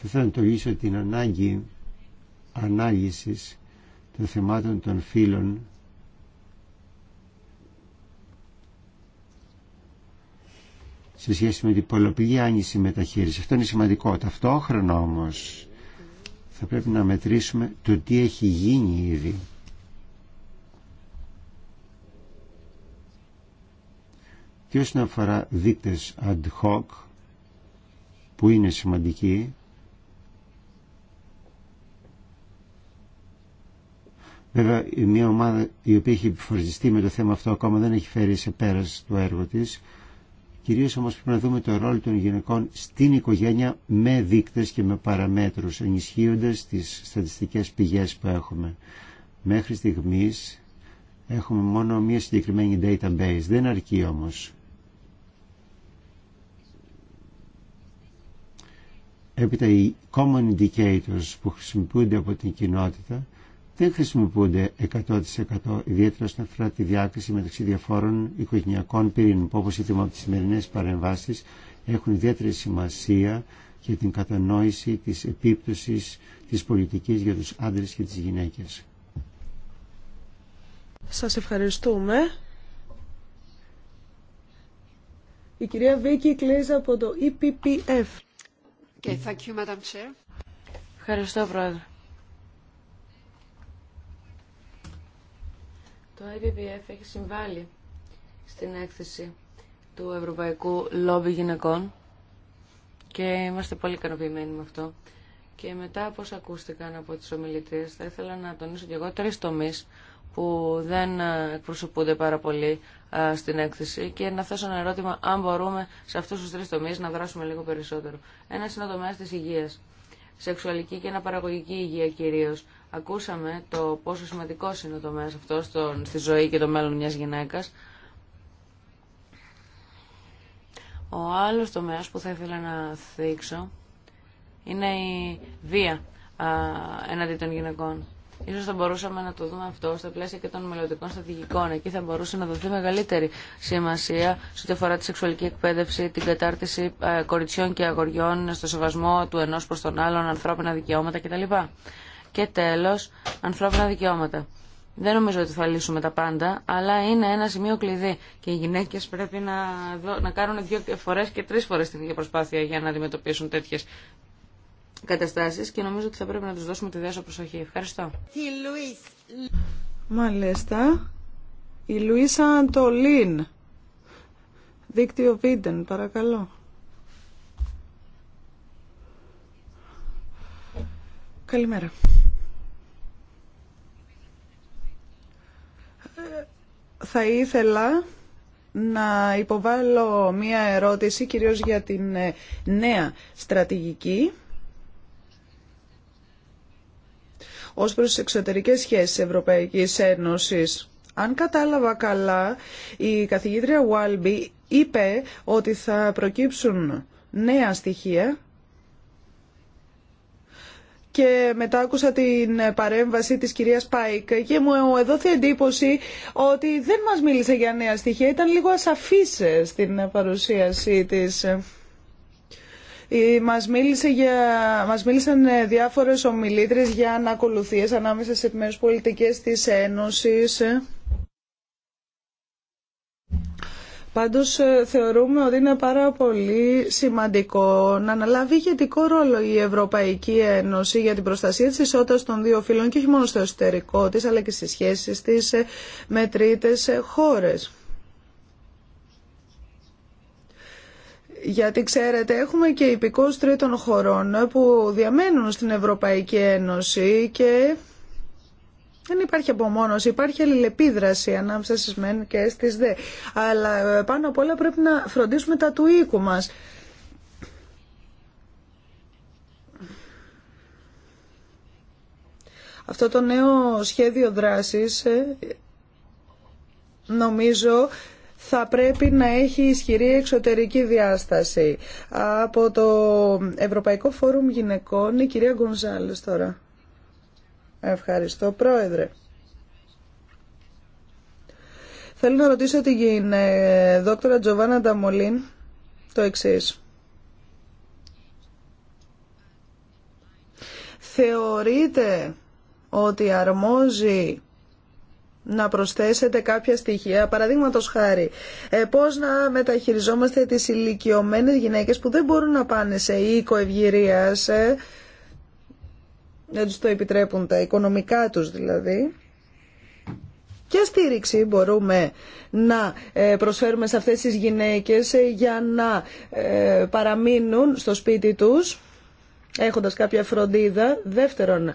Θα ήθελα να τονίσω την ανάγκη ανάλυσης των θεμάτων των φύλων σε σχέση με την πολλοπηγή άνηση μεταχείριση. Αυτό είναι σημαντικό. Ταυτόχρονα όμω, θα πρέπει να μετρήσουμε το τι έχει γίνει ήδη. Και όσον αφορά δείκτες ad hoc που είναι σημαντικοί Βέβαια, μια ομάδα η οποία έχει επιφορτιστεί με το θέμα αυτό ακόμα δεν έχει φέρει σε πέρας το έργο της. Κυρίως όμως πρέπει να δούμε το ρόλο των γυναικών στην οικογένεια με δείκτες και με παραμέτρους, ενισχύοντας τις στατιστικές πηγές που έχουμε. Μέχρι στιγμής έχουμε μόνο μία συγκεκριμένη database, δεν αρκεί όμως. Έπειτα οι common indicators που χρησιμοποιούνται από την κοινότητα δεν χρησιμοποιούνται 100% ιδιαίτερα όσον αφορά τη διάκριση μεταξύ διαφόρων οικογενειακών πυρήνων που όπως είδαμε από τις σημερινές παρεμβάσεις έχουν ιδιαίτερη σημασία για την κατανόηση της επίπτωσης της πολιτικής για τους άντρες και τις γυναίκες. Σας ευχαριστούμε. Η κυρία Βίκη Κλίζα από το EPPF. Okay, thank you, Madam Chair. Ευχαριστώ, Πρόεδρε. Το IPPF έχει συμβάλει στην έκθεση του Ευρωπαϊκού Λόμπι Γυναικών και είμαστε πολύ ικανοποιημένοι με αυτό. Και μετά όπως ακούστηκαν από τις ομιλητές, θα ήθελα να τονίσω και εγώ τρεις τομείς που δεν ε, εκπροσωπούνται πάρα πολύ ε, στην έκθεση και να θέσω ένα ερώτημα αν μπορούμε σε αυτούς τους τρεις τομείς να δράσουμε λίγο περισσότερο. Ένα είναι ο τομέας της υγείας, σεξουαλική και αναπαραγωγική υγεία κυρίως, Ακούσαμε το πόσο σημαντικό είναι ο τομέας αυτό στη ζωή και το μέλλον μιας γυναίκας. Ο άλλος τομέας που θα ήθελα να θίξω είναι η βία εναντί των γυναικών. Ίσως θα μπορούσαμε να το δούμε αυτό στα πλαίσια και των μελλοντικών στρατηγικών. Εκεί θα μπορούσε να δοθεί μεγαλύτερη σημασία σε ό,τι αφορά τη σεξουαλική εκπαίδευση, την κατάρτιση ε, κοριτσιών και αγοριών στο σεβασμό του ενός προς τον άλλον, ανθρώπινα δικαιώματα κτλ. Και τέλος, ανθρώπινα δικαιώματα. Δεν νομίζω ότι θα λύσουμε τα πάντα, αλλά είναι ένα σημείο κλειδί. Και οι γυναίκε πρέπει να, να κάνουν δύο φορέ και τρει φορέ την ίδια προσπάθεια για να αντιμετωπίσουν τέτοιε καταστάσει και νομίζω ότι θα πρέπει να του δώσουμε τη δέουσα προσοχή. Ευχαριστώ. Μάλιστα. Η Λουίσα Αντολίν. Δίκτυο Βίντεν, παρακαλώ. Καλημέρα. θα ήθελα να υποβάλω μία ερώτηση κυρίως για την ε, νέα στρατηγική ως προς εξωτερικές σχέσεις Ευρωπαϊκής Ένωσης. Αν κατάλαβα καλά, η καθηγήτρια Walby είπε ότι θα προκύψουν νέα στοιχεία και μετά άκουσα την παρέμβαση της κυρίας Πάικ και μου έδωσε εντύπωση ότι δεν μας μίλησε για νέα στοιχεία, ήταν λίγο ασαφής ε, στην παρουσίασή της. Ε, μας, μίλησε για, μας μίλησαν ε, διάφορες ομιλήτρες για ανακολουθίες ανάμεσα σε τμέρες πολιτικές της Ένωσης. Πάντως ε, θεωρούμε ότι είναι πάρα πολύ σημαντικό να αναλάβει ηγετικό ρόλο η Ευρωπαϊκή Ένωση για την προστασία της ισότητας των δύο φύλων και όχι μόνο στο εσωτερικό της αλλά και στις σχέσεις της ε, με τρίτες ε, χώρες. Γιατί ξέρετε έχουμε και υπηκούς τρίτων χωρών που διαμένουν στην Ευρωπαϊκή Ένωση και δεν υπάρχει απομόνωση, υπάρχει αλληλεπίδραση ανάμεσα στις μεν και στις δε. Αλλά ε, πάνω απ' όλα πρέπει να φροντίσουμε τα του οίκου μας. Αυτό το νέο σχέδιο δράσης ε, νομίζω θα πρέπει να έχει ισχυρή εξωτερική διάσταση. Από το Ευρωπαϊκό Φόρουμ Γυναικών, η κυρία Γκονζάλης τώρα. Ευχαριστώ πρόεδρε. Θέλω να ρωτήσω την ε, δόκτωρα Τζοβάνα Νταμολίν το εξής. Θεωρείτε ότι αρμόζει να προσθέσετε κάποια στοιχεία, παραδείγματο χάρη, ε, πώ να μεταχειριζόμαστε τι ηλικιωμένε γυναίκε που δεν μπορούν να πάνε σε οίκο ευγυρία, ε, δεν τους το επιτρέπουν τα οικονομικά τους δηλαδή. Ποια στήριξη μπορούμε να ε, προσφέρουμε σε αυτές τις γυναίκες ε, για να ε, παραμείνουν στο σπίτι τους έχοντας κάποια φροντίδα. Δεύτερον,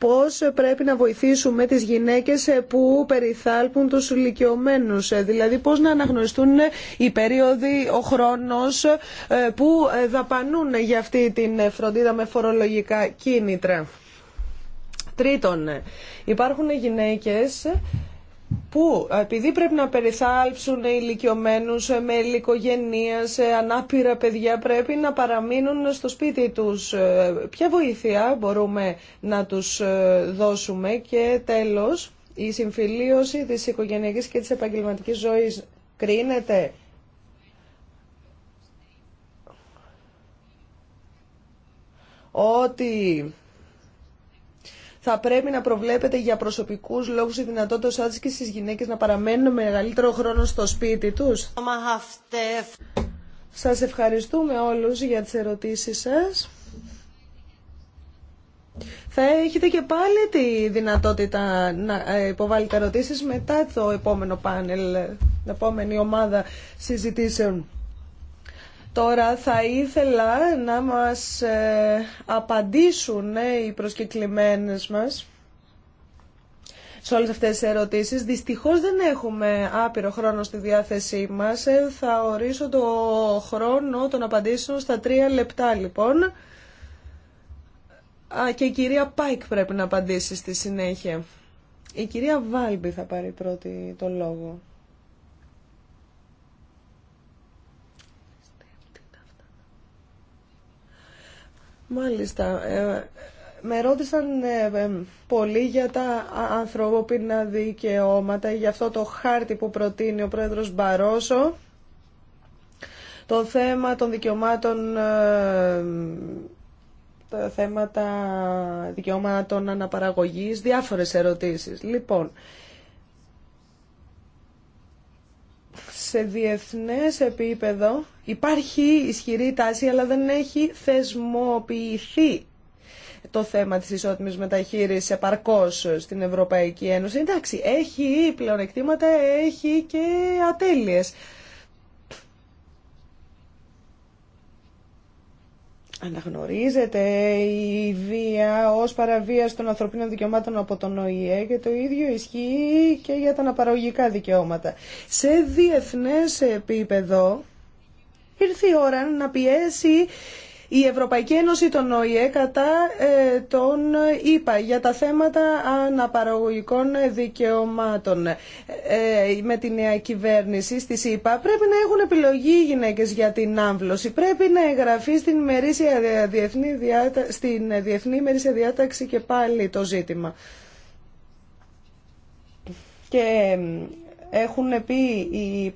πώς πρέπει να βοηθήσουμε τις γυναίκες που περιθάλπουν τους ηλικιωμένους. Δηλαδή πώς να αναγνωριστούν οι περίοδοι, ο χρόνος ε, που ε, δαπανούν για αυτή την φροντίδα με φορολογικά κίνητρα. Τρίτον, ε, υπάρχουν γυναίκες που ε, επειδή πρέπει να περιθάλψουν οι ηλικιωμένους ε, με ηλικογενεία, σε ανάπηρα παιδιά πρέπει να παραμείνουν στο σπίτι τους. Ε, ποια βοήθεια μπορούμε να τους δώσουμε και τέλος η συμφιλίωση της οικογενειακής και της επαγγελματικής ζωής κρίνεται. Ότι θα πρέπει να προβλέπετε για προσωπικούς λόγους η δυνατότητα σας και στις γυναίκες να παραμένουν μεγαλύτερο χρόνο στο σπίτι τους. Σας ευχαριστούμε όλους για τις ερωτήσεις σας. Θα έχετε και πάλι τη δυνατότητα να ε, υποβάλλετε ερωτήσεις μετά το επόμενο πάνελ, την επόμενη ομάδα συζητήσεων. Τώρα θα ήθελα να μας ε, απαντήσουν ε, οι προσκεκλημένες μας σε όλες αυτές τις ερωτήσεις. Δυστυχώς δεν έχουμε άπειρο χρόνο στη διάθεσή μας. Ε, θα ορίσω το χρόνο των απαντήσεων στα τρία λεπτά λοιπόν. Α, και η κυρία Πάικ πρέπει να απαντήσει στη συνέχεια. Η κυρία Βάλμπη θα πάρει πρώτη το λόγο. Μάλιστα. Ε, με ρώτησαν ε, ε, πολύ για τα ανθρωπίνα δικαιώματα, για αυτό το χάρτη που προτείνει ο πρόεδρος Μπαρόσο. Το θέμα των δικαιωμάτων, τα θέματα δικαιώματων αναπαραγωγής, διάφορες ερωτήσεις. Λοιπόν, σε διεθνές επίπεδο υπάρχει ισχυρή τάση αλλά δεν έχει θεσμοποιηθεί το θέμα της ισότιμης μεταχείρισης επαρκώς στην Ευρωπαϊκή Ένωση. Εντάξει, έχει πλεονεκτήματα, έχει και ατέλειες. Αναγνωρίζεται η βία ως παραβίαση των ανθρωπίνων δικαιωμάτων από τον ΟΗΕ και το ίδιο ισχύει και για τα αναπαραγωγικά δικαιώματα. Σε διεθνές επίπεδο ήρθε η ώρα να πιέσει η Ευρωπαϊκή Ένωση των ΟΗΕ κατά ε, τον ΙΠΑ για τα θέματα αναπαραγωγικών δικαιωμάτων ε, με τη νέα κυβέρνηση στη ΣΥΠΑ πρέπει να έχουν επιλογή οι γυναίκες για την άμβλωση. Πρέπει να εγγραφεί στην, μερίσια, διεθνή, διάτα, στην Διεθνή Μερίσια Διάταξη και πάλι το ζήτημα. Έχουν πει οι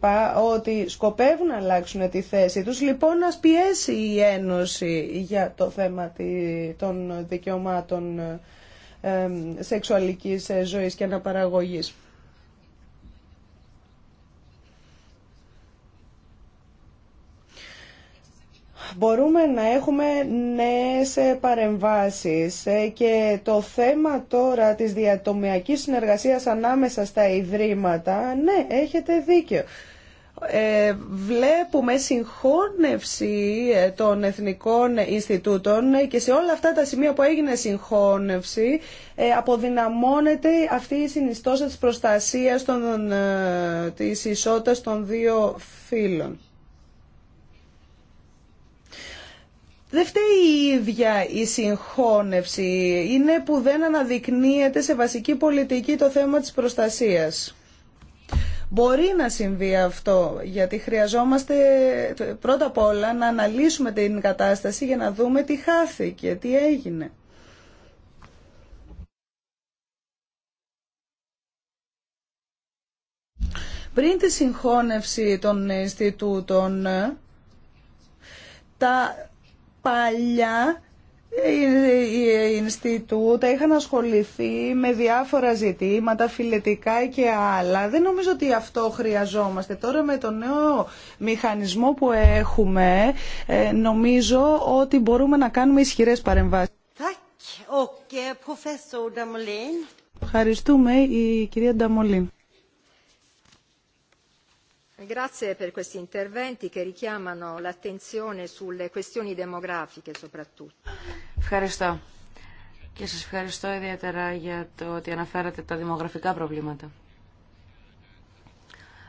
ότι σκοπεύουν να αλλάξουν τη θέση τους, λοιπόν να πιέσει η Ένωση για το θέμα των δικαιωμάτων ε, σεξουαλικής ε, ζωής και αναπαραγωγής. μπορούμε να έχουμε νέες ε, παρεμβάσεις ε, και το θέμα τώρα της διατομιακής συνεργασίας ανάμεσα στα ιδρύματα, ναι, έχετε δίκιο. Ε, βλέπουμε συγχώνευση ε, των εθνικών Ινστιτούτων και σε όλα αυτά τα σημεία που έγινε συγχώνευση αποδυναμώνεται αυτή η συνιστόσα της προστασίας των, ε, της ισότητας των δύο φύλων. Δεν φταίει η ίδια η συγχώνευση. Είναι που δεν αναδεικνύεται σε βασική πολιτική το θέμα της προστασίας. Μπορεί να συμβεί αυτό, γιατί χρειαζόμαστε πρώτα απ' όλα να αναλύσουμε την κατάσταση για να δούμε τι χάθηκε, τι έγινε. Πριν τη συγχώνευση των Ινστιτούτων, τα Παλιά οι ε, ε, ε, Ινστιτούτα είχαν ασχοληθεί με διάφορα ζητήματα, φιλετικά και άλλα. Δεν νομίζω ότι αυτό χρειαζόμαστε. Τώρα με το νέο μηχανισμό που έχουμε, νομίζω ότι μπορούμε να κάνουμε ισχυρές παρεμβάσεις. Ευχαριστούμε η κυρία Νταμολίν. Grazie per questi interventi che richiamano l'attenzione sulle questioni demografiche soprattutto. Ευχαριστώ. Και σας ευχαριστώ ιδιαίτερα για το ότι αναφέρατε τα δημογραφικά προβλήματα.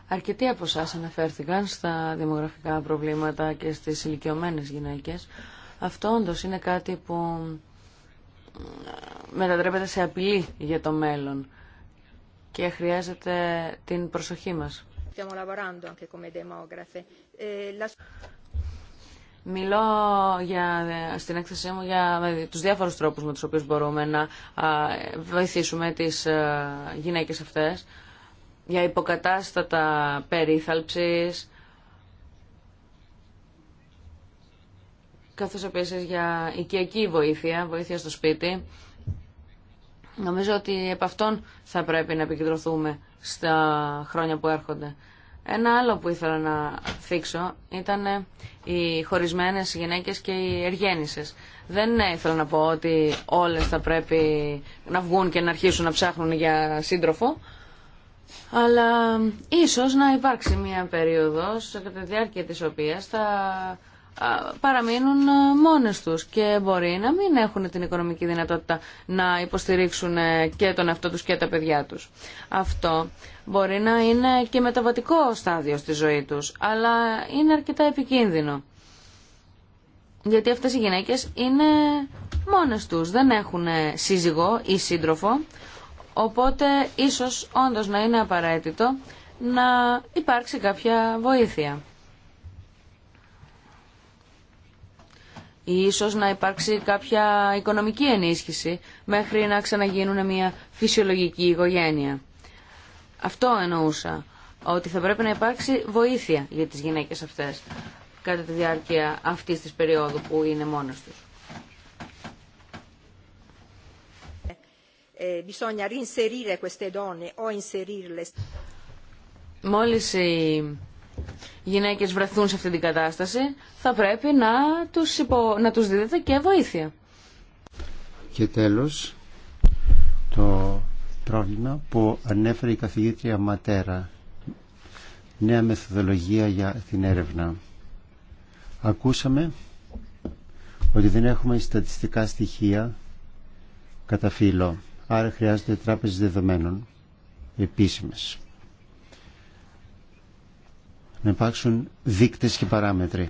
Αρκετοί από εσά αναφέρθηκαν στα δημογραφικά προβλήματα και στις ηλικιωμένε γυναίκες. Αυτό όντω είναι κάτι που μετατρέπεται σε απειλή για το μέλλον και χρειάζεται την προσοχή μας stiamo lavorando anche come demografe. Eh, Μιλώ για, στην έκθεσή μου για τους διάφορους τρόπους με τους οποίους μπορούμε να βοηθήσουμε τις ε, γυναίκες αυτές για υποκατάστατα περίθαλψης, καθώς επίσης για οικιακή βοήθεια, βοήθεια στο σπίτι. Νομίζω ότι επ' θα πρέπει να επικεντρωθούμε στα χρόνια που έρχονται. Ένα άλλο που ήθελα να θίξω ήταν ε, οι χωρισμένες γυναίκες και οι εργένισες. Δεν ε, ήθελα να πω ότι όλες θα πρέπει να βγουν και να αρχίσουν να ψάχνουν για σύντροφο, αλλά ε, ίσως να υπάρξει μια περίοδος κατά τη διάρκεια της οποίας θα παραμείνουν μόνες τους και μπορεί να μην έχουν την οικονομική δυνατότητα να υποστηρίξουν ε, και τον εαυτό τους και τα παιδιά τους. Αυτό μπορεί να είναι και μεταβατικό στάδιο στη ζωή τους, αλλά είναι αρκετά επικίνδυνο. Γιατί αυτές οι γυναίκες είναι μόνες τους, δεν έχουν ε, σύζυγο ή σύντροφο, οπότε ίσως όντως να είναι απαραίτητο να υπάρξει κάποια βοήθεια. ίσως να υπάρξει κάποια οικονομική ενίσχυση μέχρι να ξαναγίνουν μια φυσιολογική οικογένεια. Αυτό εννοούσα, ότι θα πρέπει να υπάρξει βοήθεια για τις γυναίκες αυτές κατά τη διάρκεια αυτής της περίοδου που είναι μόνες τους. Ε, Μόλις γυναίκες βρεθούν σε αυτή την κατάσταση, θα πρέπει να τους, υπο... να τους δίδεται και βοήθεια. Και τέλος, το πρόβλημα που ανέφερε η καθηγήτρια Ματέρα. Νέα μεθοδολογία για την έρευνα. Ακούσαμε ότι δεν έχουμε στατιστικά στοιχεία κατά φύλλο, άρα χρειάζονται τράπεζες δεδομένων επίσημες να υπάρξουν δείκτες και παράμετροι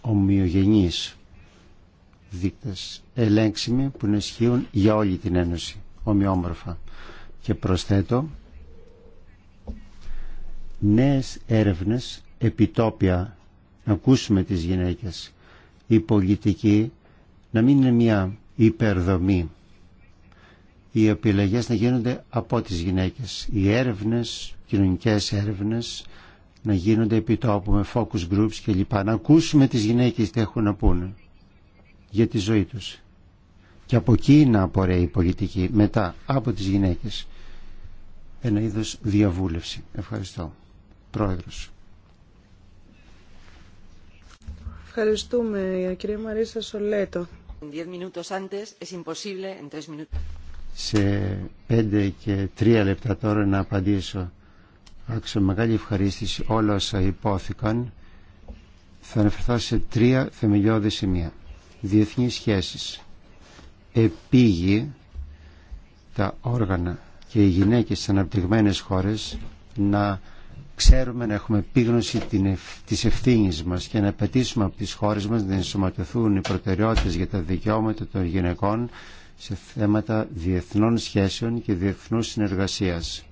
ομοιογενείς δείκτες ελέγξιμοι που να ισχύουν για όλη την Ένωση ομοιόμορφα και προσθέτω νέες έρευνες επιτόπια να ακούσουμε τις γυναίκες η πολιτική να μην είναι μια υπερδομή οι επιλογές να γίνονται από τις γυναίκες οι έρευνες, κοινωνικές έρευνες να γίνονται επιτόπου με focus groups και λοιπά, να ακούσουμε τις γυναίκες τι έχουν να πούνε για τη ζωή τους. Και από εκεί να απορρέει η πολιτική, μετά από τις γυναίκες. Ένα είδος διαβούλευση. Ευχαριστώ. Πρόεδρος. Ευχαριστούμε, κυρία Μαρίσα Σολέτο. Σε πέντε και τρία λεπτά τώρα να απαντήσω και μεγάλη ευχαρίστηση όλα όσα υπόθηκαν. Θα αναφερθώ σε τρία θεμελιώδη σημεία. Διεθνείς σχέσεις. Επίγει τα όργανα και οι γυναίκες στις αναπτυγμένες χώρες να ξέρουμε να έχουμε επίγνωση της ευθύνη μας και να απαιτήσουμε από τις χώρες μας να ενσωματωθούν οι προτεραιότητες για τα δικαιώματα των γυναικών σε θέματα διεθνών σχέσεων και διεθνούς συνεργασίας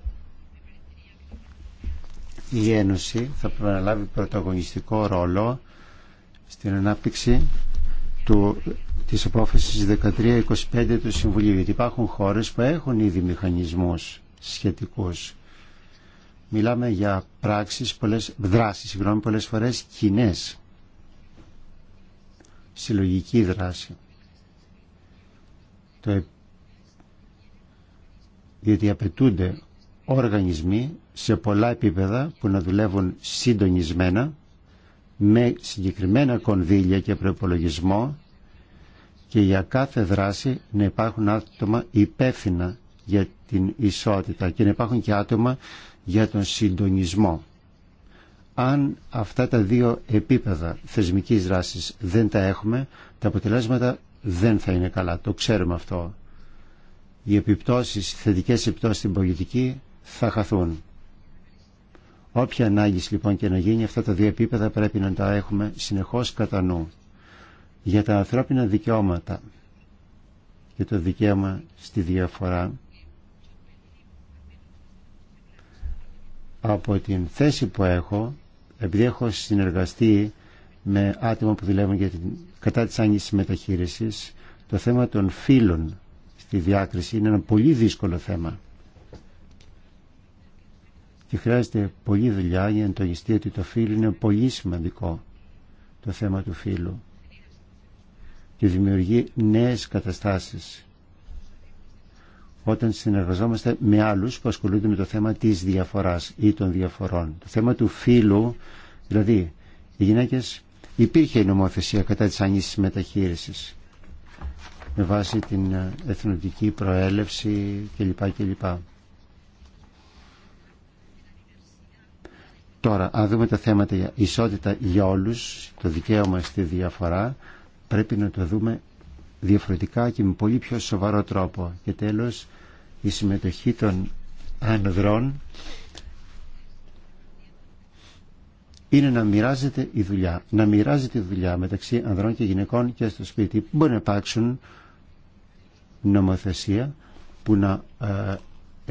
η Ένωση θα πρέπει να λάβει πρωταγωνιστικό ρόλο στην ανάπτυξη του, της απόφασης 1325 του Συμβουλίου γιατί υπάρχουν χώρες που έχουν ήδη μηχανισμούς σχετικούς μιλάμε για πράξεις, πολλές, δράσεις συγγνώμη, πολλές φορές κοινέ. συλλογική δράση το, διότι απαιτούνται οργανισμοί σε πολλά επίπεδα που να δουλεύουν συντονισμένα με συγκεκριμένα κονδύλια και προπολογισμό και για κάθε δράση να υπάρχουν άτομα υπεύθυνα για την ισότητα και να υπάρχουν και άτομα για τον συντονισμό. Αν αυτά τα δύο επίπεδα θεσμικής δράσης δεν τα έχουμε, τα αποτελέσματα δεν θα είναι καλά. Το ξέρουμε αυτό. Οι επιπτώσεις, οι θετικές επιπτώσεις στην πολιτική θα χαθούν. Όποια ανάγκη λοιπόν και να γίνει αυτά τα δύο επίπεδα πρέπει να τα έχουμε συνεχώς κατά νου. Για τα ανθρώπινα δικαιώματα και το δικαίωμα στη διαφορά από την θέση που έχω επειδή έχω συνεργαστεί με άτομα που δουλεύουν για την, κατά της άγγισης μεταχείρισης το θέμα των φύλων στη διάκριση είναι ένα πολύ δύσκολο θέμα και χρειάζεται πολλή δουλειά για να εντοπιστεί ότι το φύλλο είναι πολύ σημαντικό το θέμα του φίλου και δημιουργεί νέες καταστάσεις όταν συνεργαζόμαστε με άλλους που ασχολούνται με το θέμα της διαφοράς ή των διαφορών. Το θέμα του φύλου, δηλαδή οι γυναίκες υπήρχε η των διαφορων το θεμα του φιλου δηλαδη κατά της ανήσης μεταχείρισης με βάση την ε, εθνοτική προέλευση κλπ. κλπ. Τώρα, αν δούμε τα θέματα ισότητα για όλους, το δικαίωμα στη διαφορά, πρέπει να το δούμε διαφορετικά και με πολύ πιο σοβαρό τρόπο. Και τέλος, η συμμετοχή των ανδρών είναι να μοιράζεται η δουλειά. Να μοιράζεται η δουλειά μεταξύ ανδρών και γυναικών και στο σπίτι. Μπορεί να υπάρξουν νομοθεσία που να ε,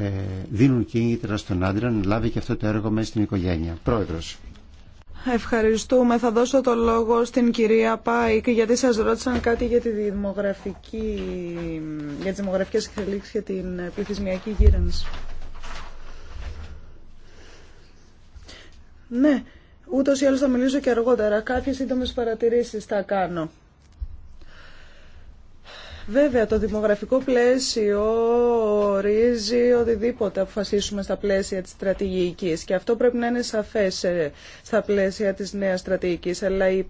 ε, δίνουν κίνητρα στον άντρα να λάβει και αυτό το έργο μέσα στην οικογένεια. Πρόεδρος. Ευχαριστούμε. Θα δώσω το λόγο στην κυρία Πάικ γιατί σας ρώτησαν κάτι για, τη δημογραφική, για τις δημογραφικές εξελίξεις και την πληθυσμιακή γύρανση. Ναι, ούτως ή άλλως θα μιλήσω και αργότερα. Κάποιες σύντομες παρατηρήσεις θα κάνω. Βέβαια, το δημογραφικό πλαίσιο ορίζει οτιδήποτε αποφασίσουμε στα πλαίσια της στρατηγικής και αυτό πρέπει να είναι σαφές ε, στα πλαίσια της νέας στρατηγικής, αλλά η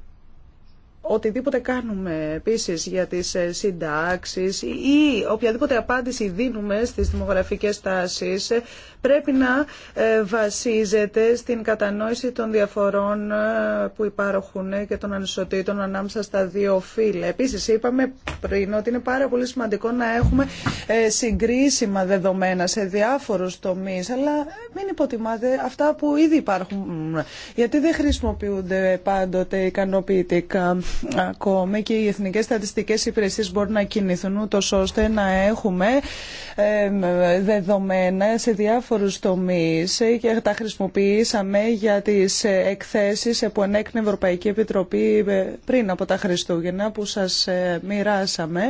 οτιδήποτε κάνουμε επίση για τι ε, συντάξεις ή οποιαδήποτε απάντηση δίνουμε στι δημογραφικέ τάσει, ε, πρέπει να ε, βασίζεται στην κατανόηση των διαφορών που υπάρχουν και των ανισοτήτων ανάμεσα στα δύο φύλλα. Επίσης είπαμε πριν ότι είναι πάρα πολύ σημαντικό να έχουμε συγκρίσιμα δεδομένα σε διάφορου τομεί, αλλά μην υποτιμάτε αυτά που ήδη υπάρχουν γιατί δεν χρησιμοποιούνται πάντοτε ικανοποιητικά ακόμη και οι εθνικές στατιστικές υπηρεσίες μπορούν να κινηθούν ούτως ώστε να έχουμε δεδομένα σε διάφορους τομείς και τα χρησιμοποιήσαμε για τις εκθέσεις που η Ευρωπαϊκή Επιτροπή ε, πριν από τα Χριστούγεννα που σας ε, μοιράσαμε.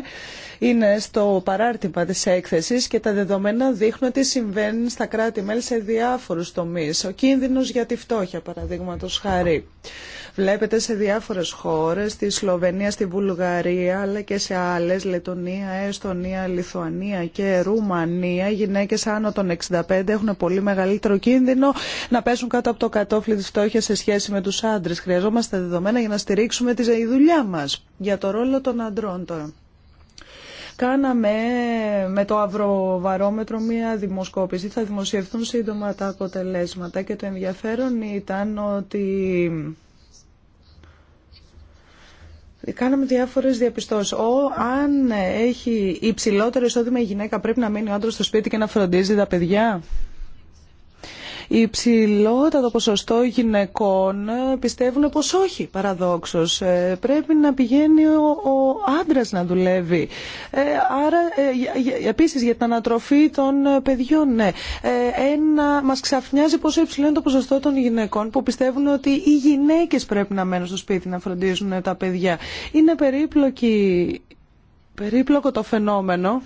Είναι στο παράρτημα της έκθεσης και τα δεδομένα δείχνουν ότι συμβαίνει στα κράτη-μέλη σε διάφορους τομείς. Ο κίνδυνος για τη φτώχεια, παραδείγματος χάρη. Βλέπετε σε διάφορες χώρες, στη Σλοβενία, στη Βουλγαρία, αλλά και σε άλλες, Λετωνία, Εστονία, Λιθουανία και Ρουμανία, οι γυναίκες άνω των 65 έχουν πολύ μεγαλύτερο κίνδυνο να πέσουν κάτω από το κατόφλι της φτώχειας σε σχέση με τους άντρες. Χρειαζόμαστε δεδομένα για να στηρίξουμε τη δουλειά μας. Για το ρόλο των αντρών τώρα κάναμε με το Αυροβαρόμετρο μία δημοσκόπηση. Θα δημοσιευθούν σύντομα τα αποτελέσματα και το ενδιαφέρον ήταν ότι Κάναμε διάφορε διαπιστώσει. Ο, αν έχει υψηλότερο εισόδημα η γυναίκα, πρέπει να μείνει ο άντρα στο σπίτι και να φροντίζει τα παιδιά. Η το ποσοστό γυναικών πιστεύουν πως όχι παραδόξως. Ε, πρέπει να πηγαίνει ο άντρας να δουλεύει. Ε, άρα ε, επίσης για την ανατροφή των παιδιών, ναι. Ένα, μας ξαφνιάζει πόσο υψηλό είναι το ποσοστό των γυναικών που πιστεύουν ότι οι γυναίκες πρέπει να μένουν στο σπίτι να φροντίζουν τα παιδιά. Είναι περίπλοκη, περίπλοκο το φαινόμενο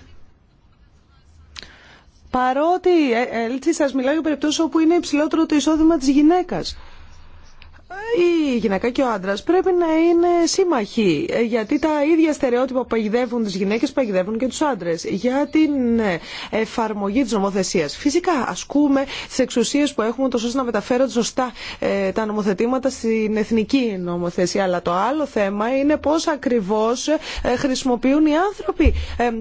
παρότι έτσι ε, ε, σας μιλάω για περιπτώσεις όπου είναι υψηλότερο το εισόδημα της γυναίκας η γυναίκα και ο άντρας πρέπει να είναι σύμμαχοι ε, γιατί τα ίδια στερεότυπα που παγιδεύουν τις γυναίκες παγιδεύουν και τους άντρες για την ε, εφαρμογή της νομοθεσίας. Φυσικά ασκούμε τις εξουσίες που έχουμε τόσο ώστε να μεταφέρονται σωστά ε, τα νομοθετήματα στην εθνική νομοθεσία αλλά το άλλο θέμα είναι πώς ακριβώς χρησιμοποιούν οι άνθρωποι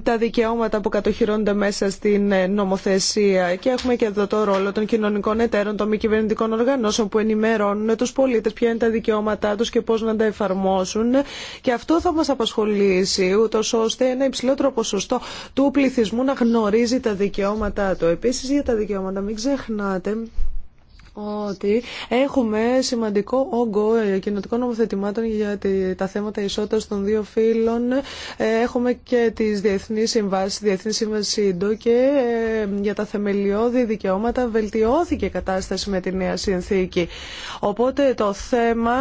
τα δικαιώματα που κατοχυρώνονται μέσα στην νομοθεσία και έχουμε και εδώ το ρόλο των κοινωνικών εταίρων, των μη κυβερνητικών οργανώσεων που ενημερώνουν του πολίτες πολίτε, ποια είναι τα δικαιώματά τους και πώ να τα εφαρμόσουν. Και αυτό θα μας απασχολήσει, ούτως ώστε ένα υψηλότερο ποσοστό του πληθυσμού να γνωρίζει τα δικαιώματά του. Επίσης για τα δικαιώματα μην ξεχνάτε ότι έχουμε σημαντικό όγκο ε, κοινοτικών νομοθετημάτων για τα θέματα ισότητας των δύο φύλων. Ε, έχουμε και τις διεθνεί συμβάσει, τη Διεθνή Σύμβαση ΙΝΤΟ και ε, για τα θεμελιώδη δικαιώματα βελτιώθηκε η κατάσταση με τη νέα συνθήκη. Οπότε το θέμα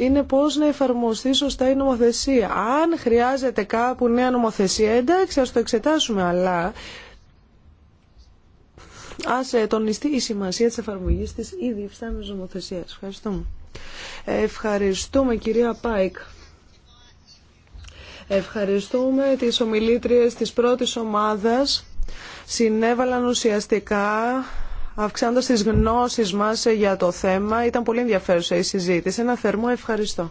είναι πώς να εφαρμοστεί σωστά η νομοθεσία. Αν χρειάζεται κάπου νέα νομοθεσία, εντάξει, ας το εξετάσουμε, αλλά Α ε, τονιστεί η σημασία της εφαρμογή της ήδη υφιστάμενης νομοθεσία. Ευχαριστούμε. Ευχαριστούμε κυρία Πάικ. Ευχαριστούμε τις ομιλήτριες της πρώτης ομάδας. Συνέβαλαν ουσιαστικά αυξάνοντας τις γνώσεις μας για το θέμα. Ήταν πολύ ενδιαφέρουσα η συζήτηση. Ένα θερμό ευχαριστώ.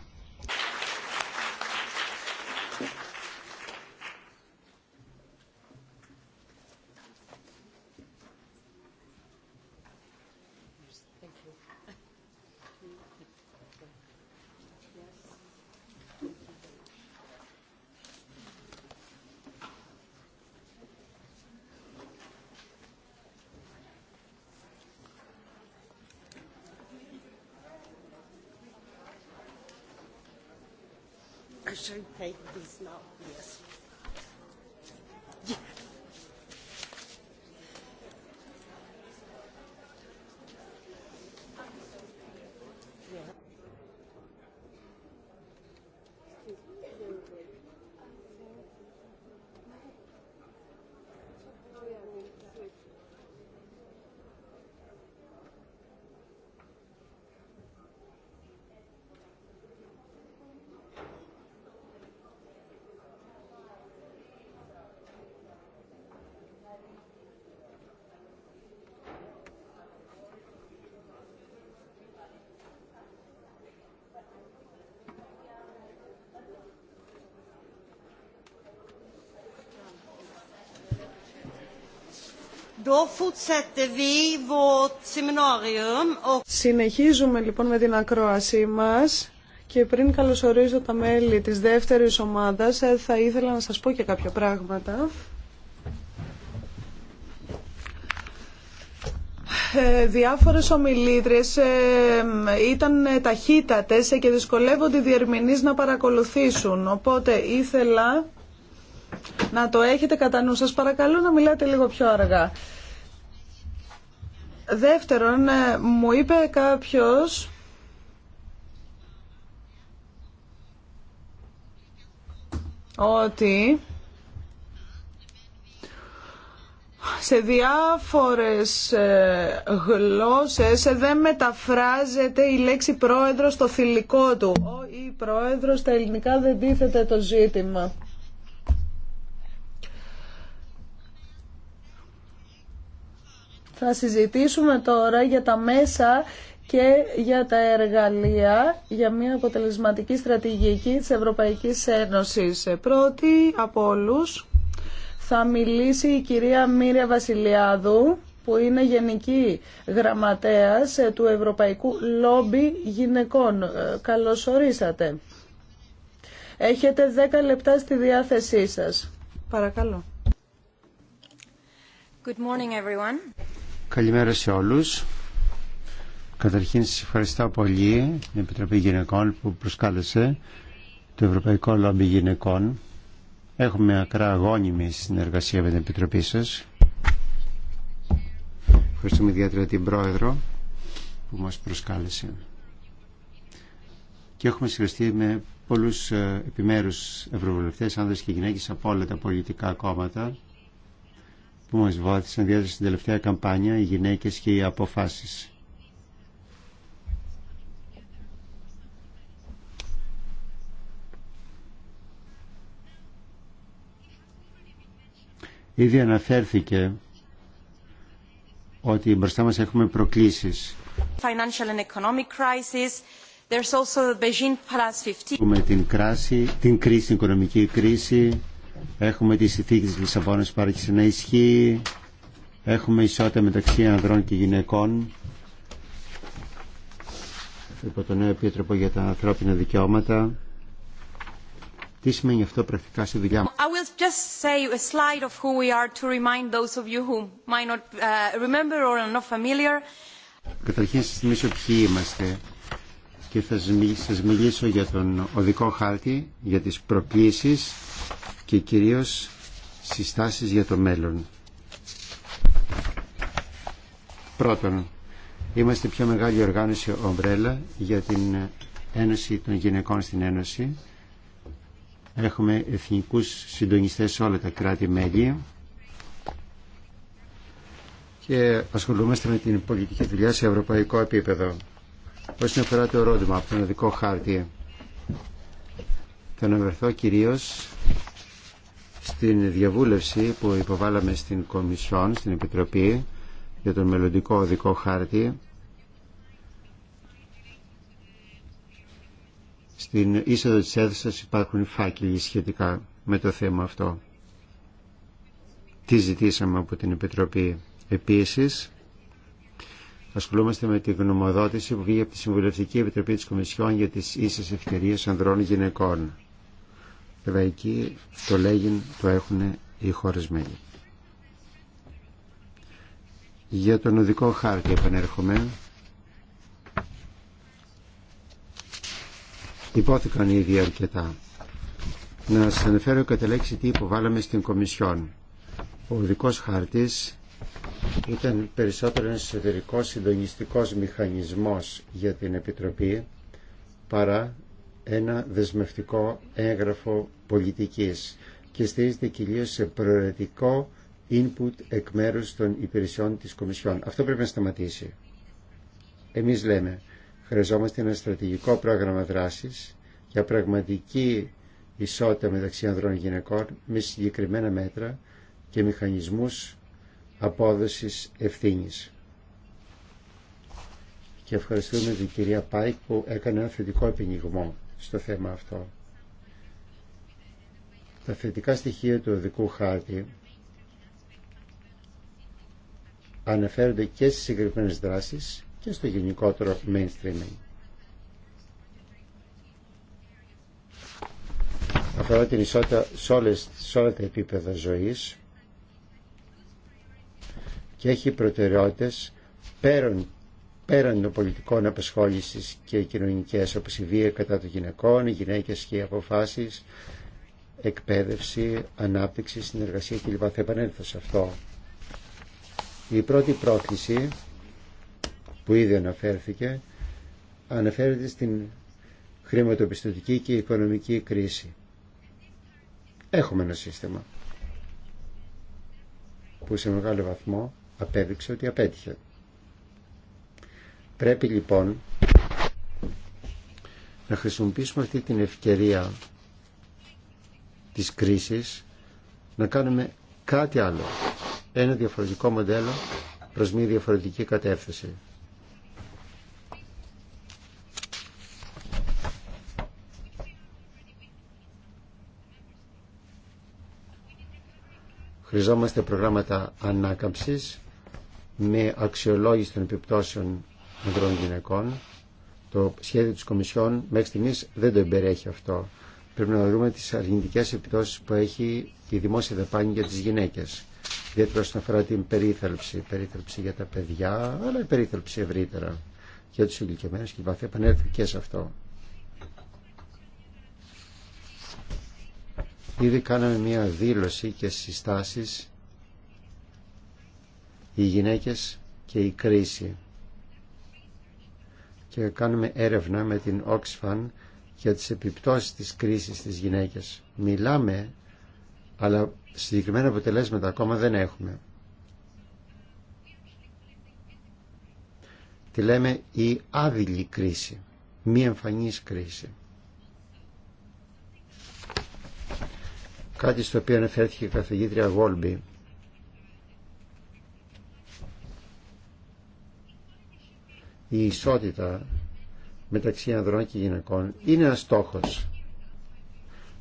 Συνεχίζουμε λοιπόν με την ακρόασή μας και πριν καλωσορίζω τα μέλη της δεύτερης ομάδας ε, θα ήθελα να σας πω και κάποια πράγματα. Ε, διάφορες ομιλήτρες ε, ήταν ταχύτατες και δυσκολεύονται οι να παρακολουθήσουν. Οπότε ήθελα να το έχετε κατά νου. Σας παρακαλώ να μιλάτε λίγο πιο αργά. Δεύτερον, ε, μου είπε κάποιος ότι σε διάφορες ε, γλώσσες δεν μεταφράζεται η λέξη πρόεδρος στο θηλυκό του. Ο ή πρόεδρος στα ελληνικά δεν τίθεται το ζήτημα. Θα συζητήσουμε τώρα για τα μέσα και για τα εργαλεία για μια αποτελεσματική στρατηγική της Ευρωπαϊκής Ένωσης. Πρώτη από όλους θα μιλήσει η κυρία Μύρια Βασιλιάδου που είναι Γενική Γραμματέας του Ευρωπαϊκού Λόμπι Γυναικών. Καλώς ορίσατε. Έχετε 10 λεπτά στη διάθεσή σας. Παρακαλώ. Good morning everyone. Καλημέρα σε όλους. Καταρχήν σας ευχαριστώ πολύ την Επιτροπή Γυναικών που προσκάλεσε το Ευρωπαϊκό Λόμπι Γυναικών. Έχουμε ακρά αγώνιμη συνεργασία με την Επιτροπή σας. Ευχαριστούμε ιδιαίτερα την Πρόεδρο που μας προσκάλεσε. Και έχουμε συνεργαστεί με πολλούς ε, επιμέρους ευρωβουλευτές, άνδρες και γυναίκες από όλα τα πολιτικά κόμματα που μας βοήθησαν ιδιαίτερα στην τελευταία καμπάνια, οι γυναίκες και οι αποφάσεις. Ήδη αναφέρθηκε ότι μπροστά μας έχουμε προκλήσεις. Financial and Έχουμε την, κράση, την κρίση, την οικονομική κρίση, Έχουμε τη συνθήκη της Λισαβόνας που άρχισε να ισχύει. Έχουμε ισότητα μεταξύ ανδρών και γυναικών. Υπό τον νέο επίτροπο για τα ανθρώπινα δικαιώματα. Τι σημαίνει αυτό πρακτικά στη δουλειά μου. I will just say a slide of who we are to remind those of you who might not uh, remember or are not familiar. Καταρχήν σας θυμίσω ποιοι είμαστε και θα σας μιλήσω για τον οδικό χάρτη, για τις προκλήσεις και κυρίως συστάσεις για το μέλλον. Πρώτον, είμαστε πιο μεγάλη οργάνωση ομπρέλα για την Ένωση των Γυναικών στην Ένωση. Έχουμε εθνικούς συντονιστές σε όλα τα κράτη-μέλη και ασχολούμαστε με την πολιτική δουλειά σε ευρωπαϊκό επίπεδο. Όσον αφορά το ερώτημα από τον ειδικό χάρτη, θα αναβερθώ κυρίως στην διαβούλευση που υποβάλαμε στην Κομισιόν, στην Επιτροπή για τον μελλοντικό οδικό χάρτη στην είσοδο της έδωσας υπάρχουν φάκελοι σχετικά με το θέμα αυτό. Τι ζητήσαμε από την Επιτροπή. Επίσης, ασχολούμαστε με τη γνωμοδότηση που βγήκε από τη Συμβουλευτική Επιτροπή της Κομισιόν για τις ίσες ευκαιρίες ανδρών γυναικών εκεί το λέγειν το έχουν οι χώρες μέλη. Για τον οδικό χάρτη επανέρχομαι. Υπόθηκαν ήδη αρκετά. Να σας αναφέρω κατά λέξη τι υποβάλαμε στην Κομισιόν. Ο οδικός χάρτης ήταν περισσότερο ένας εσωτερικός συντονιστικός μηχανισμός για την Επιτροπή παρά ένα δεσμευτικό έγγραφο πολιτικής και στηρίζεται κυρίως σε προαιρετικό input εκ μέρους των υπηρεσιών της Κομισιόν. Αυτό πρέπει να σταματήσει. Εμείς λέμε, χρειαζόμαστε ένα στρατηγικό πρόγραμμα δράσης για πραγματική ισότητα μεταξύ ανδρών και γυναικών με συγκεκριμένα μέτρα και μηχανισμούς απόδοσης ευθύνης. Και ευχαριστούμε την κυρία Πάικ που έκανε ένα θετικό επινιγμό στο θέμα αυτό. Τα θετικά στοιχεία του οδικού χάρτη αναφέρονται και στις συγκεκριμένες δράσεις και στο γενικότερο mainstreaming. Αφορά την ισότητα σε, όλες, σε όλα τα επίπεδα ζωής και έχει προτεραιότητες πέραν πέραν των πολιτικών απασχόλησης και κοινωνικές όπως η βία κατά των γυναικών, οι γυναίκες και οι αποφάσεις, εκπαίδευση, ανάπτυξη, συνεργασία κλπ. Θα επανέλθω σε αυτό. Η πρώτη πρόκληση που ήδη αναφέρθηκε αναφέρεται στην χρηματοπιστωτική και οικονομική κρίση. Έχουμε ένα σύστημα που σε μεγάλο βαθμό απέδειξε ότι απέτυχε. Πρέπει λοιπόν να χρησιμοποιήσουμε αυτή την ευκαιρία της κρίσης να κάνουμε κάτι άλλο, ένα διαφορετικό μοντέλο προς μια διαφορετική κατεύθυνση. Χρειαζόμαστε προγράμματα ανάκαμψης με αξιολόγηση των επιπτώσεων μικρών γυναικών. Το σχέδιο της Κομισιόν μέχρι στιγμής δεν το εμπεριέχει αυτό. Πρέπει να δούμε τις αρνητικές επιπτώσεις που έχει η δημόσια δαπάνη για τις γυναίκες. Ιδιαίτερα όσον αφορά την περίθαλψη. Περίθαλψη για τα παιδιά, αλλά η περίθαλψη ευρύτερα. Για τους ηλικιωμένους και βαθιά επανέλθει και σε αυτό. Ήδη κάναμε μια δήλωση και συστάσεις οι γυναίκες και η κρίση και κάνουμε έρευνα με την Oxfam για τις επιπτώσεις της κρίσης στις γυναίκες. Μιλάμε, αλλά συγκεκριμένα αποτελέσματα ακόμα δεν έχουμε. Τη λέμε η άδειλη κρίση, μη εμφανής κρίση. Κάτι στο οποίο αναφέρθηκε η καθηγήτρια Γόλμπη η ισότητα μεταξύ ανδρών και γυναικών είναι ένας στόχος.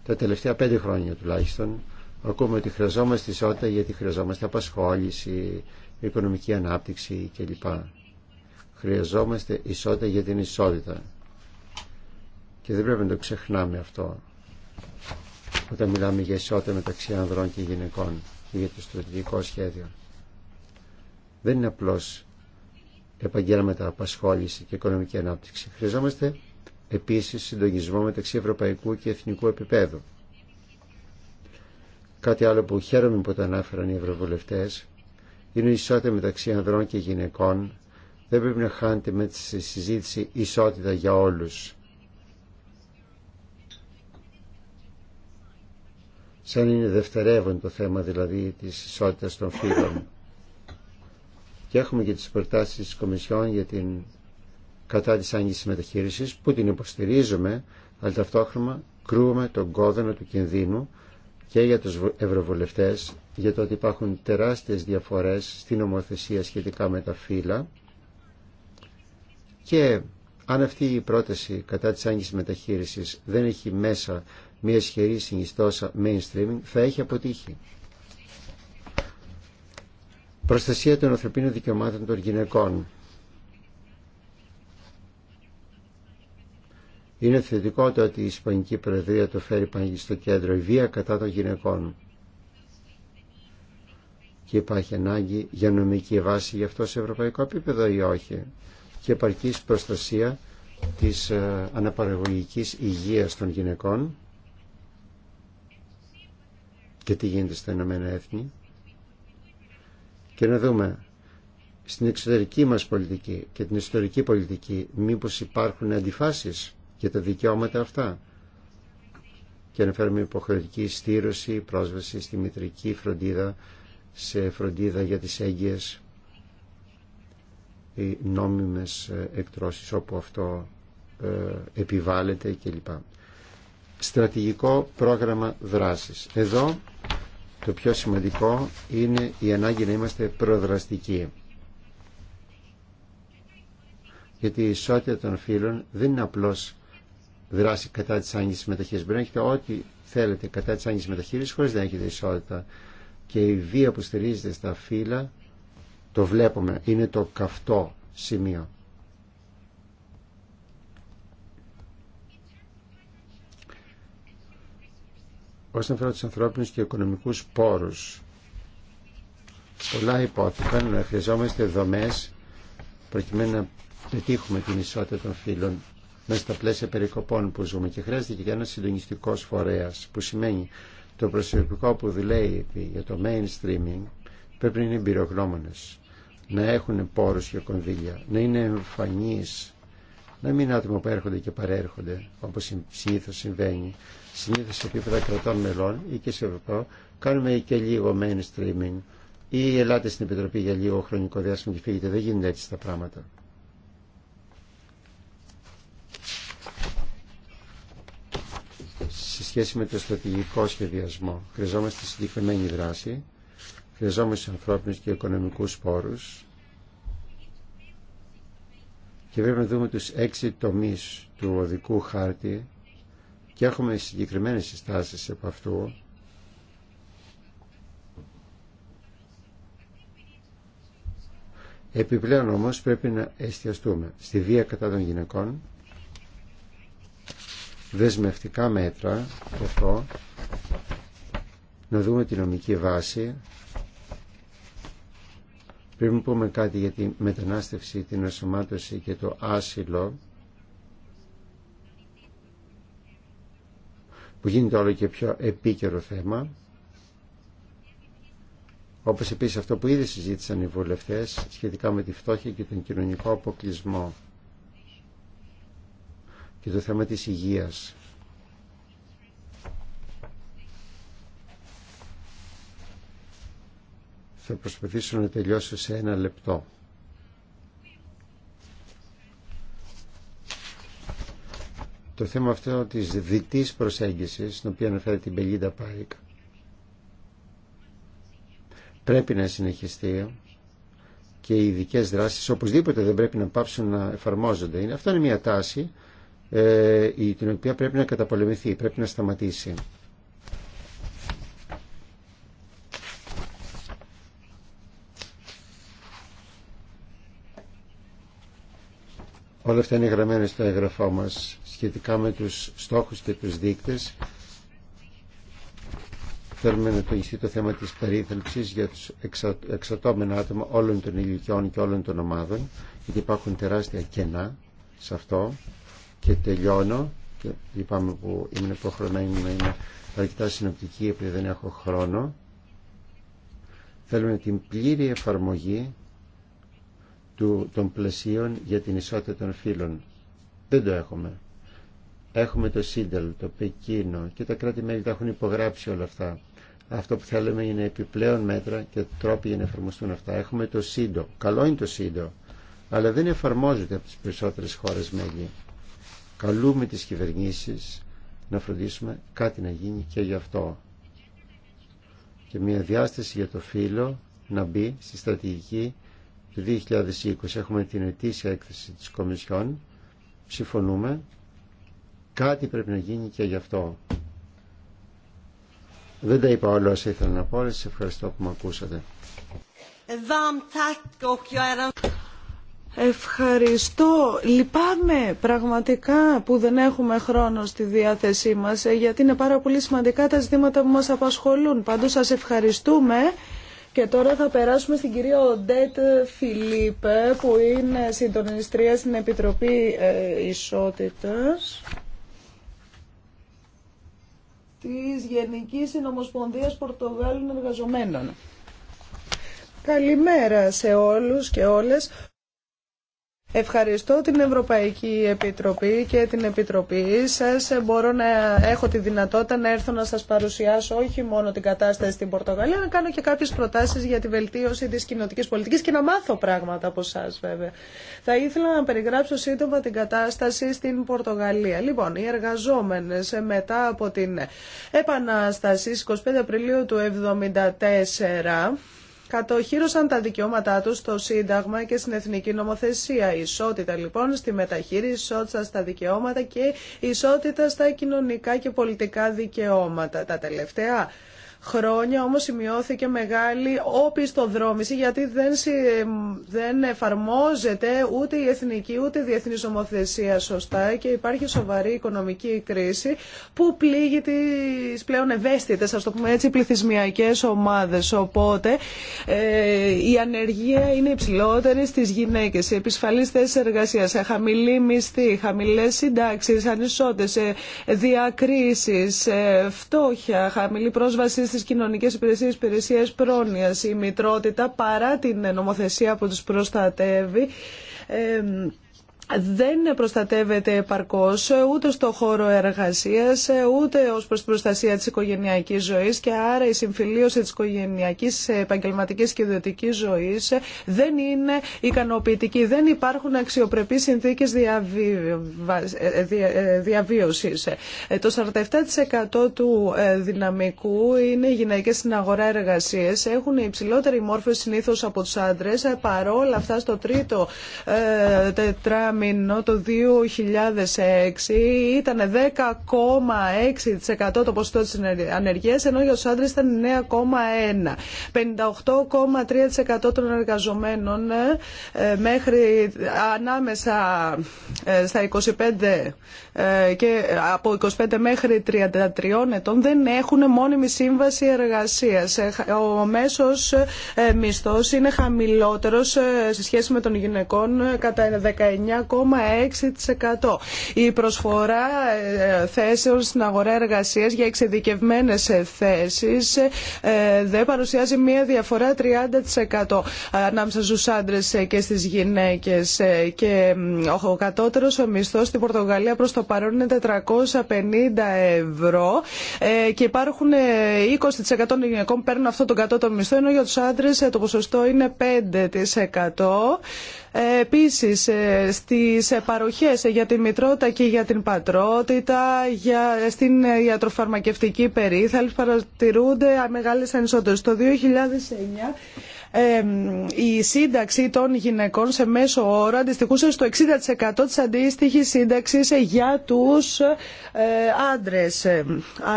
Τα τελευταία πέντε χρόνια τουλάχιστον ακούμε ότι χρειαζόμαστε ισότητα γιατί χρειαζόμαστε απασχόληση, οικονομική ανάπτυξη κλπ. Χρειαζόμαστε ισότητα για την ισότητα. Και δεν πρέπει να το ξεχνάμε αυτό όταν μιλάμε για ισότητα μεταξύ ανδρών και γυναικών και για το στρατηγικό σχέδιο. Δεν είναι απλώς επαγγέλματα, απασχόληση και οικονομική ανάπτυξη. Χρειαζόμαστε επίση συντονισμό μεταξύ ευρωπαϊκού και εθνικού επίπεδου. Κάτι άλλο που χαίρομαι που το ανάφεραν οι ευρωβουλευτέ, είναι η ισότητα μεταξύ ανδρών και γυναικών. Δεν πρέπει να χάνεται με τη συζήτηση ισότητα για όλου. Σαν είναι δευτερεύον το θέμα δηλαδή της ισότητας των φίλων και έχουμε και τις προτάσεις της Κομισιόν για την κατά της άγγισης μεταχείρισης που την υποστηρίζουμε αλλά ταυτόχρονα κρούμε τον κόδωνο του κινδύνου και για τους ευρωβουλευτές για το ότι υπάρχουν τεράστιες διαφορές στην ομοθεσία σχετικά με τα φύλλα και αν αυτή η πρόταση κατά της άγγισης μεταχείρισης δεν έχει μέσα μια ισχυρή συνιστόσα mainstreaming θα έχει αποτύχει προστασία των ανθρωπίνων δικαιωμάτων των γυναικών. Είναι θετικό το ότι η Ισπανική Προεδρία το φέρει πάνω στο κέντρο η βία κατά των γυναικών και υπάρχει ανάγκη για νομική βάση γι' αυτό σε ευρωπαϊκό επίπεδο ή όχι και επαρκής προστασία της ε, αναπαραγωγικής υγείας των γυναικών και τι γίνεται στα Ηνωμένα Έθνη και να δούμε στην εξωτερική μας πολιτική και την ιστορική πολιτική μήπως υπάρχουν αντιφάσεις για τα δικαιώματα αυτά και να φέρουμε υποχρεωτική στήρωση, πρόσβαση στη μητρική φροντίδα, σε φροντίδα για τις έγκυες οι νόμιμες ε, εκτρώσεις όπου αυτό ε, επιβάλλεται κλπ. Στρατηγικό πρόγραμμα δράσης. Εδώ το πιο σημαντικό είναι η ανάγκη να είμαστε προδραστικοί. Γιατί η ισότητα των φίλων δεν είναι απλώς δράση κατά της άγγισης μεταχείρισης. Μπορεί να έχετε ό,τι θέλετε κατά της άγγισης μεταχείρισης χωρίς να έχετε ισότητα. Και η βία που στηρίζεται στα φύλλα το βλέπουμε, είναι το καυτό σημείο. όσον αφορά τους ανθρώπινους και οικονομικούς πόρους πολλά υπόθηκαν να χρειαζόμαστε δομές προκειμένου να πετύχουμε την ισότητα των φύλων μέσα στα πλαίσια περικοπών που ζούμε και χρειάζεται και ένα συντονιστικό φορέα που σημαίνει το προσωπικό που δουλεύει για το mainstreaming πρέπει να είναι εμπειρογνώμονε, να έχουν πόρου για κονδύλια, να είναι εμφανεί να μην άτομα που έρχονται και παρέρχονται, όπως συνήθως συμβαίνει, συνήθως σε επίπεδα κρατών μελών ή και σε ευρωπαϊκό, κάνουμε και λίγο mainstreaming ή ελάτε στην Επιτροπή για λίγο χρονικό διάστημα και φύγετε. Δεν γίνεται έτσι τα πράγματα. Σε σχέση με το στρατηγικό σχεδιασμό, χρειαζόμαστε συγκεκριμένη δράση, χρειαζόμαστε ανθρώπινους και οικονομικούς πόρους, και πρέπει να δούμε τους έξι τομείς του οδικού χάρτη και έχουμε συγκεκριμένες συστάσεις από αυτού Επιπλέον όμως πρέπει να εστιαστούμε στη βία κατά των γυναικών δεσμευτικά μέτρα αυτό να δούμε τη νομική βάση πριν να πούμε κάτι για τη μετανάστευση, την ασωμάτωση και το άσυλο, που γίνεται όλο και πιο επίκαιρο θέμα, όπως επίσης αυτό που ήδη συζήτησαν οι βουλευτές σχετικά με τη φτώχεια και τον κοινωνικό αποκλεισμό και το θέμα της υγείας. Θα προσπαθήσω να τελειώσω σε ένα λεπτό. Το θέμα αυτό της διτής προσέγγισης, στην οποία αναφέρεται η Μπελίντα Πάικ, πρέπει να συνεχιστεί και οι ειδικέ δράσεις οπωσδήποτε δεν πρέπει να πάψουν να εφαρμόζονται. αυτό είναι μια τάση ε, την οποία πρέπει να καταπολεμηθεί, πρέπει να σταματήσει. Όλα αυτά είναι γραμμένα στο έγγραφό μας σχετικά με τους στόχους και τους δείκτες. Θέλουμε να τονιστεί το θέμα της περίθαλψης για τους εξα... εξατόμενα άτομα όλων των ηλικιών και όλων των ομάδων, γιατί υπάρχουν τεράστια κενά σε αυτό και τελειώνω και λυπάμαι που ήμουν υποχρεωμένη να είμαι αρκετά συνοπτική επειδή δεν έχω χρόνο θέλουμε την πλήρη εφαρμογή του, των πλαισίων για την ισότητα των φύλων. Δεν το έχουμε. Έχουμε το ΣΥΝΤΑΛ, το Πεκίνο και τα κράτη-μέλη τα έχουν υπογράψει όλα αυτά. Αυτό που θέλουμε είναι επιπλέον μέτρα και τρόποι για να εφαρμοστούν αυτά. Έχουμε το ΣΥΝΤΟ. Καλό είναι το ΣΥΝΤΟ, αλλά δεν εφαρμόζεται από τις περισσότερες χώρες μέλη. Καλούμε τις κυβερνήσει να φροντίσουμε κάτι να γίνει και γι' αυτό. Και μια διάσταση για το φύλλο να μπει στη στρατηγική του 2020 έχουμε την ετήσια έκθεση της Κομισιόν ψηφωνούμε κάτι πρέπει να γίνει και γι' αυτό δεν τα είπα όλα όσα ήθελα να πω ευχαριστώ που με ακούσατε Ευχαριστώ. Λυπάμαι πραγματικά που δεν έχουμε χρόνο στη διάθεσή μας ε, γιατί είναι πάρα πολύ σημαντικά τα ζητήματα που μας απασχολούν. Πάντως σας ευχαριστούμε. Και τώρα θα περάσουμε στην κυρία Οντέτ Φιλίπε, που είναι συντονιστρία στην Επιτροπή ε, Ισότητας της Γενικής Συνομοσπονδίας Πορτογάλων Εργαζομένων. Καλημέρα σε όλους και όλες. Ευχαριστώ την Ευρωπαϊκή Επιτροπή και την Επιτροπή σας. Μπορώ να έχω τη δυνατότητα να έρθω να σας παρουσιάσω όχι μόνο την κατάσταση στην Πορτογαλία, να κάνω και κάποιες προτάσεις για τη βελτίωση της κοινωτική πολιτικής και να μάθω πράγματα από εσά βέβαια. Θα ήθελα να περιγράψω σύντομα την κατάσταση στην Πορτογαλία. Λοιπόν, οι εργαζόμενες μετά από την επανάσταση 25 Απριλίου του 1974 κατοχύρωσαν τα δικαιώματά τους στο Σύνταγμα και στην Εθνική Νομοθεσία. Ισότητα λοιπόν στη μεταχείριση, ισότητα στα δικαιώματα και ισότητα στα κοινωνικά και πολιτικά δικαιώματα. Τα τελευταία χρόνια, όμως σημειώθηκε μεγάλη οπισθοδρόμηση γιατί δεν, δεν εφαρμόζεται ούτε η εθνική ούτε η διεθνή ομοθεσία σωστά και υπάρχει σοβαρή οικονομική κρίση που πλήγει τις πλέον ευαίσθητες, ας το πούμε έτσι, πληθυσμιακές ομάδες. Οπότε ε, η ανεργία είναι υψηλότερη στις γυναίκες, επισφαλείς θέσεις εργασίας, χαμηλή μισθή, χαμηλές συντάξεις, ανισότητες, ε, διακρίσεις, ε, φτώχεια, χαμηλή πρόσβαση στι κοινωνικές υπηρεσίες υπηρεσίες πρόνοιας. Η μητρότητα παρά την νομοθεσία που τους προστατεύει δεν προστατεύεται επαρκώς ούτε στο χώρο εργασίας ούτε ως προς την προστασία της οικογενειακής ζωής και άρα η συμφιλίωση της οικογενειακής επαγγελματικής και ιδιωτικής ζωής δεν είναι ικανοποιητική. Δεν υπάρχουν αξιοπρεπείς συνθήκες ε, ε, διαβίωσης. Ε, το 47% του δυναμικού είναι γυναίκες στην αγορά εργασίας. Έχουν υψηλότερη μόρφωση συνήθως από τους άντρες. Παρόλα αυτά στο τρίτο τετράμινο το 2006 ήταν 10,6% το ποσοστό της ανεργίας, ενώ για τους άντρες ήταν 9,1%. 58,3% των εργαζομένων ε, μέχρι ανάμεσα ε, στα 25 ε, και από 25 μέχρι 33 ετών δεν έχουν μόνιμη σύμβαση εργασίας. Ο μέσος μισθός είναι χαμηλότερος σε σχέση με των γυναικών κατά 6%. Η προσφορά ε, θέσεων στην αγορά εργασίας για εξειδικευμένες ε, θέσεις ε, δεν παρουσιάζει μία διαφορά 30% ανάμεσα στους άντρες και στις γυναίκες και ο κατώτερος ο μισθός στην Πορτογαλία προς το παρόν είναι 450 ευρώ και υπάρχουν 20% των γυναικών που παίρνουν αυτό το κατώτερο μισθό ενώ για τους άντρες το ποσοστό είναι 5%. Επίσης, ε, στις παροχές για τη μητρότητα και για την πατρότητα, για, στην ιατροφαρμακευτική περίθαλψη παρατηρούνται μεγάλες ανισότητες. Το 2009 η σύνταξη των γυναικών σε μέσο όρο αντιστοιχούσε στο 60% της αντίστοιχης σύνταξης για τους ε, άντρες.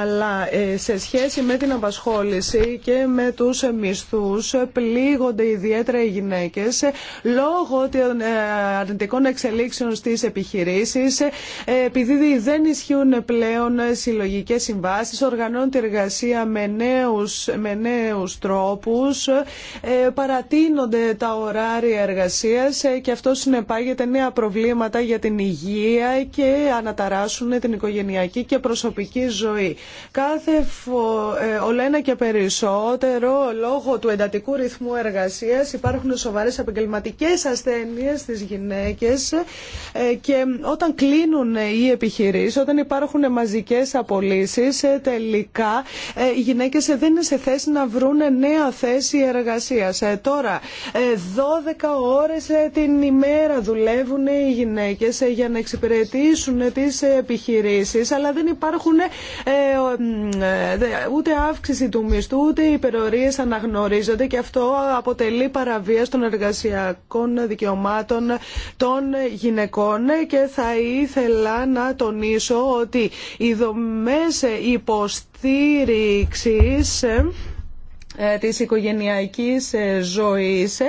Αλλά ε, σε σχέση με την απασχόληση και με τους μισθούς πλήγονται ιδιαίτερα οι γυναίκες λόγω των ε, αρνητικών εξελίξεων στις επιχειρήσεις επειδή δεν ισχύουν πλέον συλλογικές συμβάσεις, οργανώνουν τη εργασία με νέους, με τρόπους παρατείνονται τα ωράρια εργασίας ε, και αυτό συνεπάγεται νέα προβλήματα για την υγεία και αναταράσσουν την οικογενειακή και προσωπική ζωή. Κάθε φο... Ε, ολένα και περισσότερο λόγω του εντατικού ρυθμού εργασίας υπάρχουν σοβαρές επαγγελματικές ασθένειες στις γυναίκες ε, και όταν κλείνουν οι επιχειρήσεις, όταν υπάρχουν μαζικές απολύσεις, τελικά οι γυναίκες δεν είναι σε θέση να βρουν νέα θέση εργασίας. Ε, τώρα, 12 ε, ώρες ε, την ημέρα δουλεύουν οι γυναίκες για να εξυπηρετήσουν τις επιχειρήσεις, αλλά δεν υπάρχουν ούτε αύξηση του μισθού, ούτε υπερορίες αναγνωρίζονται και αυτό αποτελεί παραβία των εργασιακών δικαιωμάτων των γυναικών και θα ήθελα να τονίσω ότι οι δομές υποστήριξης ε, της οικογενειακής ε, ζωής ε,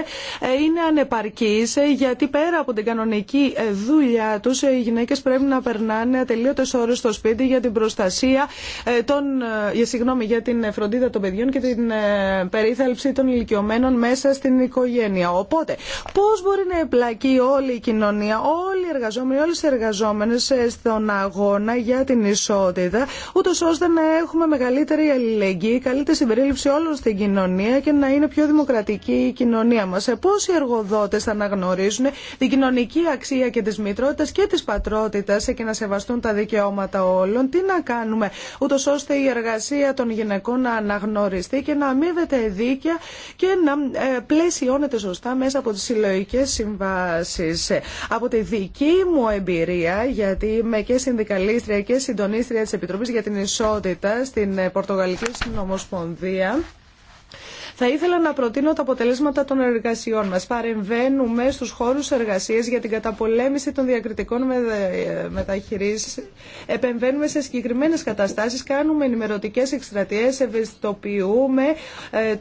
είναι ανεπαρκής γιατί πέρα από την κανονική δουλειά τους οι γυναίκες πρέπει να περνάνε ατελείωτες ώρες στο σπίτι για την προστασία των, συγγνώμη, για την φροντίδα των παιδιών και την περίθαλψη των ηλικιωμένων μέσα στην οικογένεια. Οπότε πώς μπορεί να επλακεί όλη η κοινωνία, όλοι οι εργαζόμενοι, όλες οι εργαζόμενες στον αγώνα για την ισότητα ούτως ώστε να έχουμε μεγαλύτερη αλληλεγγύη, καλύτερη συμπερίληψη όλων στην κοινωνία και να είναι πιο δημοκρατική η κοινωνία μα. μας. Ε, οι εργοδότε θα αναγνωρίζουν την κοινωνική αξία και τη μητρότητα και τη πατρότητα και να σεβαστούν τα δικαιώματα όλων. Τι να κάνουμε, ούτω ώστε η εργασία των γυναικών να αναγνωριστεί και να αμείβεται δίκαια και να ε, πλαισιώνεται σωστά μέσα από τι συλλογικέ συμβάσει, ε, Από τη δική μου εμπειρία, γιατί είμαι και συνδικαλίστρια και συντονίστρια τη Επιτροπή για την Ισότητα στην Πορτογαλική Συνομοσπονδία, θα ήθελα να προτείνω τα αποτελέσματα των εργασιών μα. Παρεμβαίνουμε στου χώρου εργασίας για την καταπολέμηση των διακριτικών ε, μεταχειρήσεων. Επεμβαίνουμε σε συγκεκριμένε καταστάσει, κάνουμε ενημερωτικέ εκστρατείε, ευαισθητοποιούμε ε,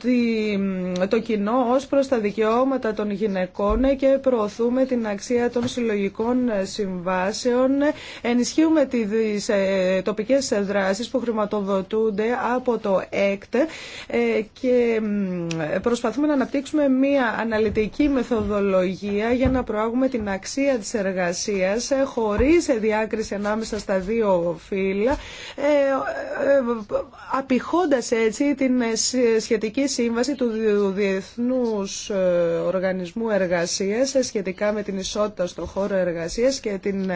το κοινό ω προ τα δικαιώματα των γυναικών και προωθούμε την αξία των συλλογικών συμβάσεων. Ενισχύουμε τις ε, τοπικέ δράσει που χρηματοδοτούνται από το ΕΚΤ και προσπαθούμε να αναπτύξουμε μία αναλυτική μεθοδολογία για να προάγουμε την αξία της εργασίας ε, χωρίς διάκριση ανάμεσα στα δύο φύλλα, ε, ε, απηχώντας έτσι την σχετική σύμβαση του Διεθνούς Οργανισμού Εργασίας σχετικά με την ισότητα στον χώρο εργασίας και την,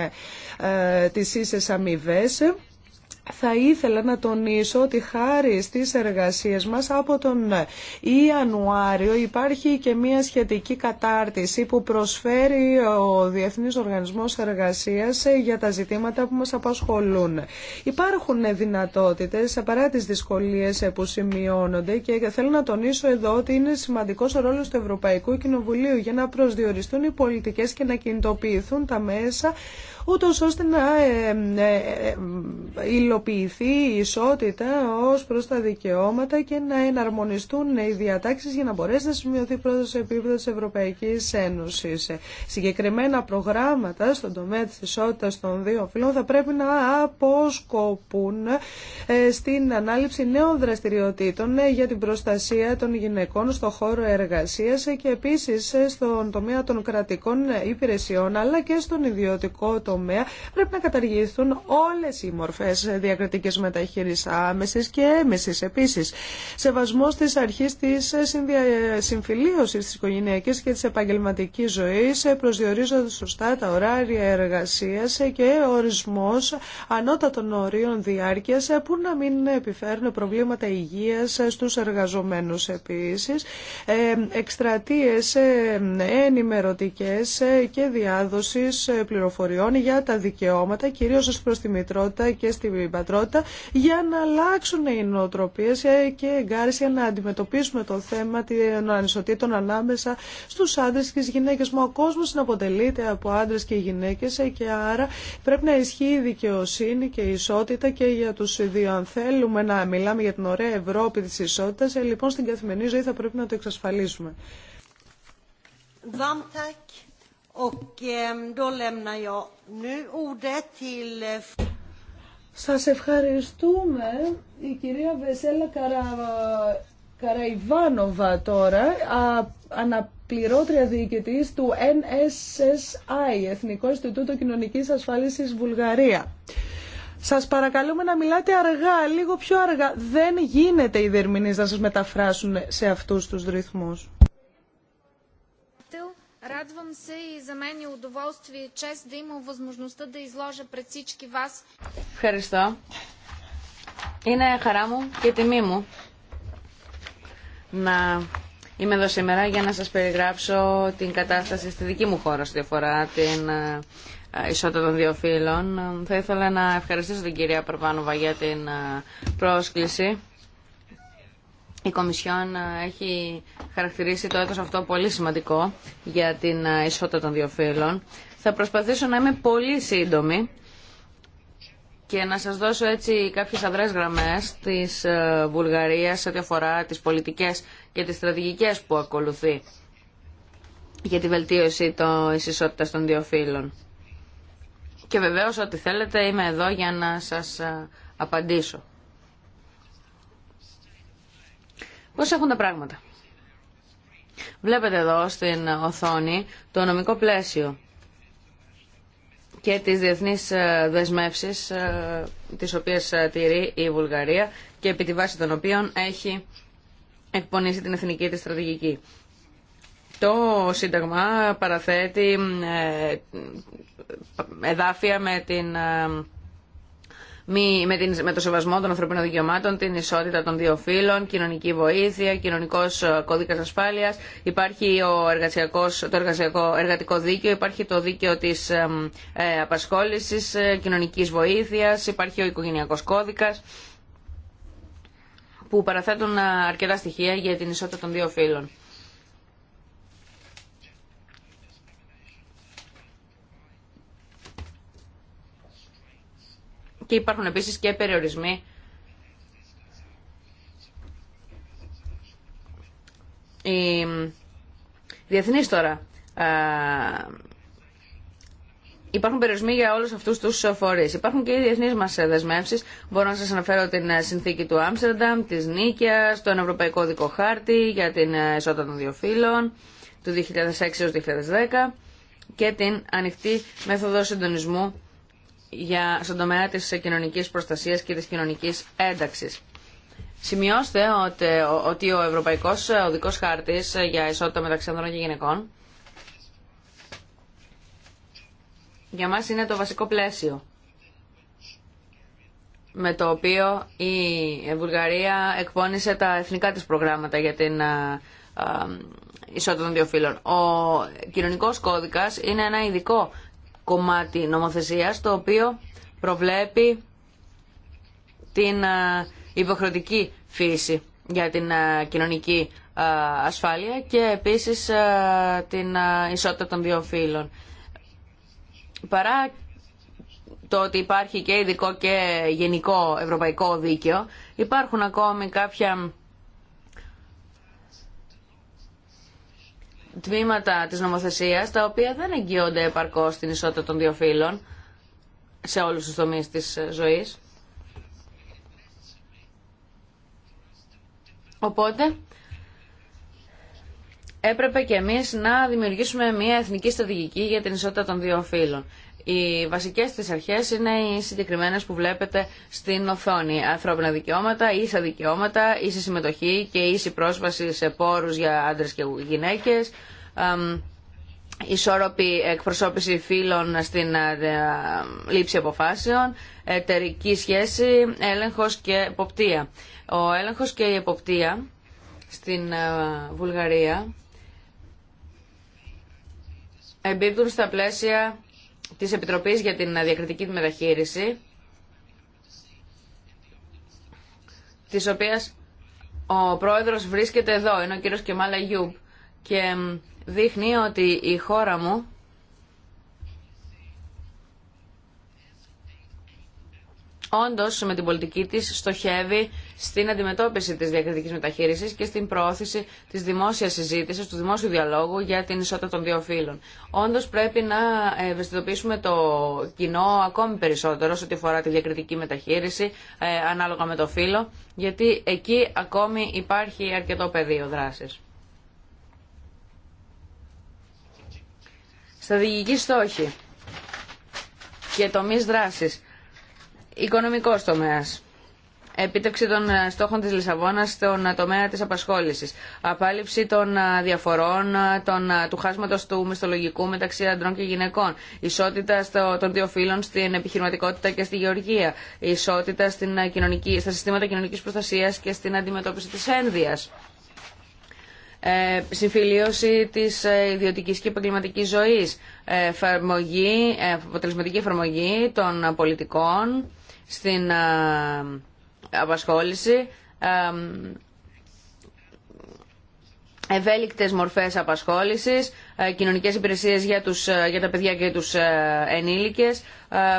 τις ίσες αμοιβές θα ήθελα να τονίσω ότι χάρη στις εργασίες μας από τον Ιανουάριο υπάρχει και μια σχετική κατάρτιση που προσφέρει ο Διεθνής Οργανισμός Εργασίας για τα ζητήματα που μας απασχολούν. Υπάρχουν δυνατότητες παρά τις δυσκολίες που σημειώνονται και θέλω να τονίσω εδώ ότι είναι σημαντικός ο ρόλος του Ευρωπαϊκού Κοινοβουλίου για να προσδιοριστούν οι πολιτικές και να κινητοποιηθούν τα μέσα ούτω ώστε να ε, ε, ε, υλοποιηθεί η ισότητα ω προ τα δικαιώματα και να εναρμονιστούν οι διατάξει για να μπορέσει να σημειωθεί πρόοδος σε επίπεδο τη Ευρωπαϊκή Ένωση. Συγκεκριμένα προγράμματα στον τομέα τη ισότητας των δύο φύλων θα πρέπει να αποσκοπούν στην ανάληψη νέων δραστηριοτήτων για την προστασία των γυναικών στον χώρο εργασίας και επίσης στον τομέα των κρατικών υπηρεσιών αλλά και στον ιδιωτικό τομέα πρέπει να καταργηθούν όλες οι μορφές διακριτικής μεταχείριση άμεση και επίση, επίσης. Σεβασμός της αρχής της συμφιλίωση τη οικογένειακή και τη επαγγελματική ζωή, προσδιορίζονται σωστά τα ωράρια εργασίας και ορισμός ανώτατων ορίων διάρκειας που να μην επιφέρουν προβλήματα υγείας στους εργαζομένους επίσης. Ε, Εκστρατείε ενημερωτικέ ε, και διάδοση ε, πληροφοριών για τα δικαιώματα, κυρίω ω προς τη μητρότητα και στην πατρότητα, για να αλλάξουν οι νοοτροπίε και για να αντιμετωπίσουμε το θέμα των ανισοτήτων ανάμεσα στου άντρε και στι γυναίκε. Μα ο κόσμος συναποτελείται από άντρε και γυναίκε. και άρα πρέπει να ισχύει η δικαιοσύνη και η ισότητα και για του δύο. Αν θέλουμε να μιλάμε για την ωραία Ευρώπη της ισότητας, ε, λοιπόν στην καθημερινή ζωή θα πρέπει να το εξασφαλίσουμε. Och ehm, eh, ευχαριστούμε. Η κυρία Βεσέλα Καρα... Καραϊβάνοβα τώρα, α, αναπληρώτρια διοικητής του NSSI, Εθνικό Ινστιτούτο Κοινωνικής Ασφάλισης Βουλγαρία. Σας παρακαλούμε να μιλάτε αργά, λίγο πιο αργά. Δεν γίνεται οι δερμηνείς να σας μεταφράσουν σε αυτούς τους ρυθμούς. Радвам се и за мен е удоволствие и чест да имам възможността да изложа пред всички вас. Ευχαριστώ. Είναι χαρά μου και τιμή μου να είμαι εδώ σήμερα για να σας περιγράψω την κατάσταση στη δική μου χώρα στη φορά, την ε, ισότητα των δύο φύλων. Θα ήθελα να ευχαριστήσω την κυρία Παρβάνοβα για την ε, πρόσκληση. Η Κομισιόν ε, έχει χαρακτηρίσει το έτος αυτό πολύ σημαντικό για την ε, ισότητα των δύο φύλων. Θα προσπαθήσω να είμαι πολύ σύντομη και να σας δώσω έτσι κάποιες αδρές γραμμές της ε, Βουλγαρίας σε ό,τι αφορά τις πολιτικές και τις στρατηγικές που ακολουθεί για τη βελτίωση της ισότητας των δύο φύλων. Και βεβαίως ό,τι θέλετε είμαι εδώ για να σας ε, απαντήσω. Πώς έχουν τα πράγματα. Βλέπετε εδώ στην οθόνη το νομικό πλαίσιο και τις διεθνείς ε, δεσμεύσεις ε, τις οποίες ε, τηρεί η Βουλγαρία και επί τη βάση των οποίων έχει εκπονήσει την εθνική της στρατηγική. Το Σύνταγμα παραθέτει εδάφια με την με, την, με το σεβασμό των ανθρωπίνων δικαιωμάτων, την ισότητα των δύο φύλων, κοινωνική βοήθεια, κοινωνικό ε, κώδικα ασφάλεια, υπάρχει ο το εργασιακό, εργατικό δίκαιο, υπάρχει το δίκαιο τη ε, απασχόληση, ε, κοινωνική βοήθεια, υπάρχει ο οικογενειακό κώδικα που παραθέτουν ε, αρκετά στοιχεία για την ισότητα των δύο φύλων. και υπάρχουν επίσης και περιορισμοί οι διεθνείς τώρα Υπάρχουν περιορισμοί για όλους αυτούς τους φορείς Υπάρχουν και οι διεθνεί μα δεσμεύσεις Μπορώ να σας αναφέρω την συνθήκη του Άμστερνταμ, της νίκιας, τον Ευρωπαϊκό Δικοχάρτη για την ισότητα των δύο φύλων του 2006 έως 2010 και την ανοιχτή μέθοδο συντονισμού για, στον τομέα της κοινωνικής προστασίας και της κοινωνικής ένταξης. Σημειώστε ότι ο Ευρωπαϊκός Οδικός Χάρτης για ισότητα μεταξύ ανδρών και γυναικών για μας είναι το βασικό πλαίσιο με το οποίο η Βουλγαρία εκπώνησε τα εθνικά της προγράμματα για την ισότητα των δύο φύλων. Ο κοινωνικός κώδικας είναι ένα ειδικό κομμάτι νομοθεσίας το οποίο προβλέπει την ε, υποχρεωτική φύση για την ε, κοινωνική ε, ασφάλεια και επίσης την ισότητα των δύο φύλων. Παρά το ότι υπάρχει και ειδικό και γενικό ευρωπαϊκό δίκαιο, υπάρχουν ακόμη κάποια τμήματα της νομοθεσίας τα οποία δεν εγγυώνται επαρκώς την ισότητα των δύο φύλων σε όλους τους τομείς της ε, ζωής. Οπότε έπρεπε και εμείς να δημιουργήσουμε μια εθνική στρατηγική για την ισότητα των δύο φύλων. Οι βασικές της αρχές είναι οι συγκεκριμένε που βλέπετε στην οθόνη. Ανθρώπινα δικαιώματα, ίσα δικαιώματα, ίση συμμετοχή και ίση πρόσβαση σε πόρους για άντρες και γυναίκες, ισόρροπη εκπροσώπηση φίλων στην λήψη αποφάσεων, εταιρική σχέση, έλεγχος και εποπτεία. Ο έλεγχος και η εποπτεία στην Βουλγαρία εμπίπτουν στα πλαίσια της Επιτροπής για την Διακριτική Μεταχείριση, της οποίας ο πρόεδρος βρίσκεται εδώ, είναι ο κύριος Κεμάλα Γιούμπ και δείχνει ότι η χώρα μου Όντω με την πολιτική της στοχεύει στην αντιμετώπιση της διακριτική μεταχείρισης και στην προώθηση της δημόσιας συζήτηση, του δημόσιου διαλόγου για την ισότητα των δύο φύλων. Όντω πρέπει να ευαισθητοποιήσουμε το κοινό ακόμη περισσότερο σε ό,τι αφορά τη διακριτική μεταχείριση ε, ανάλογα με το φύλο, γιατί εκεί ακόμη υπάρχει αρκετό πεδίο δράσης. Στρατηγική στόχη και τομείς δράσης οικονομικό τομέα, Επίτευξη των ε, στόχων της Λισαβόνας στον ε, τομέα της απασχόλησης. Απάλληψη των ε, διαφορών των, του χάσματος του μισθολογικού μεταξύ ανδρών και γυναικών. Ισότητα στο, των δύο φύλων στην επιχειρηματικότητα και στη γεωργία. Ισότητα στην κοινωνική, στα συστήματα κοινωνικής προστασίας και στην αντιμετώπιση της ένδυας συμφιλίωση της ιδιωτικής και επαγγελματικής ζωής, εφαρμογή, αποτελεσματική εφαρμογή των πολιτικών, στην απασχόληση, ευέλικτες μορφές απασχόλησης, κοινωνικές υπηρεσίες για, τους, για τα παιδιά και τους ενήλικες,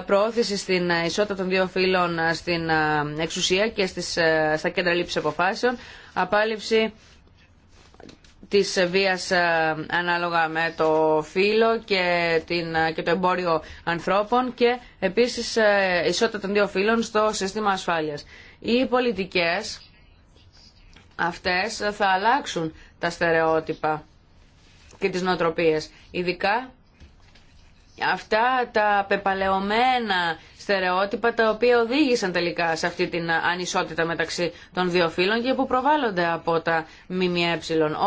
προώθηση στην ισότητα των δύο φύλων στην εξουσία και στις, στα κέντρα λήψης αποφάσεων, απάλληψη της βίας ε, ανάλογα με το φύλλο και, την, ε, και το εμπόριο ανθρώπων και επίσης ε, ισότητα των δύο φύλων στο σύστημα ασφάλειας. Οι πολιτικές αυτές θα αλλάξουν τα στερεότυπα και τις νοοτροπίες, ειδικά αυτά τα πεπαλαιωμένα στερεότυπα τα οποία οδήγησαν τελικά σε αυτή την ανισότητα μεταξύ των δύο φύλων και που προβάλλονται από τα ΜΜΕ.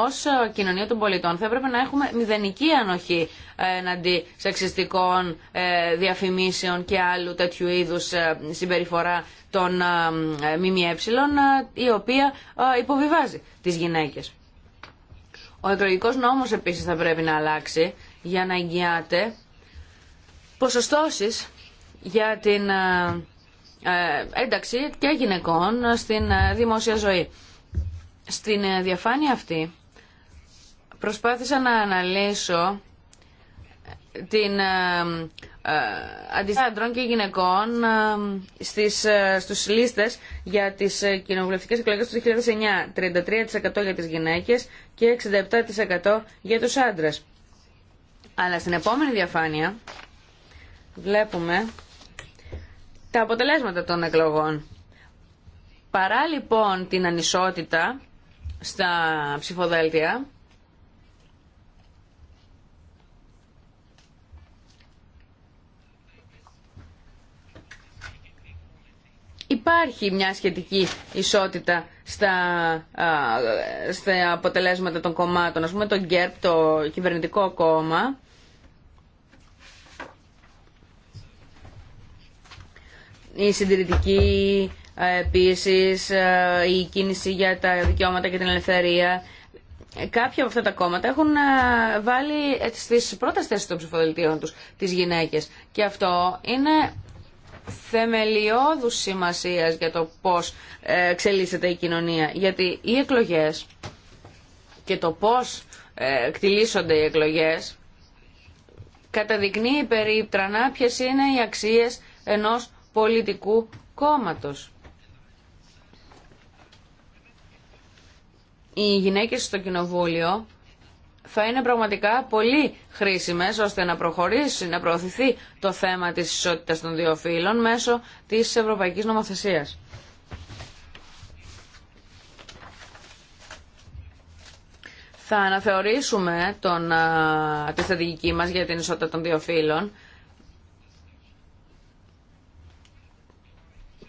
Ω κοινωνία των πολιτών θα έπρεπε να έχουμε μηδενική ανοχή εναντί σεξιστικών ε, διαφημίσεων και άλλου τέτοιου είδους ε, συμπεριφορά των ε, ΜΜΕ η οποία υποβιβάζει τι γυναίκε. Ο εκλογικό νόμο επίση θα πρέπει να αλλάξει για να εγγυάται ποσοστώσεις για την ε, ε, ένταξη και γυναικών στην ε, δημόσια ζωή. Στην διαφάνεια αυτή προσπάθησα να αναλύσω την αντιστοιχεία αντρών και γυναικών στις, στους λίστες για τις κοινοβουλευτικές εκλογές του 2009. 33% για τις γυναίκες και 67% για τους άντρες. Αλλά στην επόμενη διαφάνεια βλέπουμε τα αποτελέσματα των εκλογών. Παρά λοιπόν την ανισότητα στα ψηφοδέλτια, υπάρχει μια σχετική ισότητα στα, α, στα αποτελέσματα των κομμάτων. Ας πούμε το γκέρπ, το κυβερνητικό κόμμα, η συντηρητική επίση, ε, η κίνηση για τα δικαιώματα και την ελευθερία. Κάποια από αυτά τα κόμματα έχουν ε, βάλει ε, στις πρώτες θέσεις των ψηφοδελτίων τους τις γυναίκες. Και αυτό είναι θεμελιώδους σημασίας για το πώς εξελίσσεται η κοινωνία. Γιατί οι εκλογές και το πώς εκτιλήσονται οι εκλογές καταδεικνύει περίπτρανα ποιες είναι οι αξίες ενός πολιτικού κόμματος. Οι γυναίκες στο κοινοβούλιο θα είναι πραγματικά πολύ χρήσιμες ώστε να προχωρήσει, να προωθηθεί το θέμα της ισότητας των δύο φύλων μέσω της ευρωπαϊκής νομοθεσίας. Θα αναθεωρήσουμε τον, τη στρατηγική μας για την ισότητα των δύο φύλων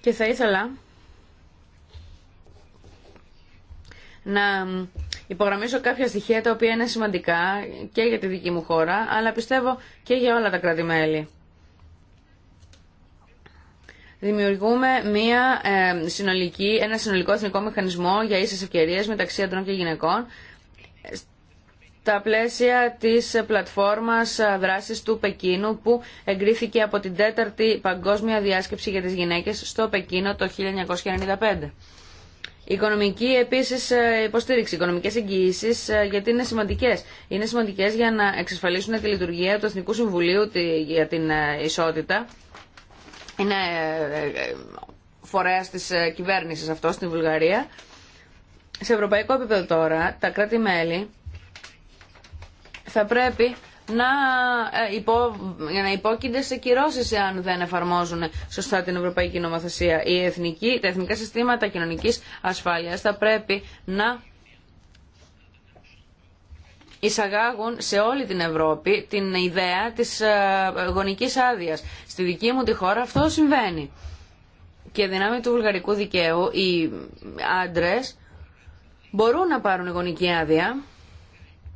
Και θα ήθελα να υπογραμμίσω κάποια στοιχεία τα οποία είναι σημαντικά και για τη δική μου χώρα, αλλά πιστεύω και για όλα τα κράτη-μέλη. Δημιουργούμε μια, ε, συνολική, ένα συνολικό εθνικό μηχανισμό για ίσες ευκαιρίες μεταξύ αντρών και γυναικών τα πλαίσια της πλατφόρμας δράσης του Πεκίνου που εγκρίθηκε από την τέταρτη παγκόσμια διάσκεψη για τις γυναίκες στο Πεκίνο το 1995. Οικονομική επίσης ε, υποστήριξη, οικονομικές εγγυήσει, ε, γιατί είναι σημαντικές. Είναι σημαντικές για να εξασφαλίσουν τη λειτουργία του Εθνικού Συμβουλίου για την ε, Ισότητα. Είναι φορέας της κυβέρνησης αυτό στην Βουλγαρία. Σε ευρωπαϊκό επίπεδο τώρα, τα κράτη-μέλη θα πρέπει να, ε, υπό, να υπόκεινται σε κυρώσεις αν δεν εφαρμόζουν σωστά την ευρωπαϊκή νομοθεσία. Η εθνική, τα εθνικά συστήματα κοινωνικής ασφάλειας θα πρέπει να εισαγάγουν σε όλη την Ευρώπη την ιδέα της ε, γονικής άδειας. Στη δική μου τη χώρα αυτό συμβαίνει. Και δυνάμει του βουλγαρικού δικαίου οι άντρε μπορούν να πάρουν γονική άδεια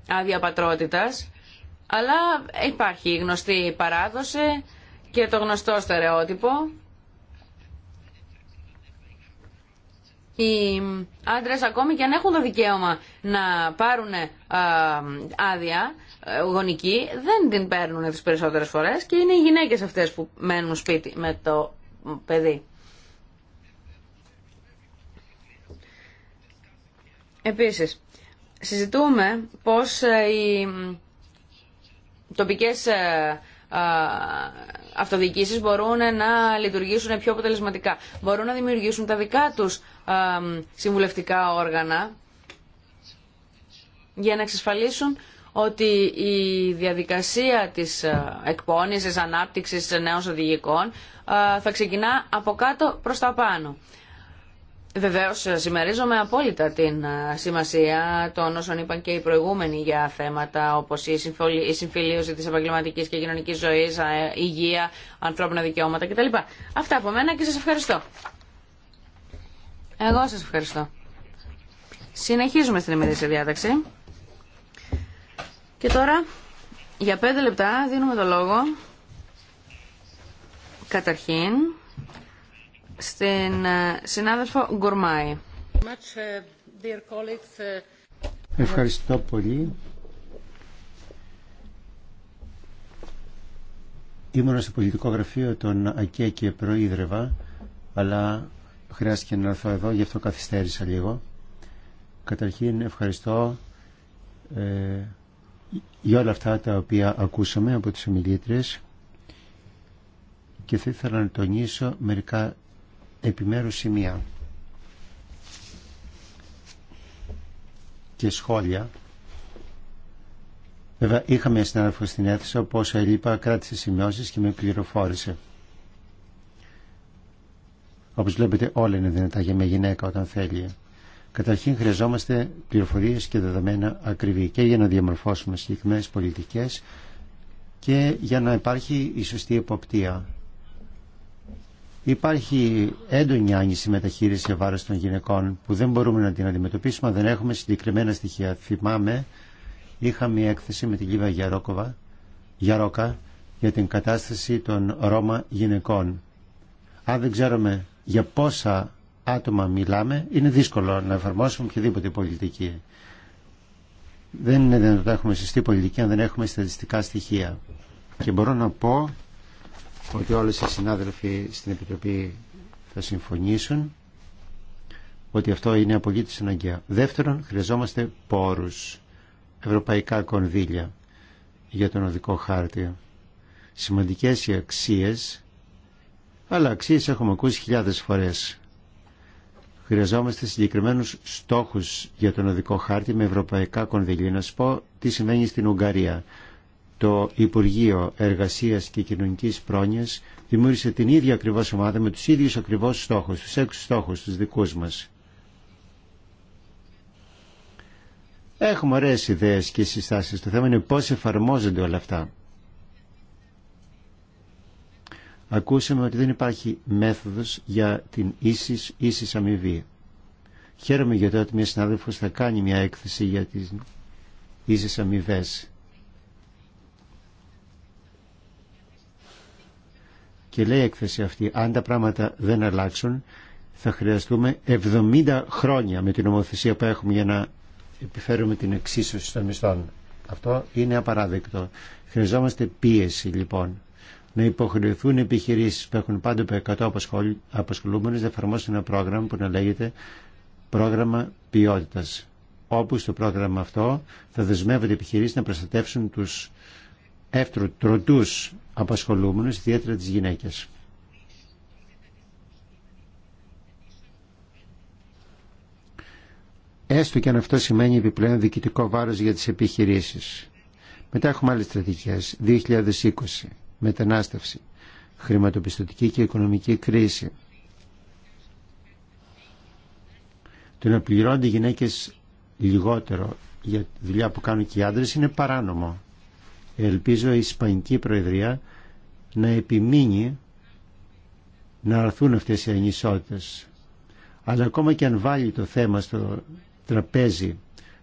άδεια πατρότητας, αλλά υπάρχει η γνωστή παράδοση και το γνωστό στερεότυπο. Οι άντρες ακόμη και αν έχουν το δικαίωμα να πάρουν άδεια ε, γονική, δεν την παίρνουν τις περισσότερες φορές και είναι οι γυναίκες αυτές που μένουν σπίτι με το παιδί. Επίσης, συζητούμε πώς ε, οι τοπικές ε, αυτοδιοίκησεις μπορούν να λειτουργήσουν πιο αποτελεσματικά. Μπορούν να δημιουργήσουν τα δικά τους συμβουλευτικά όργανα για να εξασφαλίσουν ότι η διαδικασία της ε, εκπόνησης, ανάπτυξης νέων οδηγικών θα ξεκινά από κάτω προς τα πάνω. Βεβαίω συμμερίζομαι απόλυτα την σημασία των όσων είπαν και οι προηγούμενοι για θέματα όπως η συμφιλίωση τη επαγγελματική και κοινωνική ζωή, ε, υγεία, ανθρώπινα δικαιώματα κτλ. Αυτά από μένα και σας ευχαριστώ. Εγώ σας ευχαριστώ. Συνεχίζουμε στην ημερήσια διάταξη. Και τώρα για πέντε λεπτά δίνουμε το λόγο καταρχήν στην ε, συνάδελφο Γκουρμάη. Ευχαριστώ πολύ. Ήμουν στο πολιτικό γραφείο των ΑΚΕ και προείδρευα, αλλά χρειάστηκε να έρθω εδώ, γι' αυτό καθυστέρησα λίγο. Καταρχήν ευχαριστώ ε, για όλα αυτά τα οποία ακούσαμε από τις ομιλήτρες και θα ήθελα να τονίσω μερικά επιμέρους σημεία και σχόλια. Βέβαια είχαμε μια συνάδελφο στην αίθουσα που όσο έλειπα κράτησε σημειώσεις και με πληροφόρησε. Όπως βλέπετε όλα είναι δυνατά για μια γυναίκα όταν θέλει. Καταρχήν χρειαζόμαστε πληροφορίες και δεδομένα ακριβή και για να διαμορφώσουμε συγκεκριμένε πολιτικές και για να υπάρχει η σωστή εποπτεία. Υπάρχει έντονη άνηση μεταχείριση βάρος των γυναικών που δεν μπορούμε να την αντιμετωπίσουμε, δεν έχουμε συγκεκριμένα στοιχεία. Θυμάμαι, είχαμε μια έκθεση με την Λίβα Γιαρόκοβα, Γιαρόκα για την κατάσταση των Ρώμα γυναικών. Αν δεν ξέρουμε για πόσα άτομα μιλάμε, είναι δύσκολο να εφαρμόσουμε οποιαδήποτε πολιτική. Δεν είναι δυνατόν να έχουμε συστή πολιτική αν δεν έχουμε στατιστικά στοιχεία. Και μπορώ να πω ότι όλες οι συνάδελφοι στην Επιτροπή θα συμφωνήσουν ότι αυτό είναι απολύτως αναγκαία. Δεύτερον, χρειαζόμαστε πόρους, ευρωπαϊκά κονδύλια για τον οδικό χάρτη. Σημαντικές οι αξίες, αλλά αξίες έχουμε ακούσει χιλιάδες φορές. Χρειαζόμαστε συγκεκριμένους στόχους για τον οδικό χάρτη με ευρωπαϊκά κονδύλια. Να σου πω τι συμβαίνει στην Ουγγαρία το Υπουργείο Εργασίας και Κοινωνικής Πρόνοιας δημιούργησε την ίδια ακριβώς ομάδα με τους ίδιους ακριβώς στόχους, τους έξι στόχους, τους δικού μας. Έχουμε ωραίες ιδέες και συστάσεις. Το θέμα είναι πώς εφαρμόζονται όλα αυτά. Ακούσαμε ότι δεν υπάρχει μέθοδος για την ίσης, ίσης αμοιβή. Χαίρομαι για το ότι μια συνάδελφος θα κάνει μια έκθεση για τις ίσες αμοιβέ. Και λέει η έκθεση αυτή, αν τα πράγματα δεν αλλάξουν, θα χρειαστούμε 70 χρόνια με την νομοθεσία που έχουμε για να επιφέρουμε την εξίσωση των μισθών. Αυτό είναι απαράδεκτο. Χρειαζόμαστε πίεση λοιπόν. Να υποχρεωθούν επιχειρήσει που έχουν πάντοτε 100 απασχολούμενε, να εφαρμόσουν ένα πρόγραμμα που να λέγεται πρόγραμμα ποιότητα. Όπου στο πρόγραμμα αυτό θα δεσμεύονται επιχειρήσει να προστατεύσουν του τροτού Απασχολούμενος ιδιαίτερα τις γυναίκες. Έστω και αν αυτό σημαίνει επιπλέον διοικητικό βάρος για τις επιχειρήσεις. Μετά έχουμε άλλες στρατηγικές. 2020. Μετανάστευση. Χρηματοπιστωτική και οικονομική κρίση. Το να πληρώνται οι γυναίκες λιγότερο για τη δουλειά που κάνουν και οι άντρες είναι παράνομο. Ελπίζω η Ισπανική Προεδρία να επιμείνει να αρθούν αυτές οι ανισότητες. Αλλά ακόμα και αν βάλει το θέμα στο τραπέζι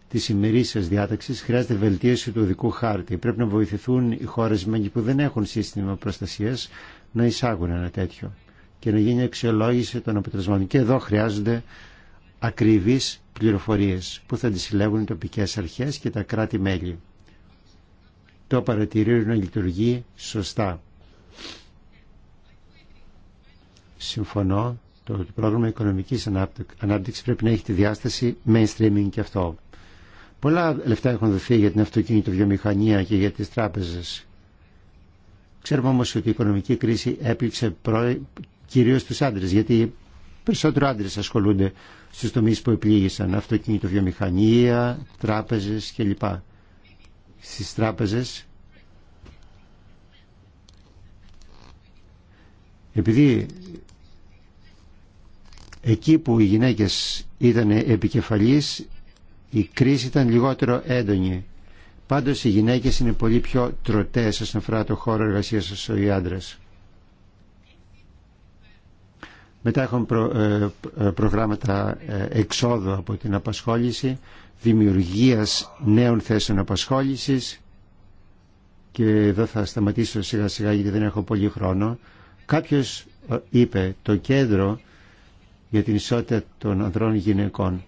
της ημερήσιας διάταξης, χρειάζεται βελτίωση του δικού χάρτη. Πρέπει να βοηθηθούν οι χώρες που δεν έχουν σύστημα προστασίας να εισάγουν ένα τέτοιο και να γίνει αξιολόγηση των αποτελεσμάτων. Και εδώ χρειάζονται ακριβείς πληροφορίες που θα τις συλλέγουν οι τοπικές αρχές και τα κράτη-μέλη το παρατηρείο να λειτουργεί σωστά. Συμφωνώ το πρόγραμμα οικονομικής ανάπτυξης πρέπει να έχει τη διάσταση mainstreaming και αυτό. Πολλά λεφτά έχουν δοθεί για την αυτοκίνητο βιομηχανία και για τις τράπεζες. Ξέρουμε όμως ότι η οικονομική κρίση έπληξε κυρίως τους άντρες, γιατί περισσότερο άντρες ασχολούνται στους τομείς που επλήγησαν, αυτοκίνητο βιομηχανία, τράπεζες κλπ στις τράπεζες επειδή εκεί που οι γυναίκες ήταν επικεφαλής η κρίση ήταν λιγότερο έντονη πάντως οι γυναίκες είναι πολύ πιο τρωτές όσον αφορά το χώρο εργασίας σας ο άντρες μετά έχουν ε, ε, προγράμματα ε, εξόδου από την απασχόληση δημιουργίας νέων θέσεων απασχόλησης και εδώ θα σταματήσω σιγά σιγά γιατί δεν έχω πολύ χρόνο. Κάποιος ε, είπε το κέντρο για την ισότητα των ανδρών γυναικών.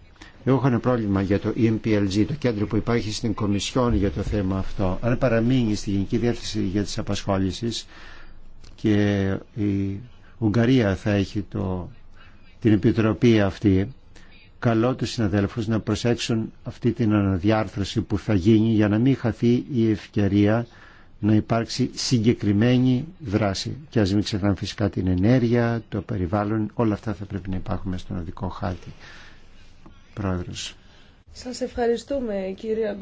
Εγώ έχω ένα πρόβλημα για το EMPLG, το κέντρο που υπάρχει στην Κομισιόν για το θέμα αυτό. Αν παραμείνει στη Γενική Διεύθυνση για τις Απασχόλησεις και η Ουγγαρία θα έχει το, την επιτροπή αυτή, Καλώ τους συναδέλφους να προσέξουν αυτή την αναδιάρθρωση που θα γίνει για να μην χαθεί η ευκαιρία να υπάρξει συγκεκριμένη δράση. Και ας μην ξεχνάμε φυσικά την ενέργεια, το περιβάλλον, όλα αυτά θα πρέπει να υπάρχουν στον οδικό χάρτη. Πρόεδρος. Σας ευχαριστούμε κυρία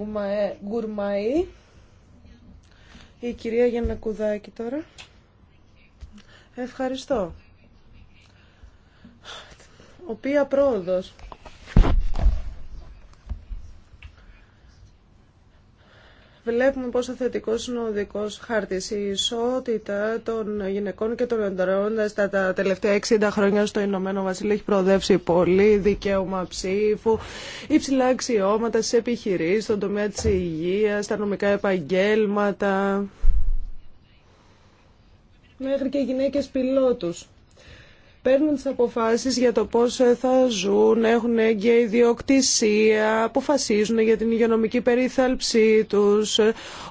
Γκουρμαή. Η κυρία Γιάννα Κουδάκη τώρα. Ευχαριστώ. Οποία πρόοδος. Βλέπουμε πόσο θετικό είναι ο οδικό χάρτη. Η ισότητα των γυναικών και των ανδρών στα τα τελευταία 60 χρόνια στο Ηνωμένο Βασίλειο έχει προοδεύσει πολύ. Δικαίωμα ψήφου, υψηλά αξιώματα στι επιχειρήσει, στον τομέα τη υγεία, στα νομικά επαγγέλματα. Μέχρι και γυναίκε πιλότου, παίρνουν τις αποφάσεις για το πώς θα ζουν, έχουν έγκαια ιδιοκτησία, αποφασίζουν για την υγειονομική περίθαλψή τους.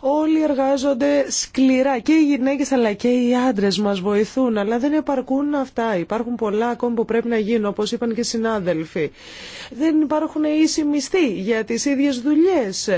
Όλοι εργάζονται σκληρά και οι γυναίκες αλλά και οι άντρες μας βοηθούν, αλλά δεν επαρκούν αυτά. Υπάρχουν πολλά ακόμη που πρέπει να γίνουν, όπως είπαν και οι συνάδελφοι. Δεν υπάρχουν ίσοι μισθοί για τις ίδιες δουλειές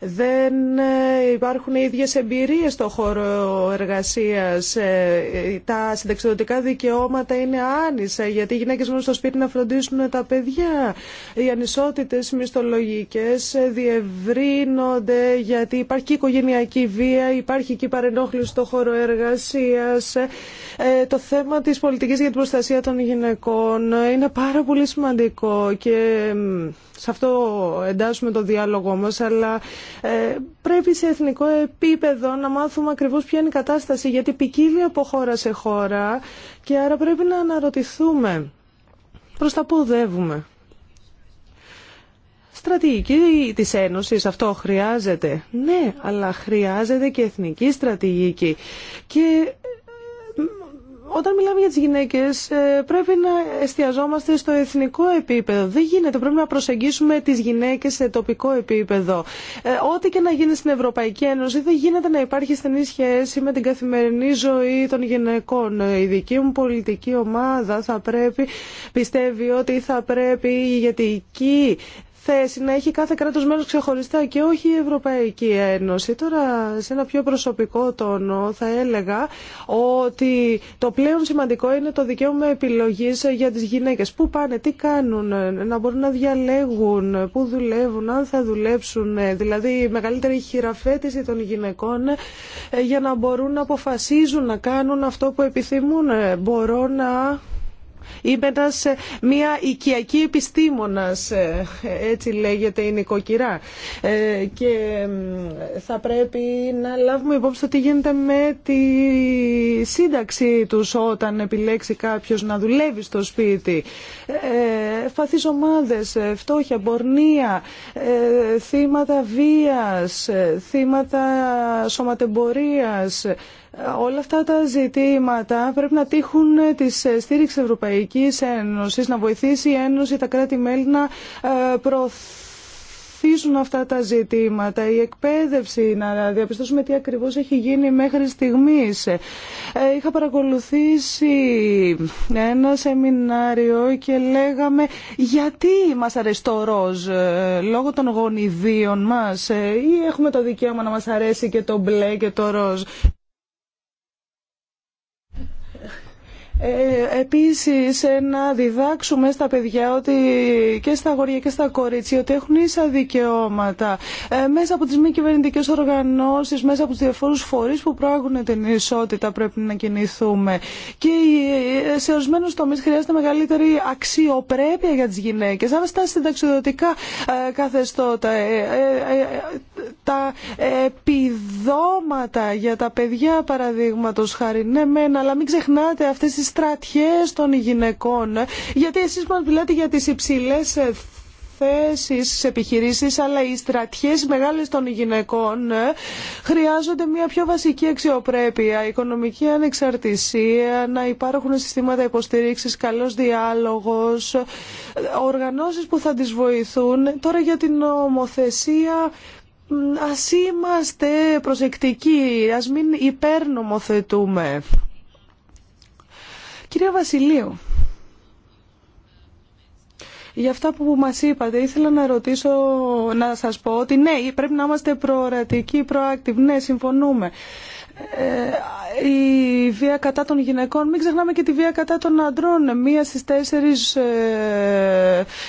δεν ε, υπάρχουν οι ίδιες εμπειρίες στο χώρο εργασίας. Ε, τα συνταξιδοτικά δικαιώματα είναι άνισα γιατί οι γυναίκες μόνο στο σπίτι να φροντίσουν τα παιδιά. Οι ανισότητες μισθολογικές διευρύνονται γιατί υπάρχει και οικογενειακή βία, υπάρχει και παρενόχληση στο χώρο εργασίας. Ε, το θέμα της πολιτικής για την προστασία των γυναικών είναι πάρα πολύ σημαντικό και σε αυτό εντάσσουμε το διάλογο μας, αλλά ε, πρέπει σε εθνικό επίπεδο να μάθουμε ακριβώς ποια είναι η κατάσταση, γιατί ποικίλει από χώρα σε χώρα και άρα πρέπει να αναρωτηθούμε προς τα που οδεύουμε. Στρατηγική της Ένωσης αυτό χρειάζεται. Ναι, αλλά χρειάζεται και εθνική στρατηγική. Και όταν μιλάμε για τις γυναίκες ε, πρέπει να εστιαζόμαστε στο εθνικό επίπεδο. Δεν γίνεται, πρέπει να προσεγγίσουμε τις γυναίκες σε τοπικό επίπεδο. Ε, ό,τι και να γίνει στην Ευρωπαϊκή Ένωση δεν γίνεται να υπάρχει στενή σχέση με την καθημερινή ζωή των γυναικών. Η δική μου πολιτική ομάδα θα πρέπει, πιστεύει ότι θα πρέπει η ηγετική θέση να έχει κάθε κράτος μέλος ξεχωριστά και όχι η Ευρωπαϊκή Ένωση. Τώρα σε ένα πιο προσωπικό τόνο θα έλεγα ότι το πλέον σημαντικό είναι το δικαίωμα επιλογής για τις γυναίκες. Πού πάνε, τι κάνουν, να μπορούν να διαλέγουν, πού δουλεύουν, αν θα δουλέψουν. Δηλαδή η μεγαλύτερη χειραφέτηση των γυναικών για να μπορούν να αποφασίζουν να κάνουν αυτό που επιθυμούν. Μπορώ να Είμαι ε, μια οικιακή επιστήμονας, ε, έτσι λέγεται η νοικοκυρά. Ε, και θα πρέπει να λάβουμε υπόψη το τι γίνεται με τη σύνταξή τους όταν επιλέξει κάποιος να δουλεύει στο σπίτι. Ε, φαθείς ομάδες, φτώχεια, πορνεία, θύματα βίας, θύματα σωματεμπορίας. Όλα αυτά τα ζητήματα πρέπει να τύχουν τη στήριξη Ευρωπαϊκής Ένωση, να βοηθήσει η Ένωση τα κράτη-μέλη να ε, προωθήσουν αυτά τα ζητήματα, η εκπαίδευση, να διαπιστώσουμε τι ακριβώς έχει γίνει μέχρι στιγμής. Ε, είχα παρακολουθήσει ένα σεμινάριο και λέγαμε γιατί μας αρέσει το ροζ ε, λόγω των γονιδίων μας ή έχουμε το δικαίωμα να μας αρέσει και το μπλε και το ροζ. Ε, επίσης ε, να διδάξουμε στα παιδιά ότι και στα αγόρια και στα κορίτσια ότι έχουν ίσα δικαιώματα ε, μέσα από τις μη κυβερνητικέ οργανώσεις, μέσα από τους διαφόρους φορείς που πράγουν την ισότητα πρέπει να κινηθούμε και σε ορισμένους τομείς χρειάζεται μεγαλύτερη αξιοπρέπεια για τις γυναίκες αλλά στα συνταξιδοτικά καθεστώτα τα επιδόματα για τα παιδιά παραδείγματος χαρινέμενα, αλλά μην ξεχνάτε αυτές τις στρατιές των γυναικών. Γιατί εσείς μας μιλάτε για τις υψηλές ε, θέσεις επιχειρήσεις αλλά οι στρατιές μεγάλες των γυναικών ε, χρειάζονται μια πιο βασική αξιοπρέπεια, οικονομική ανεξαρτησία, να υπάρχουν συστήματα υποστηρίξης, καλός διάλογος, ε, οργανώσεις που θα τις βοηθούν. Τώρα για την νομοθεσία ας είμαστε προσεκτικοί, ας μην υπερνομοθετούμε. Κυρία Βασιλείου, για αυτά που μας είπατε, ήθελα να ρωτήσω, να σας πω ότι ναι, πρέπει να είμαστε προορατικοί, proactive, ναι, συμφωνούμε. Ε, η βία κατά των γυναικών, μην ξεχνάμε και τη βία κατά των αντρών. Μία στις τέσσερις γυναίκε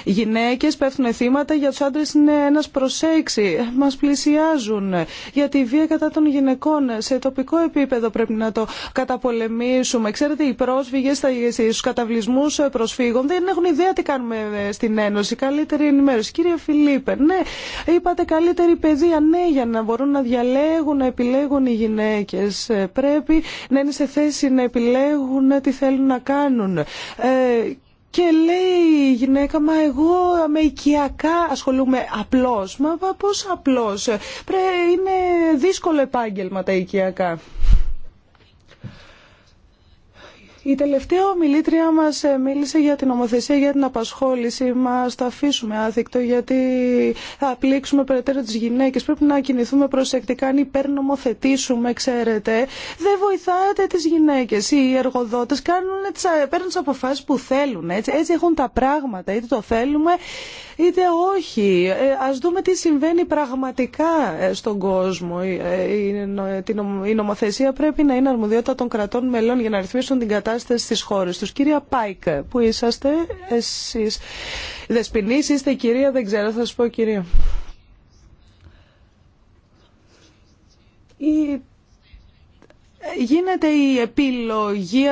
γυναίκες πέφτουν θύματα, για τους άντρες είναι ένας προ έξι. Μας πλησιάζουν για τη βία κατά των γυναικών. Σε τοπικό επίπεδο πρέπει να το καταπολεμήσουμε. Ξέρετε, οι πρόσφυγες στους καταβλισμούς προσφύγων δεν έχουν ιδέα τι κάνουμε ε, στην Ένωση. Καλύτερη ενημέρωση. Κύριε Φιλίπε, ναι, είπατε καλύτερη παιδεία, ναι, για να μπορούν να διαλέγουν, να επιλέγουν οι γυναίκε. Ε, πρέπει να είναι σε θέση να επιλέγουν τι θέλουν να κάνουν. Ε, και λέει η γυναίκα, μα εγώ με οικιακά ασχολούμαι απλώς. Μα πώς απλώς. Ε, είναι δύσκολο επάγγελμα τα οικιακά. Η τελευταία ομιλήτρια μας ε, μίλησε για την ομοθεσία για την απασχόληση. Μας τα αφήσουμε άθικτο γιατί θα πλήξουμε περαιτέρω τις γυναίκες. Πρέπει να κινηθούμε προσεκτικά αν υπερνομοθετήσουμε, ξέρετε. Δεν βοηθάτε τις γυναίκες. Οι εργοδότες κάνουν, ε, παίρνουν τις αποφάσεις που θέλουν. Έτσι, έτσι έχουν τα πράγματα, είτε το θέλουμε είτε όχι. Ε, ας δούμε τι συμβαίνει πραγματικά ε, στον κόσμο. Ε, η νομοθεσία πρέπει να είναι αρμοδιότητα των κρατών μελών για να ρυθμίσουν την κατάσταση στις χώρες τους. Κυρία Πάικ, που είσαστε εσείς. Δεσποινής είστε κυρία, δεν ξέρω, θα σας πω κυρία. γίνεται η επιλογή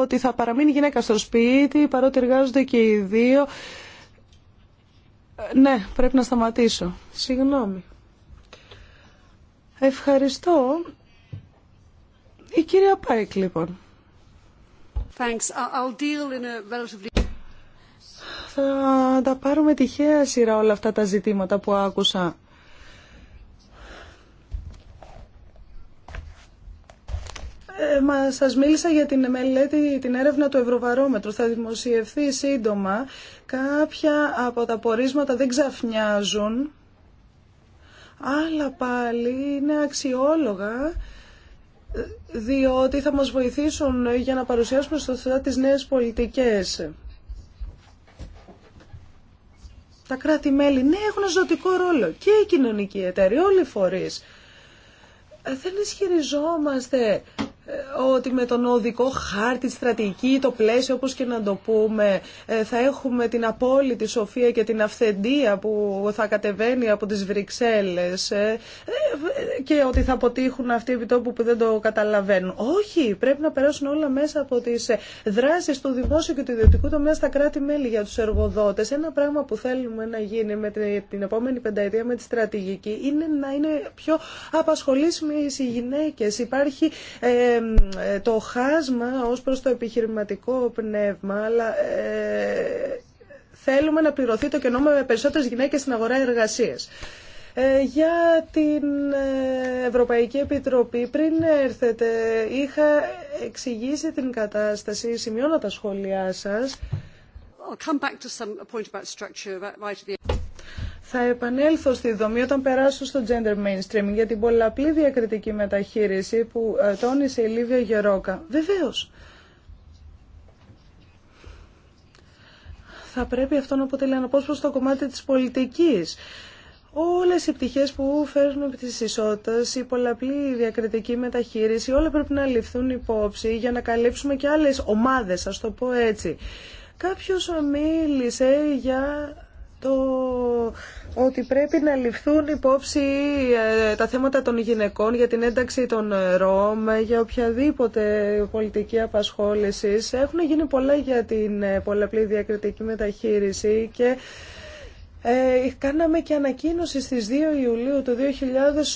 ότι θα παραμείνει γυναίκα στο σπίτι παρότι εργάζονται και οι δύο ε, ναι, πρέπει να σταματήσω. Συγγνώμη. Ευχαριστώ. Η κυρία Πάικ, λοιπόν. Thanks. I'll deal in a Θα τα πάρουμε τυχαία σειρά όλα αυτά τα ζητήματα που άκουσα. Ε, μα, σας μίλησα για την μελέτη, την έρευνα του Ευρωβαρόμετρου. Θα δημοσιευθεί σύντομα. Κάποια από τα πορίσματα δεν ξαφνιάζουν, αλλά πάλι είναι αξιόλογα διότι θα μας βοηθήσουν για να παρουσιάσουμε σωστά τις νέες πολιτικές. Τα κράτη-μέλη, ναι, έχουν ζωτικό ρόλο και οι κοινωνικοί εταίροι, όλοι οι φορείς. Ε, δεν ισχυριζόμαστε ότι με τον οδικό χάρτη, τη στρατηγική, το πλαίσιο, όπως και να το πούμε, ε, θα έχουμε την απόλυτη σοφία και την αυθεντία που θα κατεβαίνει από τις Βρυξέλλες ε, ε, και ότι θα αποτύχουν αυτοί τόπου που δεν το καταλαβαίνουν. Όχι, πρέπει να περάσουν όλα μέσα από τις δράσεις του δημόσιου και του ιδιωτικού τομέα στα κράτη-μέλη για τους εργοδότες. Ένα πράγμα που θέλουμε να γίνει με την επόμενη πενταετία με τη στρατηγική είναι να είναι πιο απασχολήσιμοι οι γυναίκες. Υπάρχει το χάσμα ως προς το επιχειρηματικό πνεύμα, αλλά ε, θέλουμε να πληρωθεί το κενό με περισσότερες γυναίκες στην αγορά εργασίας. Ε, για την ε, Ευρωπαϊκή Επιτροπή, πριν έρθετε, είχα εξηγήσει την κατάσταση, σημειώνω τα σχόλιά σας. Θα επανέλθω στη δομή όταν περάσω στο gender mainstream για την πολλαπλή διακριτική μεταχείριση που ε, τόνισε η Λίβια Γερόκα. Βεβαίως. Θα πρέπει αυτό να αποτελεί αναπόσπαστο το κομμάτι της πολιτικής. Όλες οι πτυχές που φέρνουν επί της ισότητας, η πολλαπλή διακριτική μεταχείριση, όλα πρέπει να ληφθούν υπόψη για να καλύψουμε και άλλες ομάδες, ας το πω έτσι. Κάποιος μίλησε για το ότι πρέπει να ληφθούν υπόψη ε, τα θέματα των γυναικών για την ένταξη των ΡΟΜ, για οποιαδήποτε πολιτική απασχόληση. Έχουν γίνει πολλά για την ε, πολλαπλή διακριτική μεταχείριση και ε, κάναμε και ανακοίνωση στις 2 Ιουλίου του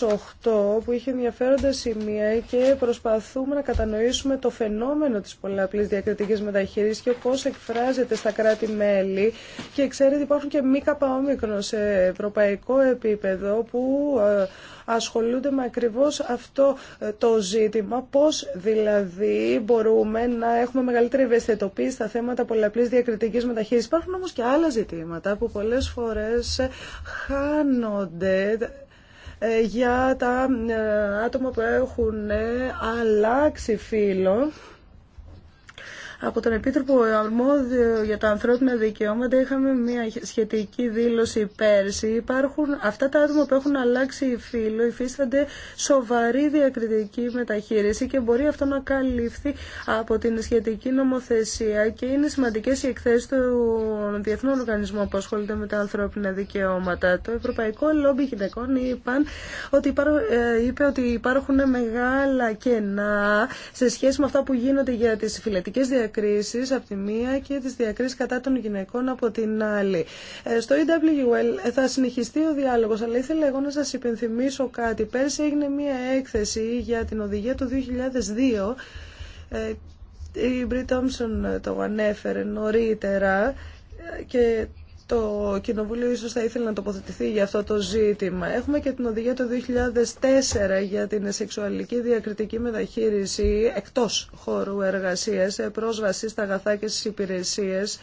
2008 που είχε ενδιαφέροντα σημεία και προσπαθούμε να κατανοήσουμε το φαινόμενο της πολλαπλής διακριτικής μεταχείρισης και πώς εκφράζεται στα κράτη-μέλη και ξέρετε υπάρχουν και μη καπαόμικρο σε ευρωπαϊκό επίπεδο που ε, ασχολούνται με ακριβώς αυτό ε, το ζήτημα, πώς δηλαδή μπορούμε να έχουμε μεγαλύτερη ευαισθητοποίηση στα θέματα πολλαπλής διακριτικής μεταχείρισης. Υπάρχουν όμως και άλλα ζητήματα που πολλές φορές χάνονται ε, για τα ε, άτομα που έχουν αλλάξει φύλλο από τον Επίτροπο Αρμόδιο για τα ανθρώπινα δικαιώματα είχαμε μια σχετική δήλωση πέρσι. Υπάρχουν αυτά τα άτομα που έχουν αλλάξει φύλλο, υφίστανται σοβαρή διακριτική μεταχείριση και μπορεί αυτό να καλυφθεί από την σχετική νομοθεσία και είναι σημαντικέ οι εκθέσει των διεθνών Οργανισμού που ασχολούνται με τα ανθρώπινα δικαιώματα. Το Ευρωπαϊκό Λόμπι Γυναικών είπαν ότι ε, είπε ότι υπάρχουν μεγάλα κενά σε σχέση με αυτά που γίνονται για τι φυλετικέ διακριτικέ από τη μία και τις διακρίσεις κατά των γυναικών από την άλλη. Ε, στο EWL θα συνεχιστεί ο διάλογος, αλλά ήθελα εγώ να σας υπενθυμίσω κάτι. Πέρσι έγινε μία έκθεση για την οδηγία του 2002. Ε, η Μπρι Τόμσον το ανέφερε νωρίτερα ε, και το Κοινοβούλιο ίσως θα ήθελε να τοποθετηθεί για αυτό το ζήτημα. Έχουμε και την οδηγία το 2004 για την σεξουαλική διακριτική μεταχείριση εκτός χώρου εργασίας, πρόσβαση στα αγαθά και στις υπηρεσίες.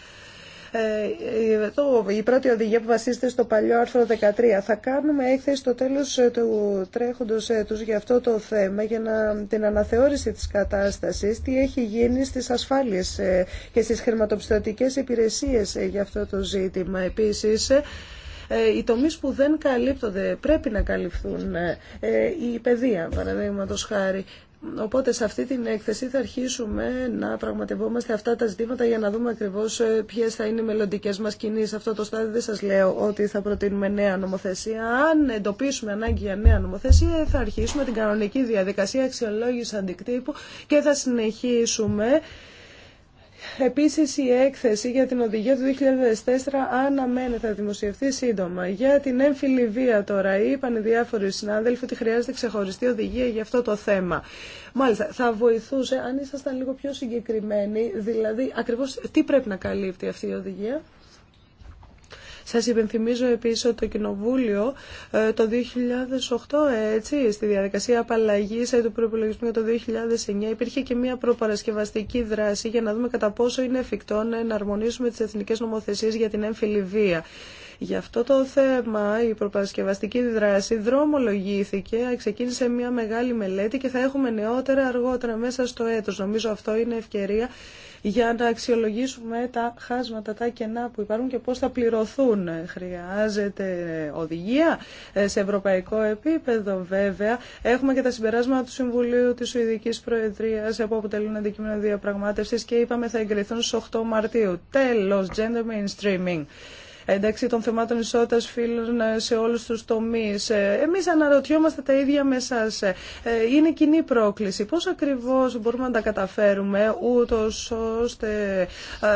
Ε, η πρώτη οδηγία που βασίζεται στο παλιό άρθρο 13. Θα κάνουμε έκθεση στο τέλος ε, του τρέχοντος έτου ε, για αυτό το θέμα, για να, την αναθεώρηση της κατάστασης, τι έχει γίνει στις ασφάλειες και στις χρηματοπιστωτικέ υπηρεσίε για αυτό το ζήτημα. Επίσης, οι τομείς που δεν καλύπτονται πρέπει να καλυφθούν. Η παιδεία, παραδείγματο χάρη, Οπότε σε αυτή την έκθεση θα αρχίσουμε να πραγματευόμαστε αυτά τα ζητήματα για να δούμε ακριβώς ε, ποιες θα είναι οι μελλοντικές μας κινήσεις. Σε αυτό το στάδιο δεν σας λέω ότι θα προτείνουμε νέα νομοθεσία. Αν εντοπίσουμε ανάγκη για νέα νομοθεσία θα αρχίσουμε την κανονική διαδικασία αξιολόγηση αντικτύπου και θα συνεχίσουμε Επίσης η έκθεση για την οδηγία του 2004 αναμένεται να δημοσιευτεί σύντομα. Για την έμφυλη βία τώρα είπαν οι διάφοροι συνάδελφοι ότι χρειάζεται ξεχωριστή οδηγία για αυτό το θέμα. Μάλιστα θα βοηθούσε αν ήσασταν λίγο πιο συγκεκριμένοι, δηλαδή ακριβώς τι πρέπει να καλύπτει αυτή η οδηγία. Σας υπενθυμίζω επίσης ότι το Κοινοβούλιο ε, το 2008, ε, έτσι, στη διαδικασία απαλλαγής ε, του προπολογισμού για το 2009, υπήρχε και μια προπαρασκευαστική δράση για να δούμε κατά πόσο είναι εφικτό να εναρμονίσουμε τις εθνικές νομοθεσίες για την έμφυλη βία. Γι' αυτό το θέμα η προπαρασκευαστική δράση δρομολογήθηκε, ξεκίνησε μια μεγάλη μελέτη και θα έχουμε νεότερα αργότερα μέσα στο έτος. Νομίζω αυτό είναι ευκαιρία για να αξιολογήσουμε τα χάσματα, τα κενά που υπάρχουν και πώς θα πληρωθούν. Χρειάζεται οδηγία ε, σε ευρωπαϊκό επίπεδο βέβαια. Έχουμε και τα συμπεράσματα του Συμβουλίου της Σουηδικής Προεδρίας που αποτελούν αντικείμενο διαπραγμάτευσης και είπαμε θα εγκριθούν στις 8 Μαρτίου. Τέλος, gender mainstreaming εντάξει των θεμάτων ισότητας φίλων ε, σε όλους τους τομεί. Ε, εμείς αναρωτιόμαστε τα ίδια με εσά. Είναι κοινή πρόκληση. Πώ ακριβώς μπορούμε να τα καταφέρουμε ούτω ώστε ε,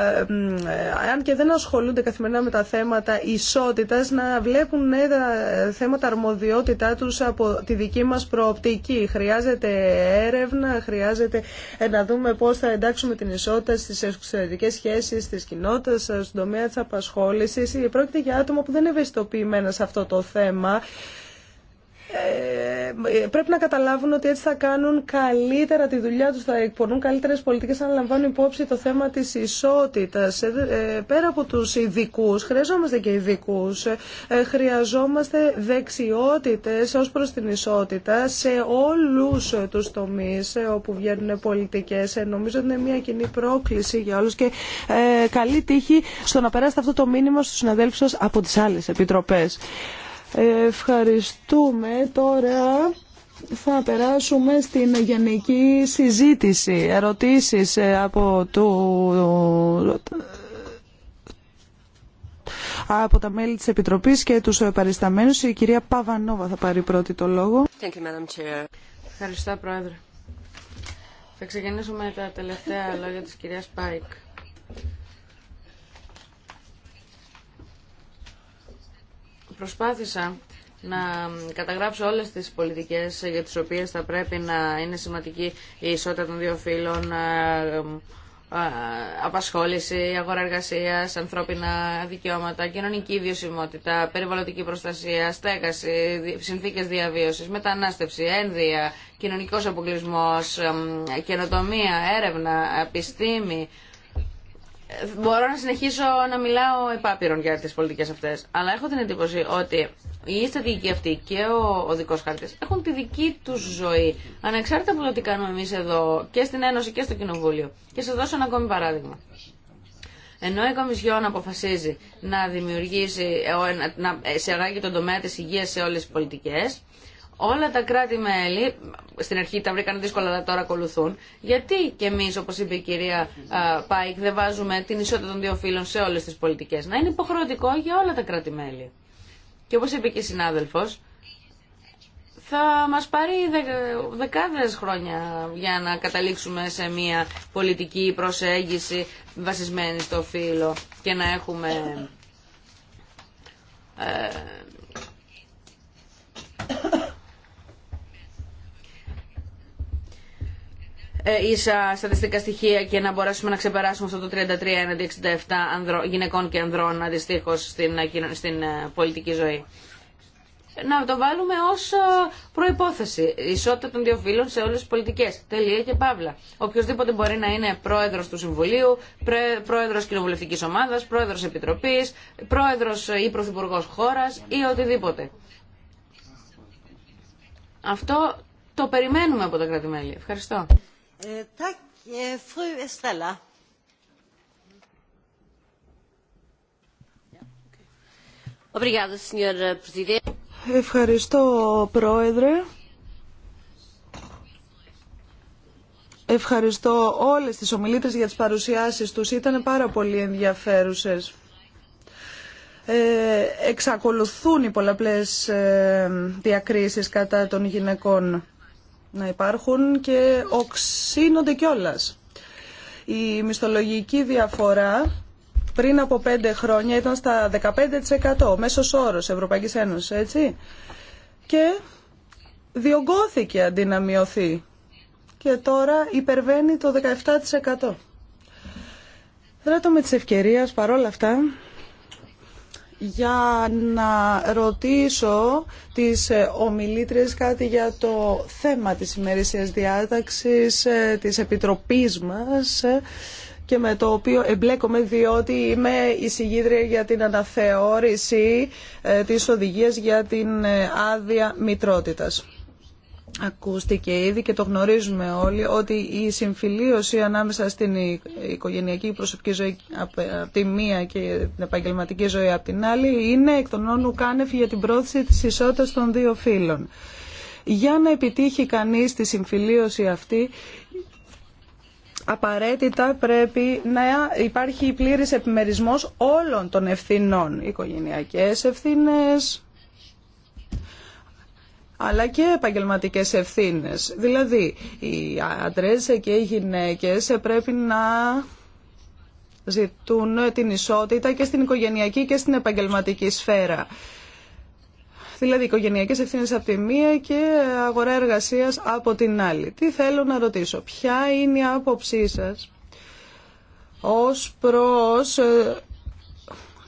αν και δεν ασχολούνται καθημερινά με τα θέματα ισότητας να βλέπουν τα θέματα αρμοδιότητά τους από τη δική μας προοπτική. Χρειάζεται έρευνα, χρειάζεται να δούμε πώ θα εντάξουμε την ισότητα στι εξωτερικέ σχέσει, τη κοινότητα, στον τομέα τη απασχόληση πρόκειται για άτομα που δεν είναι ευαισθητοποιημένα σε αυτό το θέμα. Ε, ε, πρέπει να καταλάβουν ότι έτσι θα κάνουν καλύτερα τη δουλειά τους, θα εκπονούν καλύτερες πολιτικές, αν λαμβάνουν υπόψη το θέμα της ισότητας. Ε, ε πέρα από τους ειδικού, χρειαζόμαστε και ειδικού. Ε, ε, χρειαζόμαστε δεξιότητες ως προς την ισότητα σε όλους τους τομείς όπου βγαίνουν πολιτικές. νομίζω ότι είναι μια κοινή πρόκληση για όλους και καλή τύχη στο να περάσετε αυτό το μήνυμα στους συναδέλφους σας από τις άλλες επιτροπές. Ευχαριστούμε. Τώρα θα περάσουμε στην γενική συζήτηση. Ερωτήσεις ε, από το από τα μέλη της Επιτροπής και τους παρισταμένους. Η κυρία Παβανόβα θα πάρει πρώτη το λόγο. Thank you, Madam Chair. Ευχαριστώ, Πρόεδρε. Θα ξεκινήσουμε με τα τελευταία λόγια της κυρίας Πάικ. Προσπάθησα να καταγράψω όλες τις πολιτικές για τις οποίες θα πρέπει να είναι σημαντική η ισότητα των δύο φύλων, ε, ε, απασχόληση, αγορά εργασία, ανθρώπινα δικαιώματα, κοινωνική βιωσιμότητα, περιβαλλοντική προστασία, στέγαση, συνθήκε διαβίωση, μετανάστευση, ένδυα, κοινωνικό αποκλεισμό, ε, καινοτομία, έρευνα, επιστήμη, μπορώ να συνεχίσω να μιλάω επάπειρον για τι πολιτικέ αυτέ, αλλά έχω την εντύπωση ότι η στρατηγική αυτή και ο, ο δικός χάρτης έχουν τη δική του ζωή, ανεξάρτητα από το τι κάνουμε εμεί εδώ και στην Ένωση και στο Κοινοβούλιο. Και σα δώσω ένα ακόμη παράδειγμα. Ενώ η Κομισιόν αποφασίζει να δημιουργήσει, ε, να ε, σε τον τομέα τη υγεία σε όλε τι πολιτικέ όλα τα κράτη-μέλη, στην αρχή τα βρήκαν δύσκολα αλλά τώρα ακολουθούν, γιατί και εμείς όπως είπε η κυρία Πάικ δεν βάζουμε την ισότητα των δύο φύλων σε όλες τις πολιτικές. Να είναι υποχρεωτικό για όλα τα κράτη-μέλη. Και όπως είπε και η Συνάδελφο, θα μας πάρει δεκάδες χρόνια για να καταλήξουμε σε μια πολιτική προσέγγιση βασισμένη στο φύλλο και να έχουμε ε, Ε, ίσα στατιστικά στοιχεία και να μπορέσουμε να ξεπεράσουμε αυτό το 33 έναντι 67 γυναικών και ανδρών αντιστοίχω στην, ε, στην ε, πολιτική ζωή. Να το βάλουμε ως προϋπόθεση. Ισότητα των δύο φίλων σε όλε τι πολιτικέ, Τελεία και παύλα. Οποιοδήποτε μπορεί να είναι πρόεδρο του Συμβουλίου, πρόεδρο κοινοβουλευτική ομάδα, πρόεδρο επιτροπή, πρόεδρο ή πρωθυπουργό χώρα ή οτιδήποτε. Αυτό το περιμένουμε από τα κράτη-μέλη. Ευχαριστώ. Ε, ε, ε, Ευχαριστώ, Πρόεδρε. Ευχαριστώ όλες τις ομιλήτρες για τις παρουσιάσεις τους. Ήταν πάρα πολύ ενδιαφέρουσες. εξακολουθούν οι πολλαπλές διακρίσεις κατά των γυναικών να υπάρχουν και οξύνονται κιόλας. Η μισθολογική διαφορά πριν από πέντε χρόνια ήταν στα 15% μέσος όρος Ευρωπαϊκής Ένωσης, έτσι. Και διωγγώθηκε αντί να μειωθεί. Και τώρα υπερβαίνει το 17%. Δράτω με τις ευκαιρίες παρόλα αυτά για να ρωτήσω τις ε, ομιλήτρες κάτι για το θέμα της ημερήσιας διάταξης ε, της Επιτροπής μας ε, και με το οποίο εμπλέκομαι διότι είμαι η εισηγήτρια για την αναθεώρηση της οδηγίας για την άδεια μητρότητας. Ακούστηκε ήδη και το γνωρίζουμε όλοι ότι η συμφιλίωση ανάμεσα στην οικογενειακή προσωπική ζωή από ε, τη μία και την επαγγελματική ζωή από την άλλη είναι εκ των όνου κάνευ για την πρόθεση της ισότητας των δύο φύλων. Για να επιτύχει κανείς τη συμφιλίωση αυτή απαραίτητα πρέπει να υπάρχει πλήρης επιμερισμός όλων των ευθυνών. Οικογενειακές ευθύνες, αλλά και επαγγελματικέ ευθύνε. Δηλαδή, οι άντρε και οι γυναίκε πρέπει να ζητούν την ισότητα και στην οικογενειακή και στην επαγγελματική σφαίρα. Δηλαδή, οικογενειακές ευθύνες από τη μία και αγορά εργασίας από την άλλη. Τι θέλω να ρωτήσω, ποια είναι η άποψή σας ως προς ε,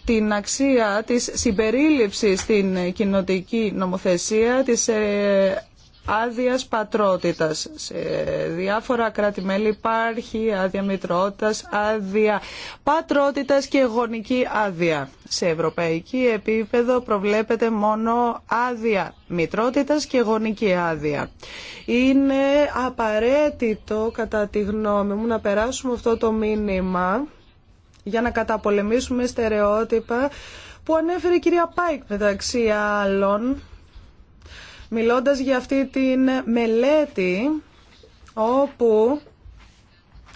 την αξία της συμπερίληψης στην κοινοτική νομοθεσία της ε, άδεια πατρότητας. Σε διάφορα κράτη-μέλη υπάρχει άδεια μητρότητας, άδεια πατρότητας και γονική άδεια. Σε ευρωπαϊκή επίπεδο προβλέπεται μόνο άδεια μητρότητας και γονική άδεια. Είναι απαραίτητο κατά τη γνώμη μου να περάσουμε αυτό το μήνυμα για να καταπολεμήσουμε στερεότυπα που ανέφερε η κυρία Πάικ μεταξύ άλλων μιλώντας για αυτή την μελέτη όπου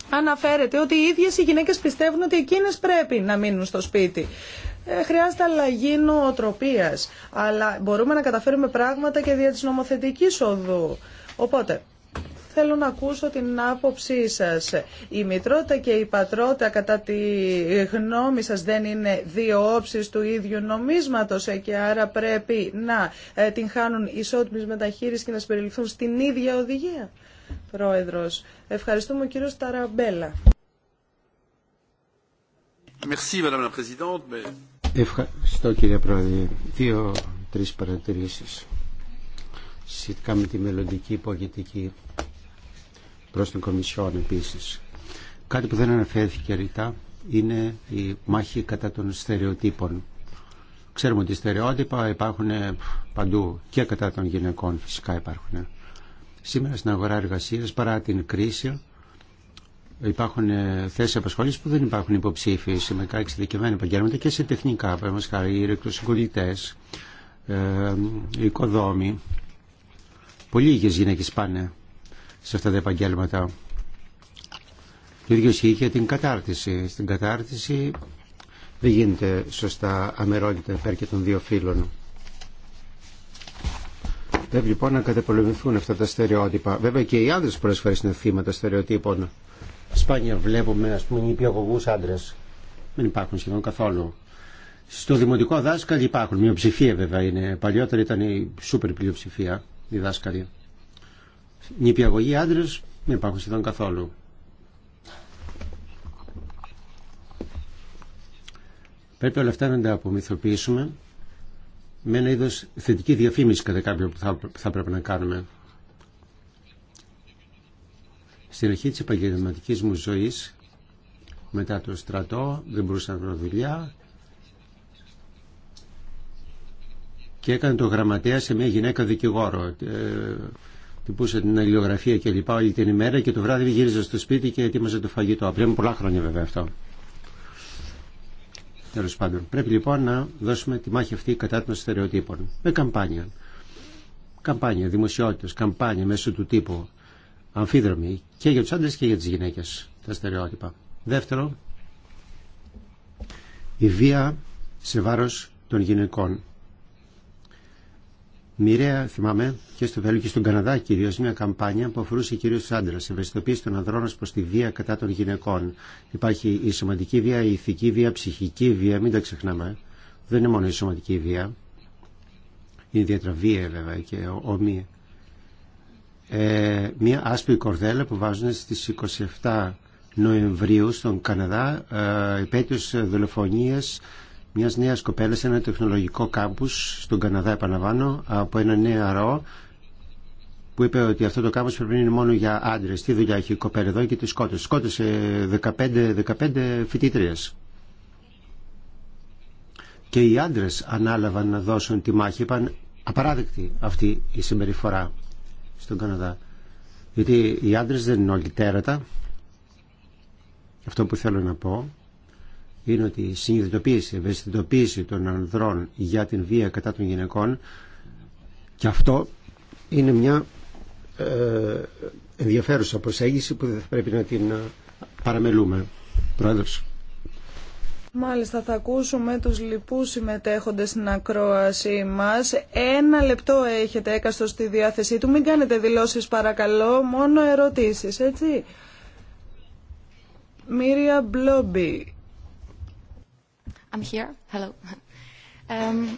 αναφέρεται ότι οι ίδιες οι γυναίκες πιστεύουν ότι εκείνες πρέπει να μείνουν στο σπίτι. Ε, χρειάζεται αλλαγή νοοτροπίας, αλλά μπορούμε να καταφέρουμε πράγματα και δια της νομοθετικής οδού. Οπότε, Θέλω να ακούσω την άποψή σας. Η μητρότητα και η πατρότητα κατά τη γνώμη σας δεν είναι δύο όψεις του ίδιου νομίσματος ε, και άρα πρέπει να ε, την χάνουν ισότιμης μεταχείριση και να συμπεριληφθούν στην ίδια οδηγία. Πρόεδρος, ευχαριστούμε ο κύριος Ταραμπέλα. Ευχαριστώ κύριε Πρόεδρε. Δύο-τρεις παρατηρήσεις σχετικά με τη μελλοντική πολιτική προς την Κομισιόν επίσης. Κάτι που δεν αναφέρθηκε ρητά είναι η μάχη κατά των στερεοτύπων. Ξέρουμε ότι στερεότυπα υπάρχουν ε, παντού και κατά των γυναικών φυσικά υπάρχουν. Σήμερα στην αγορά εργασία παρά την κρίση υπάρχουν ε, θέσει απασχόληση που δεν υπάρχουν υποψήφιοι. σε μερικά εξειδικευμένα επαγγέλματα και σε τεχνικά. Παραδείγματο χάρη, οι ηλεκτροσυγκολητέ, ε, οι οικοδόμοι. Πολύ λίγε γυναίκε πάνε σε αυτά τα επαγγέλματα. Το ίδιο ισχύει για την κατάρτιση. Στην κατάρτιση δεν γίνεται σωστά αμερόληπτα υπέρ και των δύο φίλων. Πρέπει λοιπόν να καταπολεμηθούν αυτά τα στερεότυπα. Βέβαια και οι άντρε πολλέ φορέ είναι θύματα στερεοτύπων. Σπάνια βλέπουμε α πούμε νηπιαγωγού άντρε. Δεν υπάρχουν σχεδόν καθόλου. Στο δημοτικό δάσκαλοι υπάρχουν. Μειοψηφία βέβαια είναι. Παλιότερα ήταν η σούπερ πλειοψηφία οι δάσκαλοι νηπιαγωγοί άντρε δεν υπάρχουν σχεδόν καθόλου. Πρέπει όλα αυτά να τα απομυθοποιήσουμε με ένα είδο θετική διαφήμιση κατά κάποιο που θα, θα πρέπει να κάνουμε. Στην αρχή τη επαγγελματική μου ζωή μετά το στρατό, δεν μπορούσα να βρω δουλειά και έκανε το γραμματέα σε μια γυναίκα δικηγόρο. Ε, χτυπούσε την αλληλογραφία και λοιπά όλη την ημέρα και το βράδυ γύριζε στο σπίτι και ετοίμαζε το φαγητό. Πριν πολλά χρόνια βέβαια αυτό. Τέλο πάντων. Πρέπει λοιπόν να δώσουμε τη μάχη αυτή κατά των στερεοτύπων. Με καμπάνια. Καμπάνια δημοσιότητε, καμπάνια μέσω του τύπου. Αμφίδρομη και για του άντρε και για τι γυναίκε. Τα στερεότυπα. Δεύτερο, η βία σε βάρος των γυναικών. Μοιραία, θυμάμαι, και στο Βέλγιο και στον Καναδά κυρίω, μια καμπάνια που αφορούσε κυρίω του άντρε. Ευαισθητοποίηση των ανδρών προ τη βία κατά των γυναικών. Υπάρχει η σωματική βία, η ηθική βία, η ψυχική βία, μην τα ξεχνάμε. Δεν είναι μόνο η σωματική βία. Είναι ιδιαίτερα βία βέβαια και ομοία. Ε, μια άσπρη κορδέλα που βάζουν στι 27 Νοεμβρίου στον Καναδά ε, μια νέα κοπέλας σε ένα τεχνολογικό κάμπους στον Καναδά επαναλαμβάνω από ένα νεαρό που είπε ότι αυτό το κάμπο πρέπει να είναι μόνο για άντρε. Τι δουλειά έχει η κοπέλα εδώ και τη σκότωσε. Σκότωσε 15, 15 φοιτήτριε. Και οι άντρε ανάλαβαν να δώσουν τη μάχη. Είπαν απαράδεκτη αυτή η συμπεριφορά στον Καναδά. Γιατί οι άντρε δεν είναι όλοι τέρατα. Αυτό που θέλω να πω είναι ότι η συνειδητοποίηση, ευαισθητοποίηση των ανδρών για την βία κατά των γυναικών και αυτό είναι μια ε, ενδιαφέρουσα προσέγγιση που δεν θα πρέπει να την ε, παραμελούμε. Πρόεδρος. Μάλιστα θα ακούσουμε τους λοιπούς συμμετέχοντες στην ακρόασή μας. Ένα λεπτό έχετε έκαστο στη διάθεσή του. Μην κάνετε δηλώσεις παρακαλώ, μόνο ερωτήσεις, έτσι. Μύρια Μπλόμπι I'm here. Hello. Um,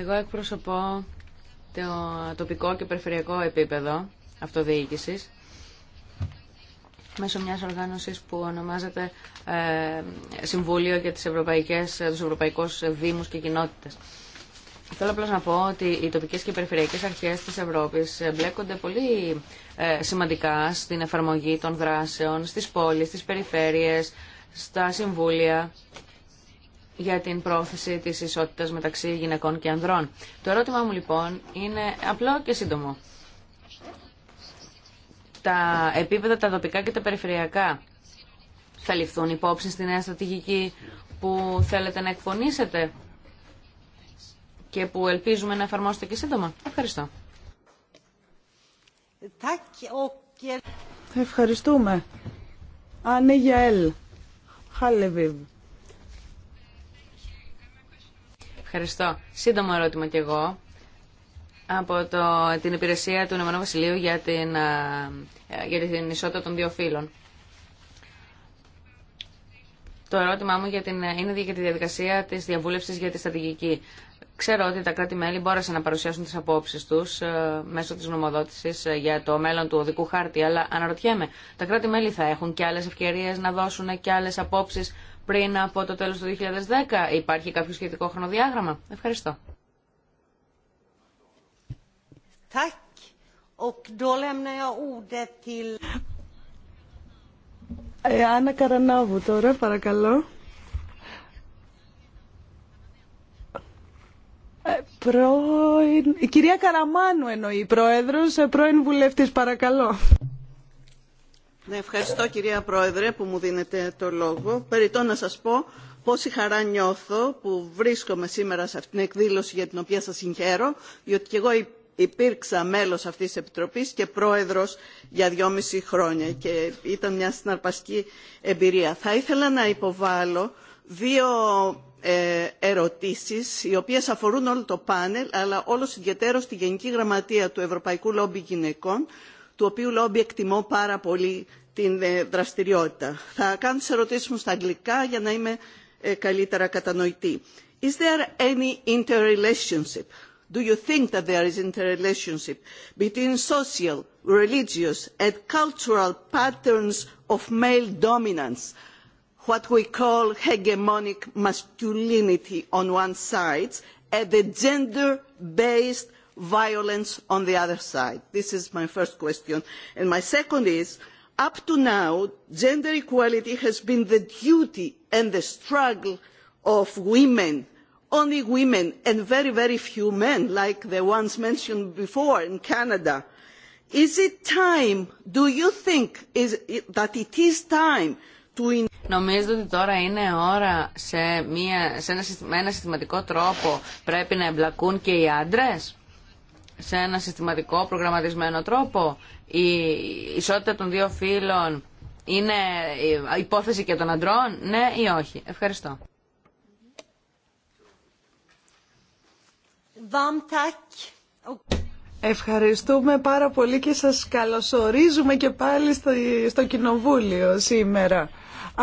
Εγώ εκπροσωπώ το τοπικό και περιφερειακό επίπεδο αυτοδιοίκησης μέσω μιας οργάνωσης που ονομάζεται ε, Συμβούλιο για τις Ευρωπαϊκές, τους Ευρωπαϊκούς Δήμους και Κοινότητες. Θέλω απλώ να πω ότι οι τοπικέ και περιφερειακέ αρχέ τη Ευρώπη μπλέκονται πολύ ε, σημαντικά στην εφαρμογή των δράσεων στι πόλει, στι περιφέρειες, στα συμβούλια για την πρόθεση της ισότητας μεταξύ γυναικών και ανδρών. Το ερώτημά μου λοιπόν είναι απλό και σύντομο. Τα επίπεδα τα τοπικά και τα περιφερειακά θα ληφθούν υπόψη στη νέα στρατηγική που θέλετε να εκφωνήσετε και που ελπίζουμε να εφαρμόσετε και σύντομα. Ευχαριστώ. Ευχαριστούμε. Ανή Ελ. Χαλεβίβ. Ευχαριστώ. Σύντομο ερώτημα κι εγώ από το, την υπηρεσία του Ηνωμένου Βασιλείου για την, για την ισότητα των δύο φύλων. Το ερώτημά μου για την, είναι για τη διαδικασία της διαβούλευσης για τη στρατηγική. Ξέρω ότι τα κράτη-μέλη μπόρεσαν να παρουσιάσουν τις απόψεις τους ε, μέσω της νομοδότησης ε, για το μέλλον του οδικού χάρτη, αλλά αναρωτιέμαι, τα κράτη-μέλη θα έχουν και άλλες ευκαιρίες να δώσουν και άλλες απόψει πριν από το τέλος του 2010. Υπάρχει κάποιο σχετικό χρονοδιάγραμμα. Ευχαριστώ. Ε, Άννα Καρανάβου τώρα, παρακαλώ. Ε, πρώην... Η κυρία Καραμάνου εννοεί, πρόεδρος, ε, πρώην βουλευτής, παρακαλώ. Ναι, ευχαριστώ κυρία Πρόεδρε που μου δίνετε το λόγο. Περιτώ να σας πω πόση χαρά νιώθω που βρίσκομαι σήμερα σε αυτήν την εκδήλωση για την οποία σας συγχαίρω, διότι και εγώ υπήρξα μέλος αυτής της Επιτροπής και πρόεδρος για δυόμιση χρόνια και ήταν μια συναρπαστική εμπειρία. Θα ήθελα να υποβάλω δύο ε, ερωτήσεις οι οποίες αφορούν όλο το πάνελ αλλά όλος ιδιαίτερος τη Γενική Γραμματεία του Ευρωπαϊκού Λόμπι Γυναικών του οποίου λόμπι εκτιμώ πάρα πολύ την ε, δραστηριότητα. Θα κάνω τις ερωτήσεις μου στα αγγλικά για να είμαι ε, καλύτερα κατανοητή. Is there any interrelationship? Do you think that there is interrelationship between social, religious and cultural patterns of male dominance what we call hegemonic masculinity on one side and the gender based violence on the other side. This is my first question. And my second is up to now gender equality has been the duty and the struggle of women only women and very very few men like the ones mentioned before in canada is it time do you think that it is time του... Νομίζω ότι τώρα είναι ώρα σε, μια, σε ένα, συστηματικό τρόπο πρέπει να εμπλακούν και οι άντρες σε ένα συστηματικό προγραμματισμένο τρόπο. Η ισότητα των δύο φύλων είναι υπόθεση και των αντρών, ναι ή όχι. Ευχαριστώ. Ευχαριστούμε πάρα πολύ και σας καλωσορίζουμε και πάλι στο Κοινοβούλιο σήμερα.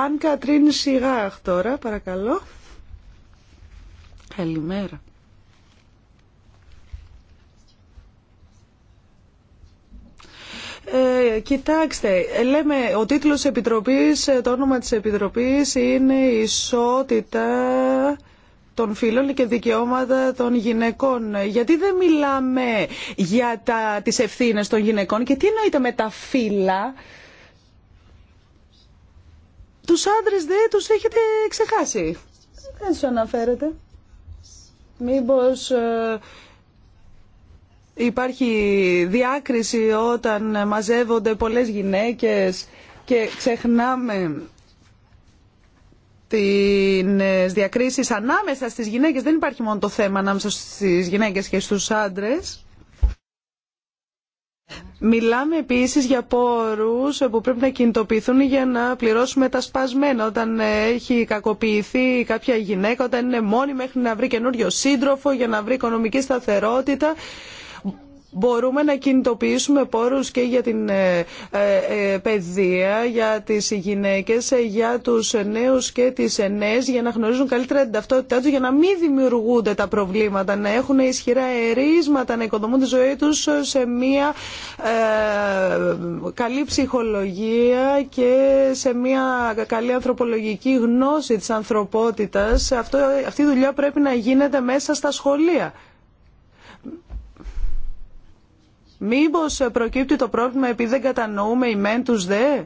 Αν Κατρίν σιγά, τώρα, παρακαλώ. Καλημέρα. Ε, κοιτάξτε, λέμε ο τίτλος επιτροπής, ε, το όνομα της επιτροπής είναι ισότητα των φίλων και δικαιώματα των γυναικών. Γιατί δεν μιλάμε για τα, τις ευθύνες των γυναικών και τι εννοείται με τα φύλλα. Τους άντρες δεν τους έχετε ξεχάσει. Δεν σου αναφέρετε. Μήπως ε, υπάρχει διάκριση όταν μαζεύονται πολλές γυναίκες και ξεχνάμε τις διακρίσεις ανάμεσα στις γυναίκες. Δεν υπάρχει μόνο το θέμα ανάμεσα στις γυναίκες και στους άντρες. Μιλάμε επίσης για πόρους που πρέπει να κινητοποιηθούν για να πληρώσουμε τα σπασμένα όταν έχει κακοποιηθεί κάποια γυναίκα, όταν είναι μόνη μέχρι να βρει καινούριο σύντροφο, για να βρει οικονομική σταθερότητα μπορούμε να κινητοποιήσουμε πόρους και για την ε, ε, ε, παιδεία, για τις γυναίκες, για τους νέους και τις νέες, για να γνωρίζουν καλύτερα την ταυτότητά τους, για να μην δημιουργούνται τα προβλήματα, να έχουν ισχυρά ερίσματα, να οικοδομούν τη ζωή τους σε μια καλή ψυχολογία και σε μια καλή ανθρωπολογική γνώση της ανθρωπότητας. Αυτό, αυτή η δουλειά πρέπει να γίνεται μέσα στα σχολεία. Μήπως προκύπτει το πρόβλημα επειδή δεν κατανοούμε οι μεν τους δε.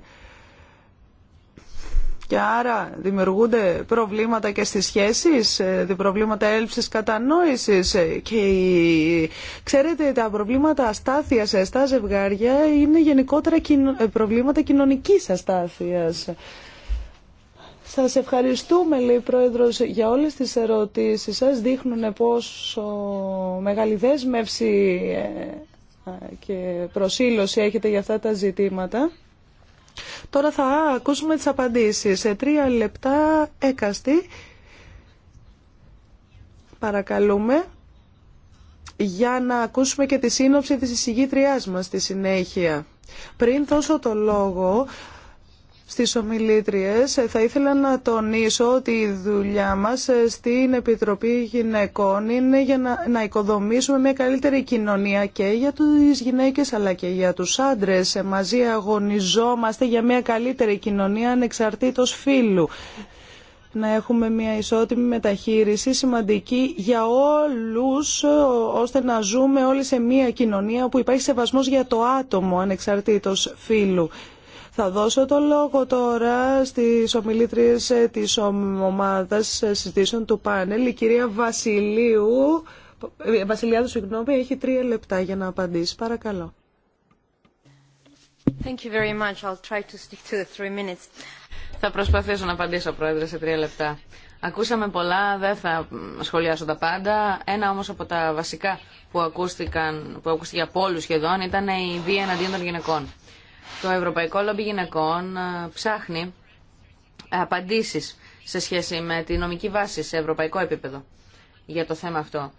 Και άρα δημιουργούνται προβλήματα και στις σχέσεις, ε, προβλήματα έλλειψης κατανόησης ε, και ξέρετε τα προβλήματα αστάθειας στα ζευγάρια είναι γενικότερα ε, προβλήματα κοινωνικής αστάθειας. Σας ευχαριστούμε, λέει η Πρόεδρος, για όλες τις ερωτήσεις σας. Δείχνουν πόσο μεγάλη δέσμευση και προσήλωση έχετε για αυτά τα ζητήματα. Τώρα θα ακούσουμε τις απαντήσεις. Σε τρία λεπτά έκαστη παρακαλούμε για να ακούσουμε και τη σύνοψη της εισηγήτριάς μας στη συνέχεια. Πριν δώσω το λόγο στις ομιλήτριες. Θα ήθελα να τονίσω ότι η δουλειά μας στην Επιτροπή Γυναικών είναι για να, να οικοδομήσουμε μια καλύτερη κοινωνία και για τις γυναίκες αλλά και για τους άντρες. Μαζί αγωνιζόμαστε για μια καλύτερη κοινωνία ανεξαρτήτως φύλου να έχουμε μια ισότιμη μεταχείριση σημαντική για όλους ώστε να ζούμε όλοι σε μια κοινωνία που υπάρχει σεβασμός για το άτομο ανεξαρτήτως φύλου. Θα δώσω το λόγο τώρα στις ομιλήτριες ε, της ομάδας ε, συζητήσεων του πάνελ. Η κυρία Βασιλείου, ε, Βασιλιάδου, συγγνώμη, έχει τρία λεπτά για να απαντήσει. Παρακαλώ. Θα προσπαθήσω να απαντήσω, Πρόεδρε, σε τρία λεπτά. Ακούσαμε πολλά, δεν θα σχολιάσω τα πάντα. Ένα όμως από τα βασικά που, ακούστηκαν, που ακούστηκε από όλους σχεδόν ήταν η βία εναντίον των γυναικών. Το Ευρωπαϊκό Λόμπι Γυναικών ε, ψάχνει απαντήσεις σε σχέση με τη νομική βάση σε ευρωπαϊκό επίπεδο για το θέμα αυτό.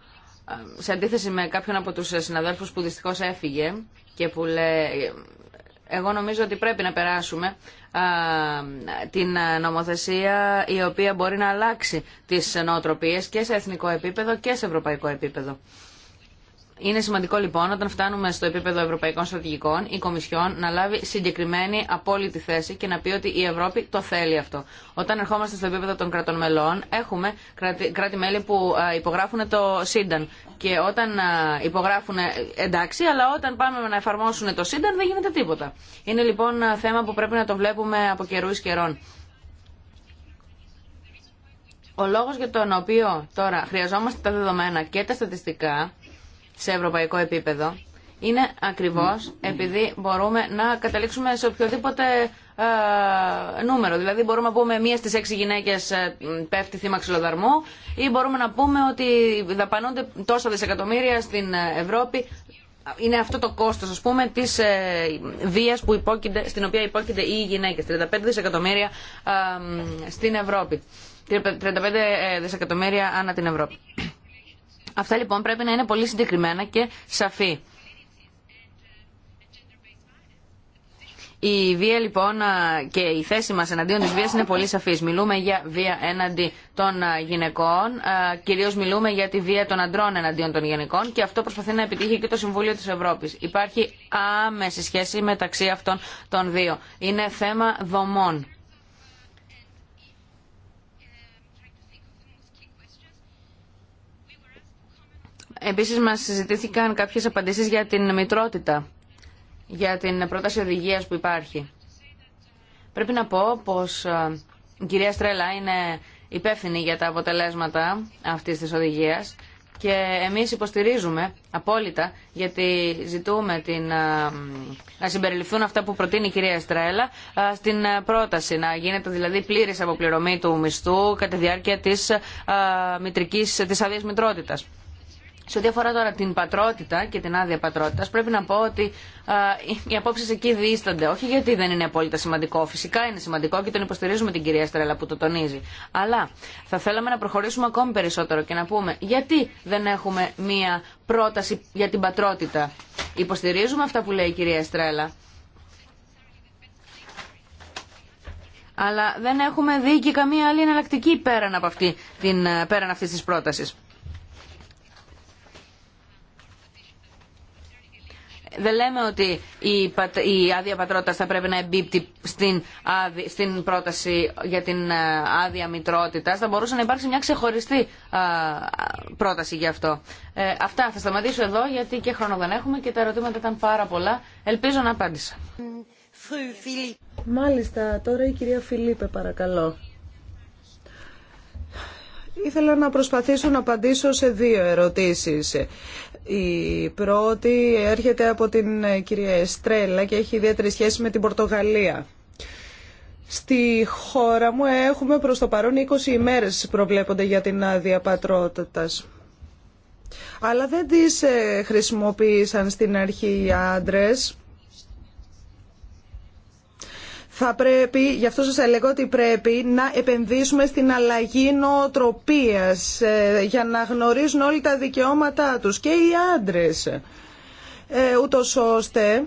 Ε, σε αντίθεση με κάποιον από τους συναδέλφους που δυστυχώς έφυγε και που λέει εγώ νομίζω ότι πρέπει να περάσουμε ε, την νομοθεσία η οποία μπορεί να αλλάξει τις νοοτροπίες και σε εθνικό επίπεδο και σε ευρωπαϊκό επίπεδο. Είναι σημαντικό λοιπόν όταν φτάνουμε στο επίπεδο ευρωπαϊκών στρατηγικών η Κομισιόν να λάβει συγκεκριμένη απόλυτη θέση και να πει ότι η Ευρώπη το θέλει αυτό. Όταν ερχόμαστε στο επίπεδο των κρατών μελών έχουμε κράτη-μέλη που υπογράφουν το ΣΥΝΤΑΝ και όταν υπογράφουν ε, εντάξει αλλά όταν πάμε να εφαρμόσουν το ΣΥΝΤΑΝ δεν γίνεται τίποτα. Είναι λοιπόν θέμα που πρέπει να το βλέπουμε από καιρού καιρών. Ο λόγος για τον οποίο τώρα χρειαζόμαστε τα δεδομένα και τα στατιστικά σε ευρωπαϊκό επίπεδο είναι ακριβώς επειδή μπορούμε να καταλήξουμε σε οποιοδήποτε ε, νούμερο. Δηλαδή μπορούμε να πούμε μία στις έξι γυναίκες ε, πέφτει θύμα ξυλοδαρμού ή μπορούμε να πούμε ότι δαπανουνται τόσα δισεκατομμύρια στην ε, Ευρώπη. Είναι αυτό το κόστος ας πούμε της βίας που στην οποία υποκειται οι γυναίκες. 35 δισεκατομμύρια στην Ευρώπη. 35 δισεκατομμύρια ανά την Ευρώπη. Αυτά λοιπόν πρέπει να είναι πολύ συγκεκριμένα και σαφή. Η βία λοιπόν και η θέση μας εναντίον της βίας είναι πολύ σαφής. Μιλούμε για βία εναντίον των γυναικών, κυρίως μιλούμε για τη βία των αντρών εναντίον των γυναικών και αυτό προσπαθεί να επιτύχει και το Συμβούλιο της Ευρώπης. Υπάρχει άμεση σχέση μεταξύ αυτών των δύο. Είναι θέμα δομών. Επίσης μας συζητήθηκαν κάποιες απαντήσεις για την μητρότητα, για την πρόταση οδηγίας που υπάρχει. Πρέπει να πω πως ε, η κυρία Στρέλα είναι υπεύθυνη για τα αποτελέσματα αυτής της οδηγίας και εμείς υποστηρίζουμε απόλυτα γιατί ζητούμε την, ε, να συμπεριληφθούν αυτά που προτείνει η κυρία Στρέλα ε, στην πρόταση να γίνεται δηλαδή πλήρης αποπληρωμή του μισθού κατά τη διάρκεια της, μητρικής, της αδείας μητρότητας. Σε ό,τι αφορά τώρα την πατρότητα και την άδεια πατρότητα, πρέπει να πω ότι α, οι απόψει εκεί δίστανται. Όχι γιατί δεν είναι απόλυτα σημαντικό. Φυσικά είναι σημαντικό και τον υποστηρίζουμε την κυρία Στρέλα που το τονίζει. Αλλά θα θέλαμε να προχωρήσουμε ακόμη περισσότερο και να πούμε γιατί δεν έχουμε μία πρόταση για την πατρότητα. Υποστηρίζουμε αυτά που λέει η κυρία Στρέλα. Αλλά δεν έχουμε δει και καμία άλλη εναλλακτική πέραν, αυτή, τη ε, πέραν αυτής της πρότασης. δεν λέμε ότι η άδεια πατρότητα θα πρέπει να εμπίπτει στην, πρόταση για την ε, άδεια μητρότητα. Θα μπορούσε να υπάρξει μια ξεχωριστή ε, πρόταση γι' αυτό. Ε, αυτά θα σταματήσω εδώ γιατί και χρόνο δεν έχουμε και τα ερωτήματα ήταν πάρα πολλά. Ελπίζω να απάντησα. Μάλιστα, τώρα η κυρία Φιλίπε παρακαλώ. Ήθελα να προσπαθήσω να απαντήσω σε δύο ερωτήσεις. Η πρώτη έρχεται από την ε, κυρία Εστρέλα και έχει ιδιαίτερη σχέση με την Πορτογαλία. Στη χώρα μου έχουμε προς το παρόν 20 ημέρες προβλέπονται για την άδεια Αλλά δεν τις ε, χρησιμοποίησαν στην αρχή οι άντρες θα πρέπει, γι' αυτό σας έλεγα ότι πρέπει να επενδύσουμε στην αλλαγή νοοτροπίας ε, για να γνωρίζουν όλοι τα δικαιώματά τους και οι άντρες ε, ούτως ώστε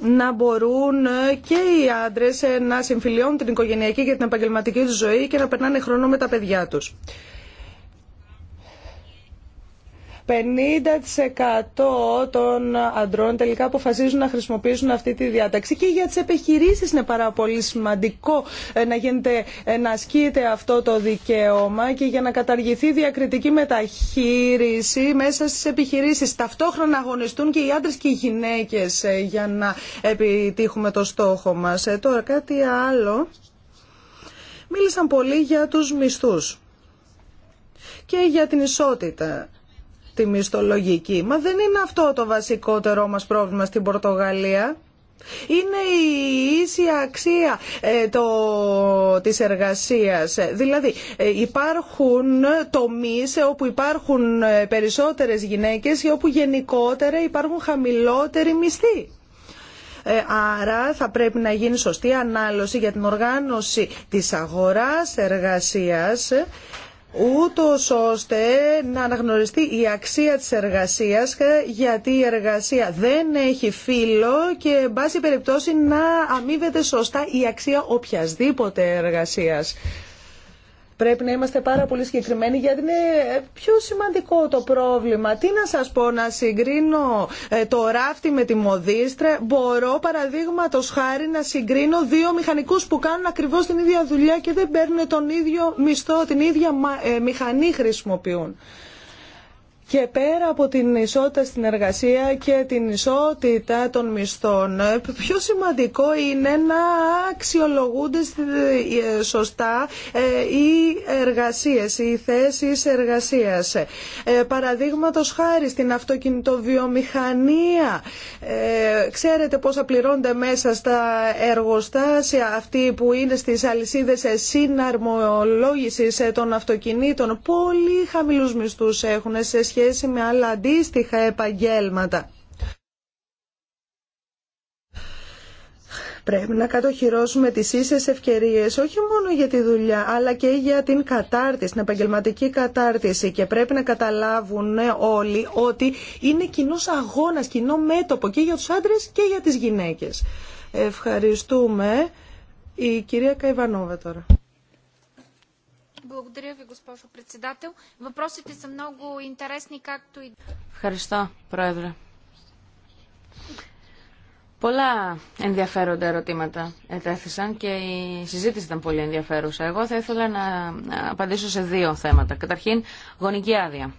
να μπορούν ε, και οι άντρες να συμφιλιώνουν την οικογενειακή και την επαγγελματική τους ζωή και να περνάνε χρόνο με τα παιδιά τους. 50% των αντρών τελικά αποφασίζουν να χρησιμοποιήσουν αυτή τη διάταξη και για τις επιχειρήσεις είναι πάρα πολύ σημαντικό ε, να, γίνεται, ε, να ασκείται αυτό το δικαίωμα και για να καταργηθεί διακριτική μεταχείριση μέσα στις επιχειρήσεις. Ταυτόχρονα αγωνιστούν και οι άντρες και οι γυναίκες ε, για να επιτύχουμε το στόχο μας. Τώρα κάτι άλλο. Μίλησαν πολύ για τους μισθούς και για την ισότητα τη μισθολογική. Μα δεν είναι αυτό το βασικότερό μας πρόβλημα στην Πορτογαλία. Είναι η ίσια αξία ε, το, της εργασίας. Ε, δηλαδή ε, υπάρχουν τομείς όπου υπάρχουν περισσότερες γυναίκες ή όπου γενικότερα υπάρχουν χαμηλότεροι μισθοί. Άρα θα πρέπει να γίνει σωστή ανάλωση για την οργάνωση της αγοράς εργασίας ούτως ώστε να αναγνωριστεί η αξία της εργασίας γιατί η εργασία δεν έχει φύλλο και εν πάση περιπτώσει να αμείβεται σωστά η αξία οποιασδήποτε εργασίας. Πρέπει να είμαστε πάρα πολύ συγκεκριμένοι γιατί είναι ε, πιο σημαντικό το πρόβλημα. Τι να σας πω, να συγκρίνω ε, το ράφτι με τη μοδίστρα. Μπορώ παραδείγματο χάρη να συγκρίνω δύο μηχανικούς που κάνουν ακριβώς την ίδια δουλειά και δεν παίρνουν τον ίδιο μισθό, την ίδια ε, μηχανή χρησιμοποιούν. Και πέρα από την ισότητα στην εργασία και την ισότητα των μισθών, πιο σημαντικό είναι να αξιολογούνται ε, σωστά ε, οι εργασίες, οι θέσεις εργασίας. Ε, παραδείγματος χάρη στην αυτοκινητοβιομηχανία. Ξέρετε πόσα πληρώνται μέσα στα εργοστάσια αυτοί που είναι στις αλυσίδες συναρμολόγησης των αυτοκινήτων. Πολύ χαμηλούς μισθούς έχουν σε σχέση με άλλα αντίστοιχα επαγγέλματα. Πρέπει να κατοχυρώσουμε τις ίσες ευκαιρίες όχι μόνο για τη δουλειά αλλά και για την κατάρτιση, την επαγγελματική κατάρτιση και πρέπει να καταλάβουν ναι, όλοι ότι είναι κοινό αγώνας, κοινό μέτωπο και για τους άντρες και για τις γυναίκες. Ευχαριστούμε. Η κυρία Καϊβανόβα τώρα. Въпросите са много интересни, както и... Ευχαριστώ, Πρόεδρε. Πολλά ενδιαφέροντα ερωτήματα ετέθησαν και η συζήτηση ήταν πολύ ενδιαφέρουσα. Εγώ θα ήθελα να απαντήσω σε δύο θέματα. Καταρχήν, γονική άδεια.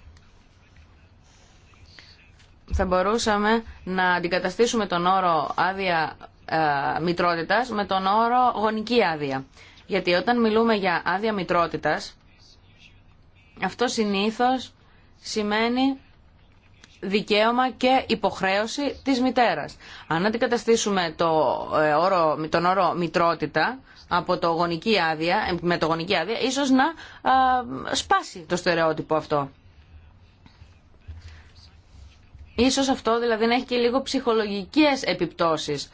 Θα μπορούσαμε να αντικαταστήσουμε τον όρο άδεια ε, μητρότητας με τον όρο γονική άδεια. Γιατί όταν μιλούμε για άδεια μητρότητας, αυτό συνήθως σημαίνει δικαίωμα και υποχρέωση της μητέρας. Αν αντικαταστήσουμε το, ε, όρο, τον όρο μητρότητα από το γονική άδεια, ε, με το γονική άδεια, ίσως να σπάσει το στερεότυπο αυτό. Ίσως αυτό δηλαδή να έχει και λίγο ψυχολογικές επιπτώσεις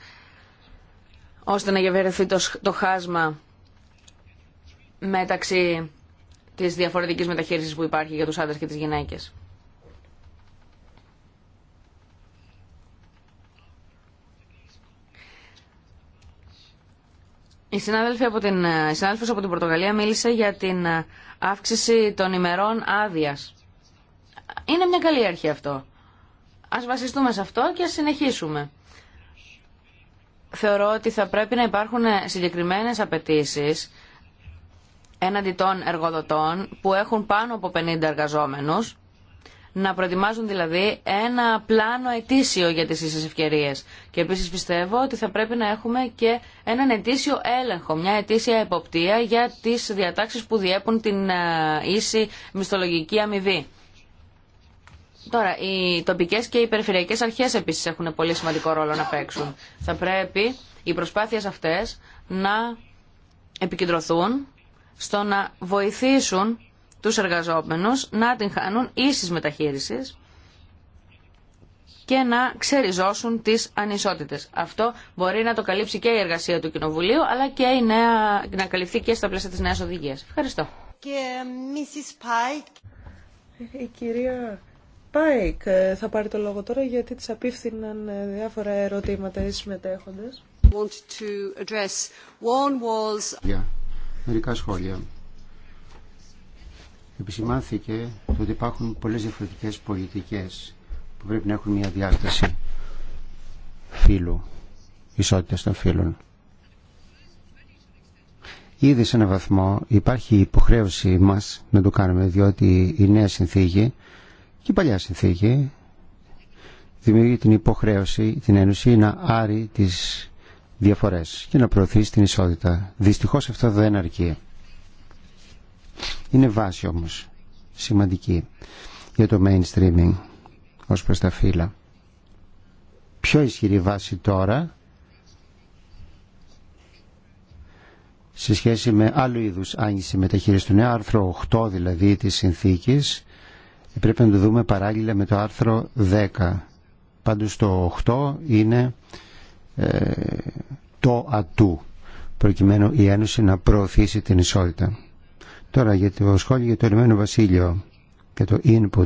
ώστε να γεβερεθεί το, το χάσμα μεταξύ της διαφορετικής μεταχείρισης που υπάρχει για τους άντρες και τις γυναίκες. Η συνάδελφη από την, ε, η από την Πορτογαλία μίλησε για την ε, αύξηση των ημερών άδεια. Είναι μια καλή αρχή αυτό. Ας βασιστούμε σε αυτό και ας συνεχίσουμε. Θεωρώ ότι θα πρέπει να υπάρχουν συγκεκριμένες απαιτήσει έναντι των εργοδοτών που έχουν πάνω από 50 εργαζόμενους, να προετοιμάζουν δηλαδή ένα πλάνο ετήσιο για τις ίσες ευκαιρίες. Και επίσης πιστεύω ότι θα πρέπει να έχουμε και έναν ετήσιο έλεγχο, μια ετήσια εποπτεία για τις διατάξεις που διέπουν την ε, ίση μισθολογική αμοιβή. Τώρα, οι τοπικές και οι περιφερειακές αρχές επίσης έχουν πολύ σημαντικό ρόλο να παίξουν. Θα πρέπει οι προσπάθειες αυτές να επικεντρωθούν στο να βοηθήσουν τους εργαζόμενους να την χάνουν ίσης μεταχείρισης και να ξεριζώσουν τις ανισότητες. Αυτό μπορεί να το καλύψει και η εργασία του Κοινοβουλίου, αλλά και η νέα, να καλυφθεί και στα πλαίσια της νέας οδηγίας. Ευχαριστώ. Και, ε, Mrs. Η κυρία Πάικ ε, θα πάρει το λόγο τώρα γιατί της απίφθηναν ε, διάφορα ερωτήματα οι συμμετέχοντες. Yeah μερικά σχόλια. Επισημάνθηκε ότι υπάρχουν πολλές διαφορετικές πολιτικές που πρέπει να έχουν μια διάσταση φύλου, ισότητας των φύλων. Ήδη σε έναν βαθμό υπάρχει υποχρέωση μας να το κάνουμε διότι η νέα συνθήκη και η παλιά συνθήκη δημιουργεί την υποχρέωση την Ένωση να άρει τις διαφορές και να προωθεί την ισότητα. Δυστυχώς αυτό δεν αρκεί. Είναι βάση όμως σημαντική για το mainstreaming ως προς τα φύλλα. Πιο ισχυρή βάση τώρα σε σχέση με άλλου είδους άγγιση μεταχείριση του νέου άρθρο 8 δηλαδή της συνθήκης πρέπει να το δούμε παράλληλα με το άρθρο 10. Πάντως το 8 είναι ε, το ατού προκειμένου η Ένωση να προωθήσει την ισότητα. Τώρα για το σχόλιο για το Ηνωμένο Βασίλειο και το input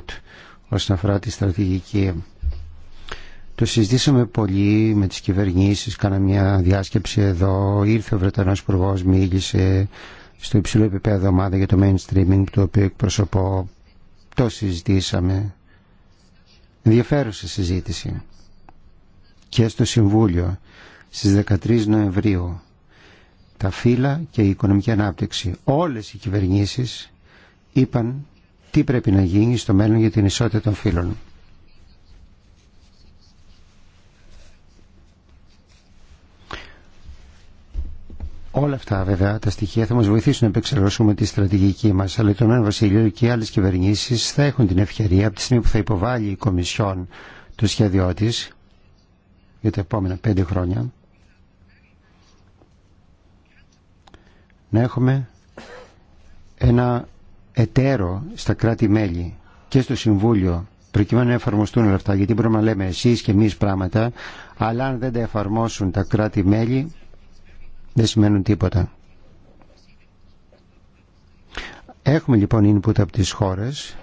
όσον αφορά τη στρατηγική. Το συζητήσαμε πολύ με τις κυβερνήσεις, κάναμε μια διάσκεψη εδώ, ήρθε ο Βρετανός Υπουργός, μίλησε στο υψηλό επίπεδο ομάδα για το mainstreaming, το οποίο εκπροσωπώ, το συζητήσαμε. Ενδιαφέρουσα συζήτηση και στο Συμβούλιο στις 13 Νοεμβρίου τα φύλλα και η οικονομική ανάπτυξη όλες οι κυβερνήσεις είπαν τι πρέπει να γίνει στο μέλλον για την ισότητα των φύλων. Όλα αυτά βέβαια τα στοιχεία θα μας βοηθήσουν να επεξεργαστούμε τη στρατηγική μας, αλλά το Μένο Βασίλειο και οι άλλες κυβερνήσεις θα έχουν την ευκαιρία από τη στιγμή που θα υποβάλει η Κομισιόν το σχέδιό της για τα επόμενα πέντε χρόνια να έχουμε ένα εταίρο στα κράτη-μέλη και στο Συμβούλιο προκειμένου να εφαρμοστούν όλα αυτά γιατί μπορούμε να λέμε εσείς και εμείς πράγματα αλλά αν δεν τα εφαρμόσουν τα κράτη-μέλη δεν σημαίνουν τίποτα. Έχουμε λοιπόν input από τις χώρες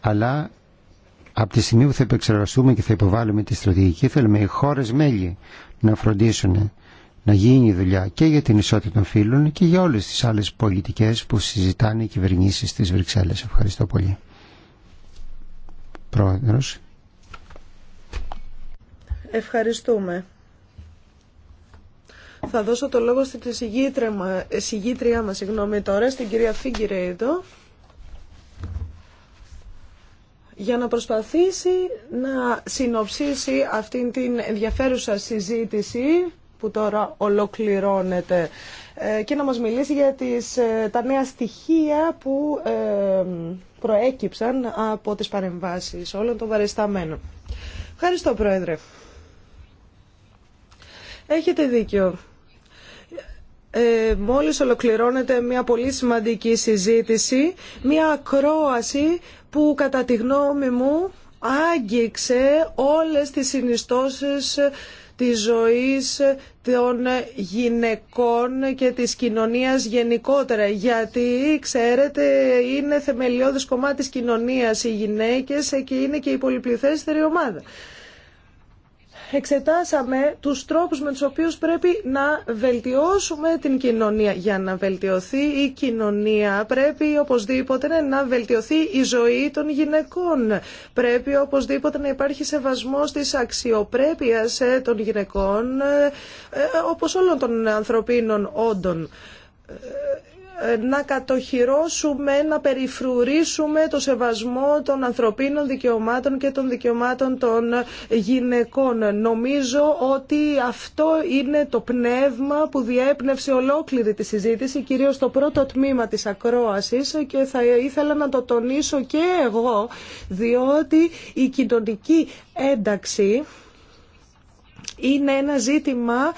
αλλά από τη στιγμή που θα επεξεργαστούμε και θα υποβάλουμε τη στρατηγική θέλουμε οι χώρε μέλη να φροντίσουν να γίνει η δουλειά και για την ισότητα των φίλων και για όλες τις άλλες πολιτικές που συζητάνε οι κυβερνήσει τη Βρυξέλλες. Ευχαριστώ πολύ. Πρόεδρο. Ευχαριστούμε. Θα δώσω το λόγο στην συγγήτρια μας, συγγνώμη τώρα, στην κυρία Φίγκη Ρέιντο για να προσπαθήσει να συνοψίσει αυτήν την ενδιαφέρουσα συζήτηση που τώρα ολοκληρώνεται ε, και να μας μιλήσει για τις, ε, τα νέα στοιχεία που ε, προέκυψαν από τις παρεμβάσεις όλων των βαρεσταμένων. Ευχαριστώ Πρόεδρε. Έχετε δίκιο. Ε, μόλις ολοκληρώνεται μια πολύ σημαντική συζήτηση, μια ακρόαση που κατά τη γνώμη μου άγγιξε όλες τις συνιστώσεις της ζωής των γυναικών και της κοινωνίας γενικότερα. Γιατί, ξέρετε, είναι θεμελιώδης κομμάτι της κοινωνίας οι γυναίκες και είναι και η πολυπληθέστερη ομάδα εξετάσαμε τους τρόπους με τους οποίους πρέπει να βελτιώσουμε την κοινωνία. Για να βελτιωθεί η κοινωνία πρέπει οπωσδήποτε να βελτιωθεί η ζωή των γυναικών. Πρέπει οπωσδήποτε να υπάρχει σεβασμός της αξιοπρέπειας ε, των γυναικών ε, ε, όπως όλων των ανθρωπίνων όντων ε, να κατοχυρώσουμε, να περιφρουρήσουμε το σεβασμό των ανθρωπίνων δικαιωμάτων και των δικαιωμάτων των γυναικών. Νομίζω ότι αυτό είναι το πνεύμα που διέπνευσε ολόκληρη τη συζήτηση, κυρίως το πρώτο τμήμα της ακρόασης και θα ήθελα να το τονίσω και εγώ, διότι η κοινωνική ένταξη είναι ένα ζήτημα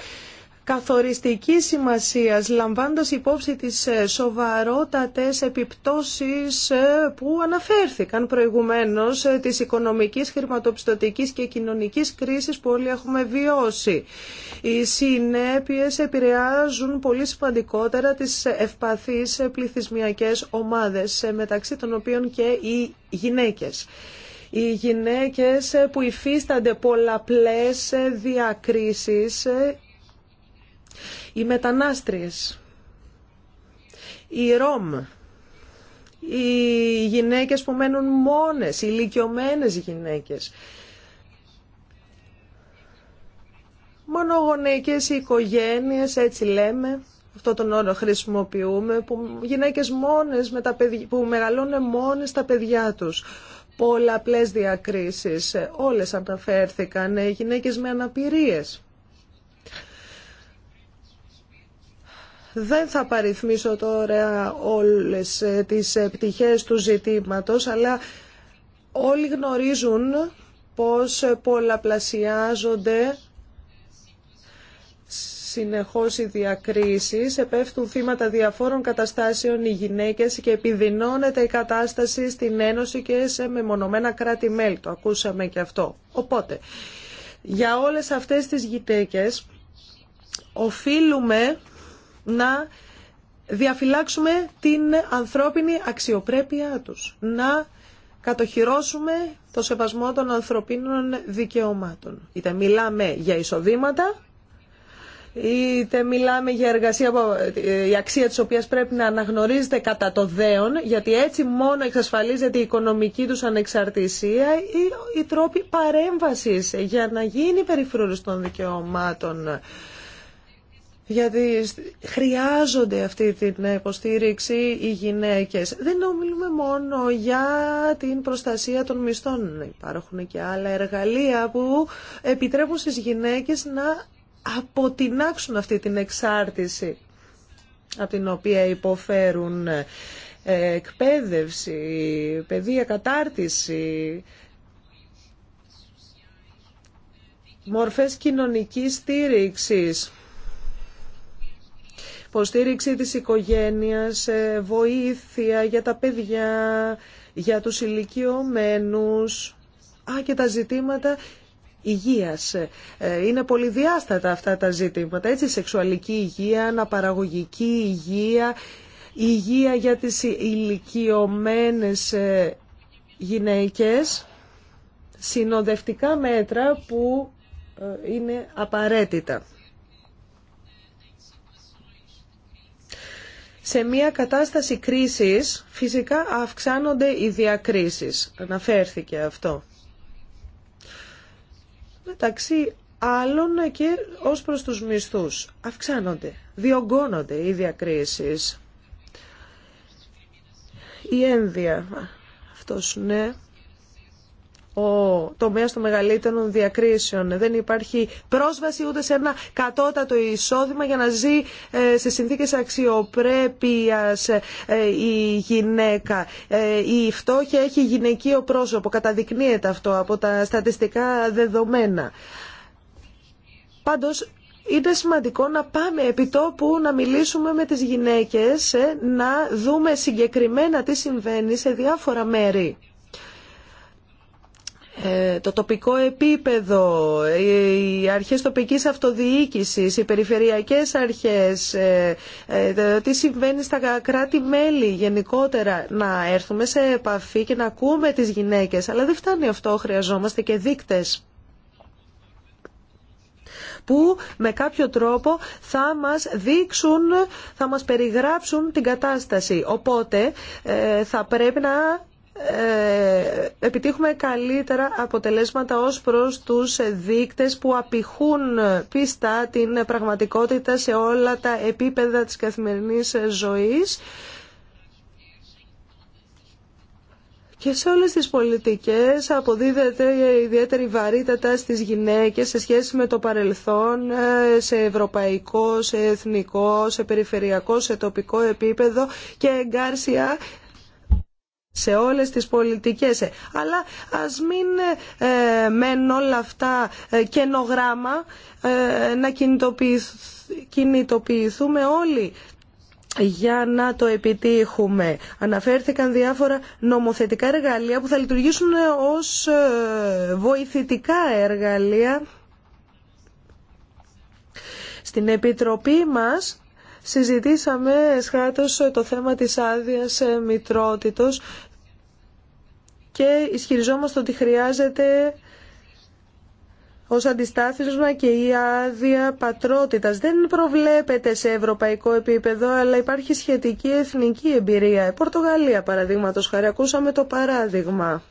καθοριστική σημασίας, λαμβάνοντας υπόψη τις ε, σοβαρότατες επιπτώσεις ε, που αναφέρθηκαν προηγουμένως ε, της οικονομικής, χρηματοπιστωτικής και κοινωνικής κρίσης που όλοι έχουμε βιώσει. Οι συνέπειες επηρεάζουν πολύ σημαντικότερα τις ευπαθείς πληθυσμιακές ομάδες, μεταξύ των οποίων και οι γυναίκες οι γυναίκες που υφίστανται πολλαπλές διακρίσεις οι μετανάστριες, οι Ρώμ, οι γυναίκες που μένουν μόνες, οι ηλικιωμένες γυναίκες. μονογονεϊκές οικογένειες, έτσι λέμε, αυτό τον όρο χρησιμοποιούμε, που γυναίκες μόνες με τα που μεγαλώνουν μόνες τα παιδιά τους. Πολλαπλές διακρίσεις, όλες αναφέρθηκαν, γυναίκες με αναπηρίες. Δεν θα παριθμίσω τώρα όλες ε, τις ε, πτυχές του ζητήματος, αλλά όλοι γνωρίζουν πώς πολλαπλασιάζονται συνεχώς οι διακρίσεις, επέφτουν θύματα διαφόρων καταστάσεων οι γυναίκες και επιδεινώνεται η κατάσταση στην Ένωση και σε μεμονωμένα κράτη-μέλη. Το ακούσαμε και αυτό. Οπότε, για όλες αυτές τις γυναίκες οφείλουμε να διαφυλάξουμε την ανθρώπινη αξιοπρέπειά τους, να κατοχυρώσουμε το σεβασμό των ανθρωπίνων δικαιωμάτων. Είτε μιλάμε για εισοδήματα, είτε μιλάμε για εργασία, η αξία της οποίας πρέπει να αναγνωρίζεται κατά το δέον, γιατί έτσι μόνο εξασφαλίζεται η οικονομική τους ανεξαρτησία ή οι τρόποι παρέμβασης για να γίνει περιφρούρηση των δικαιωμάτων γιατί χρειάζονται αυτή την υποστήριξη οι γυναίκες. Δεν ομιλούμε μόνο για την προστασία των μισθών. Υπάρχουν και άλλα εργαλεία που επιτρέπουν στις γυναίκες να αποτινάξουν αυτή την εξάρτηση από την οποία υποφέρουν ε, εκπαίδευση, παιδεία κατάρτιση, μορφές κοινωνικής στήριξης υποστήριξη της οικογένειας, ε, βοήθεια για τα παιδιά, για τους ηλικιωμένους, α, και τα ζητήματα υγείας. Ε, είναι πολυδιάστατα αυτά τα ζητήματα, έτσι, σεξουαλική υγεία, αναπαραγωγική υγεία, υγεία για τις ηλικιωμένες ε, γυναίκες, συνοδευτικά μέτρα που είναι απαραίτητα. Σε μια κατάσταση κρίσης φυσικά αυξάνονται οι διακρίσεις. Αναφέρθηκε αυτό. Μεταξύ άλλων και ως προς τους μισθούς. Αυξάνονται, διωγγώνονται οι διακρίσεις. Η ένδια, αυτός ναι, ο τομέα των μεγαλύτερων διακρίσεων. Δεν υπάρχει πρόσβαση ούτε σε ένα κατώτατο εισόδημα για να ζει ε, σε συνθήκες αξιοπρέπειας ε, η γυναίκα. Ε, η φτώχεια έχει γυναικείο πρόσωπο, καταδεικνύεται αυτό από τα στατιστικά δεδομένα. Πάντως, είναι σημαντικό να πάμε επί τόπου να μιλήσουμε με τις γυναίκες, να δούμε συγκεκριμένα τι συμβαίνει σε διάφορα μέρη. Ε, το τοπικό επίπεδο, οι αρχές τοπικής αυτοδιοίκησης, οι περιφερειακές αρχές, ε, ε, τι συμβαίνει στα κράτη-μέλη γενικότερα, να έρθουμε σε επαφή και να ακούμε τις γυναίκες. Αλλά δεν φτάνει αυτό, χρειαζόμαστε και δείκτες που με κάποιο τρόπο θα μας δείξουν, θα μας περιγράψουν την κατάσταση. Οπότε θα πρέπει να ε, επιτύχουμε καλύτερα αποτελέσματα ως προς τους δείκτες που απηχούν πίστα την πραγματικότητα σε όλα τα επίπεδα της καθημερινής ζωής και σε όλες τις πολιτικές αποδίδεται ιδιαίτερη βαρύτατα στις γυναίκες σε σχέση με το παρελθόν σε ευρωπαϊκό, σε εθνικό, σε περιφερειακό, σε τοπικό επίπεδο και εγκάρσια σε όλες τις πολιτικές. Ε, αλλά ας μην ε, μεν όλα αυτά ε, ε να κινητοποιηθούμε όλοι για να το επιτύχουμε. Αναφέρθηκαν διάφορα νομοθετικά εργαλεία που θα λειτουργήσουν ως βοηθητικά εργαλεία. Στην Επιτροπή μας Συζητήσαμε σχάτως το θέμα της άδειας ε, μητρότητος και ισχυριζόμαστε ότι χρειάζεται ως αντιστάθμισμα και η άδεια πατρότητας. Δεν προβλέπεται σε ευρωπαϊκό επίπεδο, αλλά υπάρχει σχετική εθνική εμπειρία. Πορτογαλία, παραδείγματος, χαρακούσαμε το παράδειγμα.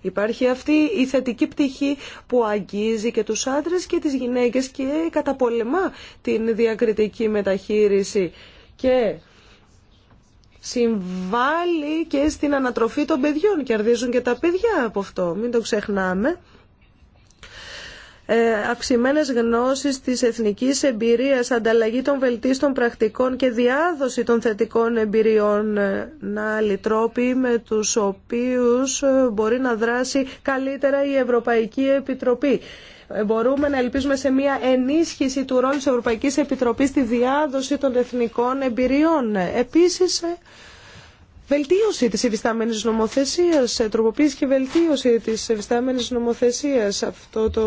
Υπάρχει αυτή η θετική πτυχή που αγγίζει και τους άντρες και τις γυναίκες και καταπολεμά την διακριτική μεταχείριση και συμβάλλει και στην ανατροφή των παιδιών. Κερδίζουν και τα παιδιά από αυτό. Μην το ξεχνάμε. Ε, Αυξημένε γνώσεις της εθνική εμπειρία, ανταλλαγή των βελτίστων πρακτικών και διάδοση των θετικών εμπειριών. Ε, να άλλοι τρόποι με τους οποίους ε, μπορεί να δράσει καλύτερα η Ευρωπαϊκή Επιτροπή μπορούμε να ελπίζουμε σε μια ενίσχυση του ρόλου τη Ευρωπαϊκής Επιτροπής στη διάδοση των εθνικών εμπειριών. Επίσης, βελτίωση της ευιστάμενης νομοθεσίας, ε, τροποποίηση και βελτίωση της ευιστάμενης νομοθεσίας. Αυτό το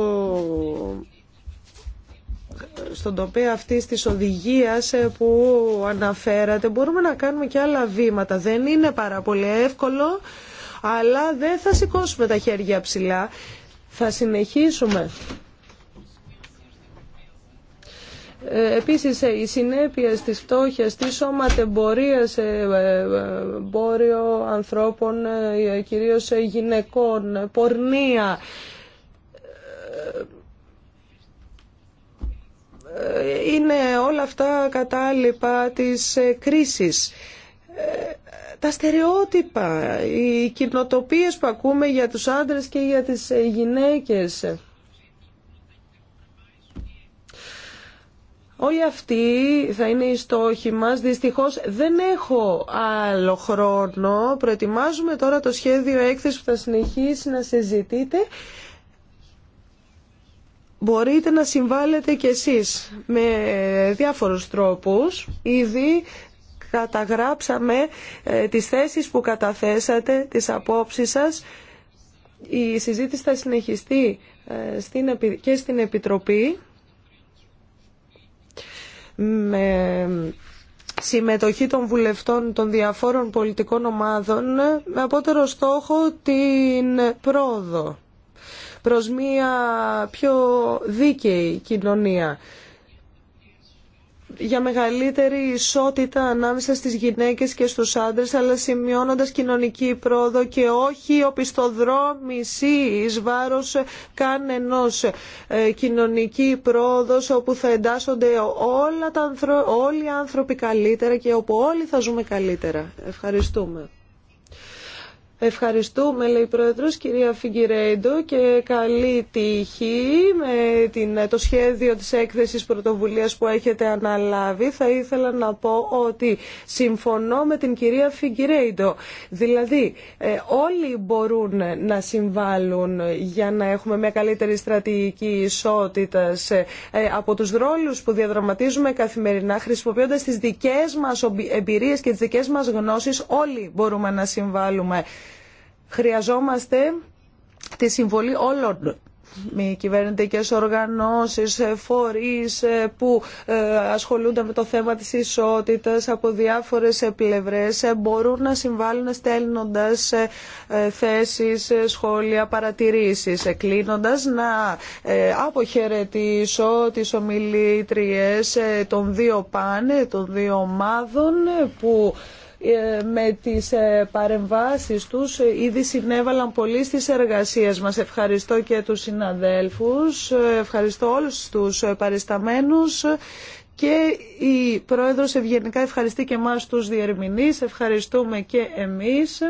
ε, στον τοπέα αυτή τη οδηγία ε, που αναφέρατε μπορούμε να κάνουμε και άλλα βήματα. Δεν είναι πάρα πολύ εύκολο, αλλά δεν θα σηκώσουμε τα χέρια ψηλά. Θα συνεχίσουμε ε, επίσης οι συνέπειες της φτώχειας, της σώματεμπορίας, ε, ε, εμπόριο ανθρώπων, κυρίως γυναικών, πορνεία, είναι όλα αυτά κατάλοιπα της κρίσης. Τα στερεότυπα, οι κοινοτοπίες που ακούμε για τους άντρες και για τις γυναίκες Όλοι αυτοί θα είναι οι στόχοι μας. Δυστυχώς δεν έχω άλλο χρόνο. Προετοιμάζουμε τώρα το σχέδιο έκθεση που θα συνεχίσει να συζητείτε. Μπορείτε να συμβάλλετε κι εσείς με διάφορους τρόπους. Ήδη καταγράψαμε ε, τις θέσεις που καταθέσατε, τις απόψεις σας. Η συζήτηση θα συνεχιστεί ε, και στην Επιτροπή με συμμετοχή των βουλευτών των διαφόρων πολιτικών ομάδων με απότερο στόχο την πρόοδο προς μια πιο δίκαιη κοινωνία για μεγαλύτερη ισότητα ανάμεσα στις γυναίκες και στους άντρες, αλλά σημειώνοντας κοινωνική πρόοδο και όχι οπισθοδρόμηση εις βάρος καν ενός ε, κοινωνική πρόοδος όπου θα εντάσσονται όλα τα, όλοι οι άνθρωποι καλύτερα και όπου όλοι θα ζούμε καλύτερα. Ευχαριστούμε. Ευχαριστούμε, λέει η Πρόεδρος, κυρία Φιγκυρέντο και καλή τύχη με την, το σχέδιο της έκθεσης πρωτοβουλίας που έχετε αναλάβει. Θα ήθελα να πω ότι συμφωνώ με την κυρία Φιγκυρέντο. Δηλαδή, ε, όλοι μπορούν να συμβάλλουν για να έχουμε μια καλύτερη στρατηγική ισότητα ε, από τους ρόλους που διαδραματίζουμε καθημερινά, χρησιμοποιώντας τις δικές μας εμπειρίες και τις δικές μας γνώσεις, όλοι μπορούμε να συμβάλλουμε. Χρειαζόμαστε τη συμβολή όλων με κυβερνητικές οργανώσεις, φορείς ε, που ε, ασχολούνται με το θέμα της ισότητας από διάφορες πλευρές ε, μπορούν να συμβάλλουν στέλνοντας θέσεις, σχόλια, παρατηρήσεις. Κλείνοντας να αποχαιρετήσω τις ομιλήτριες των δύο πάνε, των δύο ομάδων που ε, με τις ε, παρεμβάσεις τους ήδη συνέβαλαν πολύ στις εργασίες μας. Ευχαριστώ και τους συναδέλφους, ευχαριστώ όλους τους παρισταμένους και η Πρόεδρος ευγενικά ευχαριστεί και εμάς τους διερμηνείς, ευχαριστούμε και εμείς.